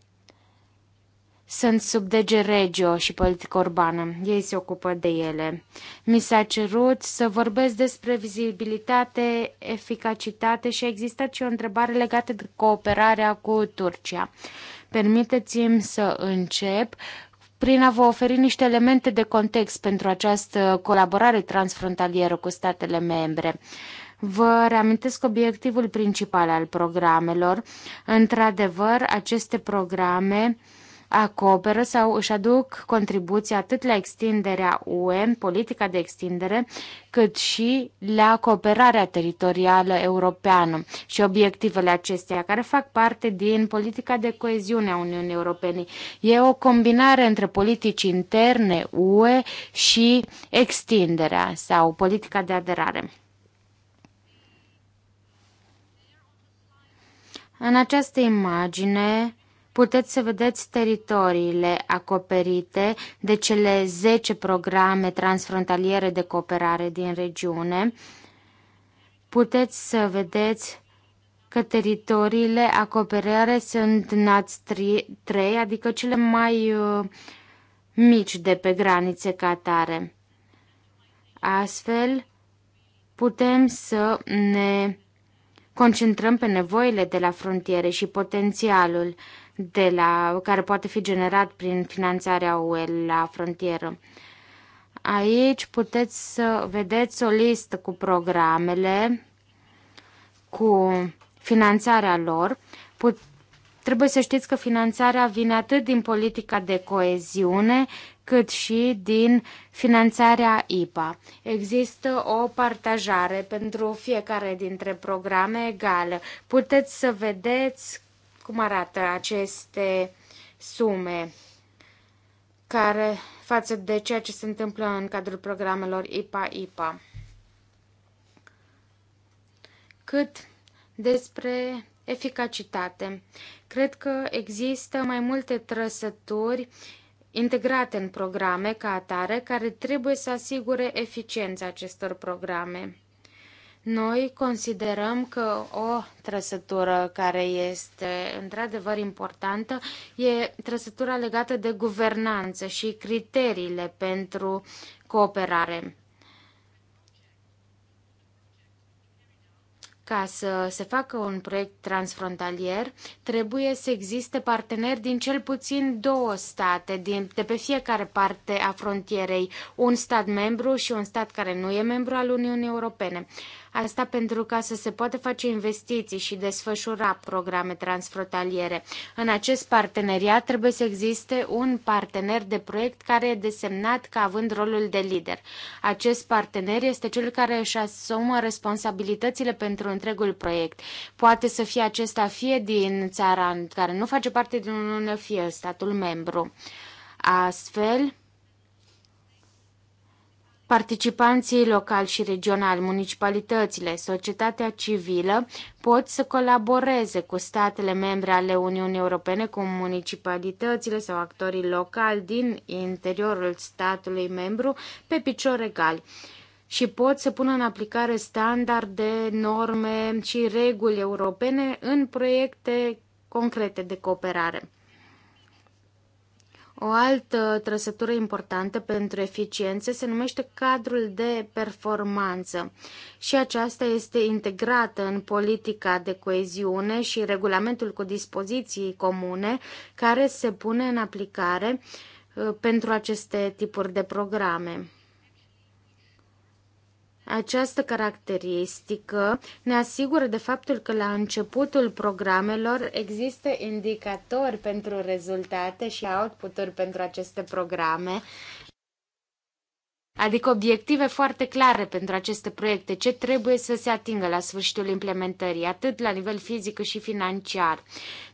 sunt sub DG Regio și politică urbană. Ei se ocupă de ele. Mi s-a cerut să vorbesc despre vizibilitate, eficacitate și a existat și o întrebare legată de cooperarea cu Turcia. Permiteți-mi să încep prin a vă oferi niște elemente de context pentru această colaborare transfrontalieră cu statele membre. Vă reamintesc obiectivul principal al programelor. Într-adevăr, aceste programe uh, acoperă sau își aduc contribuții atât la extinderea UE, politica de extindere, cât și la cooperarea teritorială europeană și obiectivele acesteia, care fac parte din politica de coeziune a Uniunii Europene. E o combinare între politici interne UE și extinderea sau politica de aderare. În această imagine puteți să vedeți teritoriile acoperite de cele 10 programe transfrontaliere de cooperare din regiune. Puteți să vedeți că teritoriile acoperare sunt NAT 3, adică cele mai uh, mici de pe granițe catare. Astfel, putem să ne concentrăm pe nevoile de la frontiere și potențialul de la, care poate fi generat prin finanțarea UE la frontieră. Aici puteți să vedeți o listă cu programele, cu finanțarea lor. Put, trebuie să știți că finanțarea vine atât din politica de coeziune, cât și din finanțarea IPA. Există o partajare pentru fiecare dintre programe egală. Puteți să vedeți cum arată aceste sume care față de ceea ce se întâmplă în cadrul programelor IPA-IPA? Cât despre eficacitate. Cred că există mai multe trăsături integrate în programe ca atare care trebuie să asigure eficiența acestor programe. Noi considerăm că o trăsătură care este într-adevăr importantă e trăsătura legată de guvernanță și criteriile pentru cooperare. Ca să se facă un proiect transfrontalier, trebuie să existe parteneri din cel puțin două state, din, de pe fiecare parte a frontierei, un stat membru și un stat care nu e membru al Uniunii Europene. Asta pentru ca să se poată face investiții și desfășura programe transfrontaliere. În acest parteneriat trebuie să existe un partener de proiect care e desemnat ca având rolul de lider. Acest partener este cel care își asumă responsabilitățile pentru întregul proiect. Poate să fie acesta fie din țara care nu face parte din Uniune, fie statul membru. Astfel, Participanții locali și regionali, municipalitățile, societatea civilă pot să colaboreze cu statele membre ale Uniunii Europene, cu municipalitățile sau actorii locali din interiorul statului membru pe picior egal și pot să pună în aplicare standarde, norme și reguli europene în proiecte concrete de cooperare. O altă trăsătură importantă pentru eficiență se numește cadrul de performanță și aceasta este integrată în politica de coeziune și regulamentul cu dispoziții comune care se pune în aplicare uh, pentru aceste tipuri de programe. Această caracteristică ne asigură de faptul că la începutul programelor există indicatori pentru rezultate și outputuri pentru aceste programe, adică obiective foarte clare pentru aceste proiecte, ce trebuie să se atingă la sfârșitul implementării, atât la nivel fizic cât și financiar.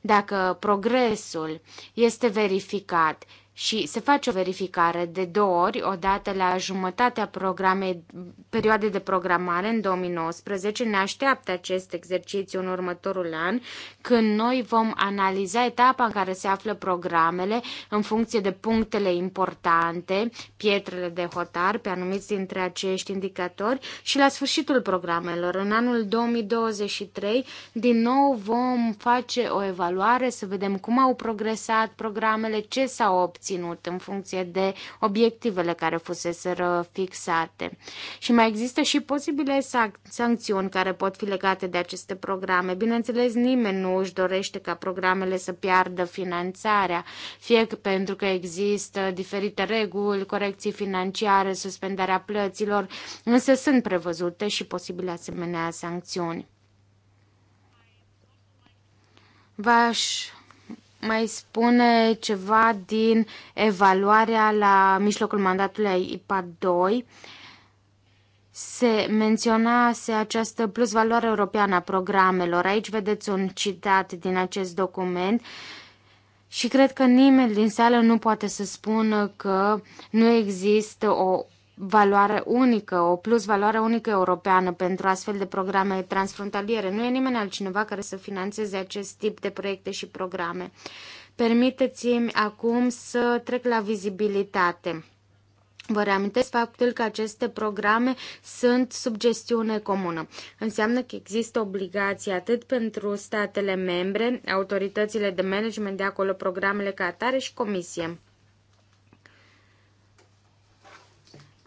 Dacă progresul este verificat și se face o verificare de două ori, o dată la jumătatea programei, perioade de programare în 2019. Ne așteaptă acest exercițiu în următorul an, când noi vom analiza etapa în care se află programele în funcție de punctele importante, pietrele de hotar pe anumiți dintre acești indicatori și la sfârșitul programelor. În anul 2023, din nou vom face o evaluare să vedem cum au progresat programele, ce s-au obținut obținut în funcție de obiectivele care fuseseră fixate. Și mai există și posibile sanc- sancțiuni care pot fi legate de aceste programe. Bineînțeles, nimeni nu își dorește ca programele să piardă finanțarea, fie că pentru că există diferite reguli, corecții financiare, suspendarea plăților, însă sunt prevăzute și posibile asemenea sancțiuni. Vă aș mai spune ceva din evaluarea la mijlocul mandatului IPA 2. Se menționase această plusvaloare europeană a programelor. Aici vedeți un citat din acest document și cred că nimeni din sală nu poate să spună că nu există o valoare unică, o plus valoare unică europeană pentru astfel de programe transfrontaliere. Nu e nimeni altcineva care să financeze acest tip de proiecte și programe. Permiteți-mi acum să trec la vizibilitate. Vă reamintesc faptul că aceste programe sunt sub gestiune comună. Înseamnă că există obligații atât pentru statele membre, autoritățile de management de acolo, programele ca atare și comisie.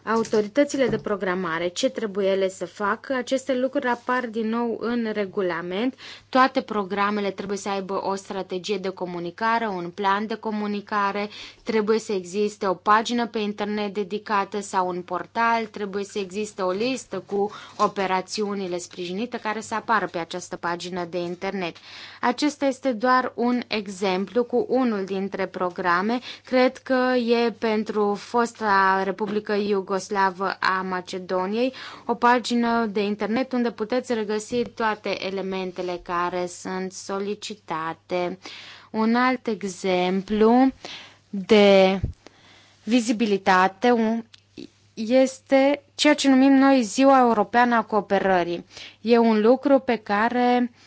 autoritățile de programare, ce trebuie ele să facă, aceste lucruri apar din nou în regulament. Toate programele trebuie să aibă o strategie de comunicare, un plan de comunicare, trebuie să existe o pagină pe internet dedicată sau un portal, trebuie să existe o listă cu operațiunile sprijinite care să apară pe această pagină de internet. Acesta este doar un exemplu cu unul dintre programe. Cred că e pentru fosta Republică Iugoslavă iugoslavă a Macedoniei, o pagină de internet unde puteți regăsi toate elementele care sunt solicitate. Un alt exemplu de vizibilitate este ceea ce numim noi Ziua Europeană a Cooperării. E un lucru pe care uh,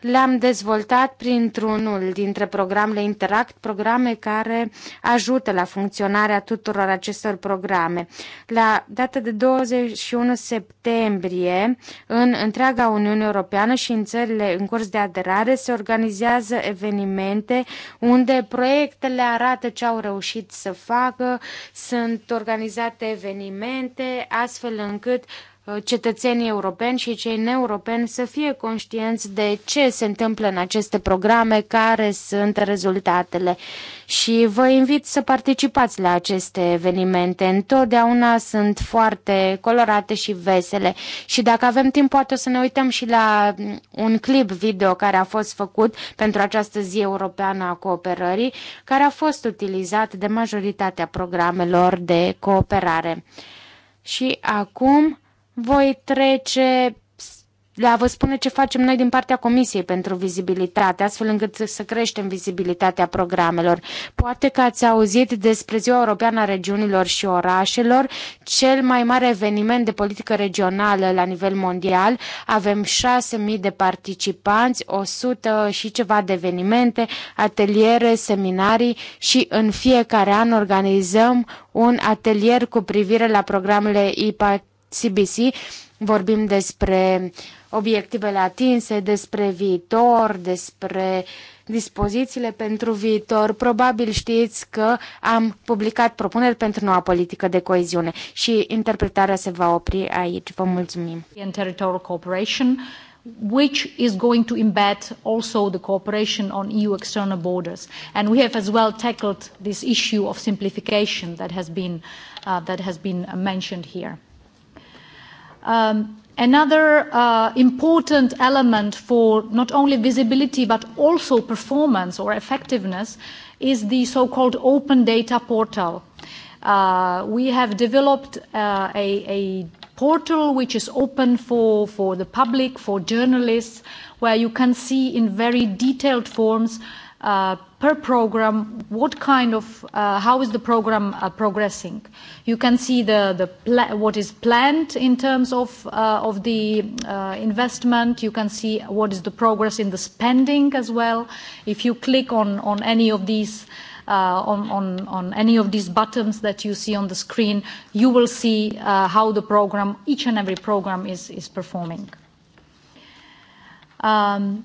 le-am dezvoltat printr-unul dintre programele Interact, programe care ajută la funcționarea tuturor acestor programe. La data de 21 septembrie, în întreaga Uniune Europeană și în țările în curs de aderare, se organizează evenimente unde proiectele arată ce au reușit să facă, sunt organizate evenimente astfel încât cetățenii europeni și cei neeuropeni să fie conștienți de ce se întâmplă în aceste programe, care sunt rezultatele. Și vă invit să participați la aceste evenimente. Întotdeauna sunt foarte colorate și vesele. Și dacă avem timp, poate o să ne uităm și la mm, un clip video care a fost făcut pentru această zi europeană a cooperării, care a fost utilizat de majoritatea programelor de cooperare. Și acum voi trece la vă spune ce facem noi din partea Comisiei pentru vizibilitate, astfel încât să creștem vizibilitatea programelor. Poate că ați auzit despre Ziua Europeană a Regiunilor și Orașelor, cel mai mare eveniment de politică regională la nivel mondial. Avem 6.000 de participanți, 100 și ceva de evenimente, ateliere, seminarii și în fiecare an organizăm un atelier cu privire la programele IPA CBC vorbim despre obiectivele atinse, despre viitor, despre dispozițiile pentru viitor. Probabil știți că am publicat propuneri pentru noua politică de coeziune și interpretarea se va opri aici. Vă mulțumim. Territorial cooperation which is going to embed also the cooperation on EU external borders. And we have as well tackled this issue of simplification that has been, uh, that has been mentioned here. Um, another uh, important element for not only visibility but also performance or effectiveness is the so-called open data portal. Uh, we have developed uh, a, a portal which is open for, for the public, for journalists, where you can see in very detailed forms uh, per program, what kind of, uh, how is the program uh, progressing? You can see the, the what is planned in terms of, uh, of the uh, investment. You can see what is the progress in the spending as well. If you click on, on any of these uh, on, on, on any of these buttons that you see on the screen, you will see uh, how the program, each and every program is, is performing. Um,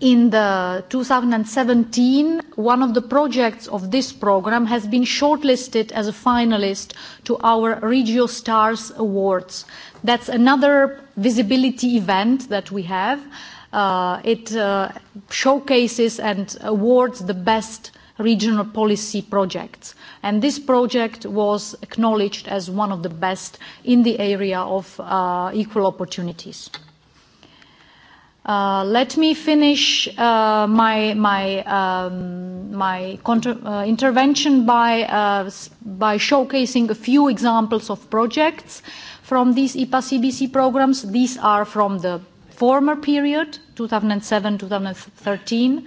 in the 2017, one of the projects of this program has been shortlisted as a finalist to our Regio Stars Awards. That's another visibility event that we have. Uh, it uh, showcases and awards the best regional policy projects. And this project was acknowledged as one of the best in the area of uh, equal opportunities. Uh, let me finish uh, my my um, my uh, intervention by uh, by showcasing a few examples of projects from these IPA CBC programs. These are from the former period, 2007-2013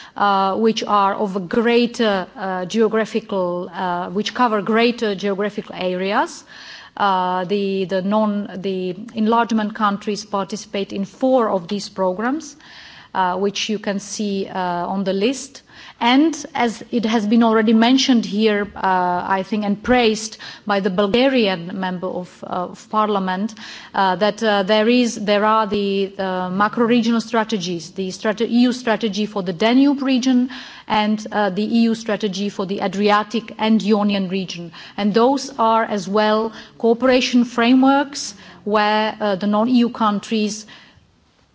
Uh, which are of greater uh, geographical, uh, which cover greater geographical areas. Uh, the, the, non, the enlargement countries participate in four of these programs, uh, which you can see uh, on the list. And as it has been already mentioned here, uh, I think, and praised by the Bulgarian member of, uh, of parliament, uh, that uh, there, is, there are the uh, macro-regional strategies, the strate EU strategy for the Danube region and uh, the EU strategy for the Adriatic and Ionian region. And those are as well cooperation frameworks where uh, the non-EU countries uh,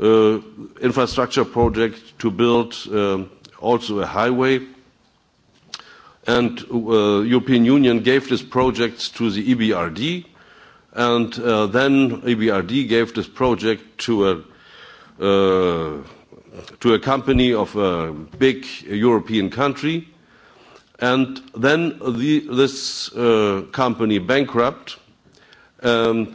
uh, infrastructure project to build uh, also a highway. And uh, European Union gave this project to the EBRD, and uh, then EBRD gave this project to a uh, to a company of a big European country, and then the, this uh, company bankrupt, and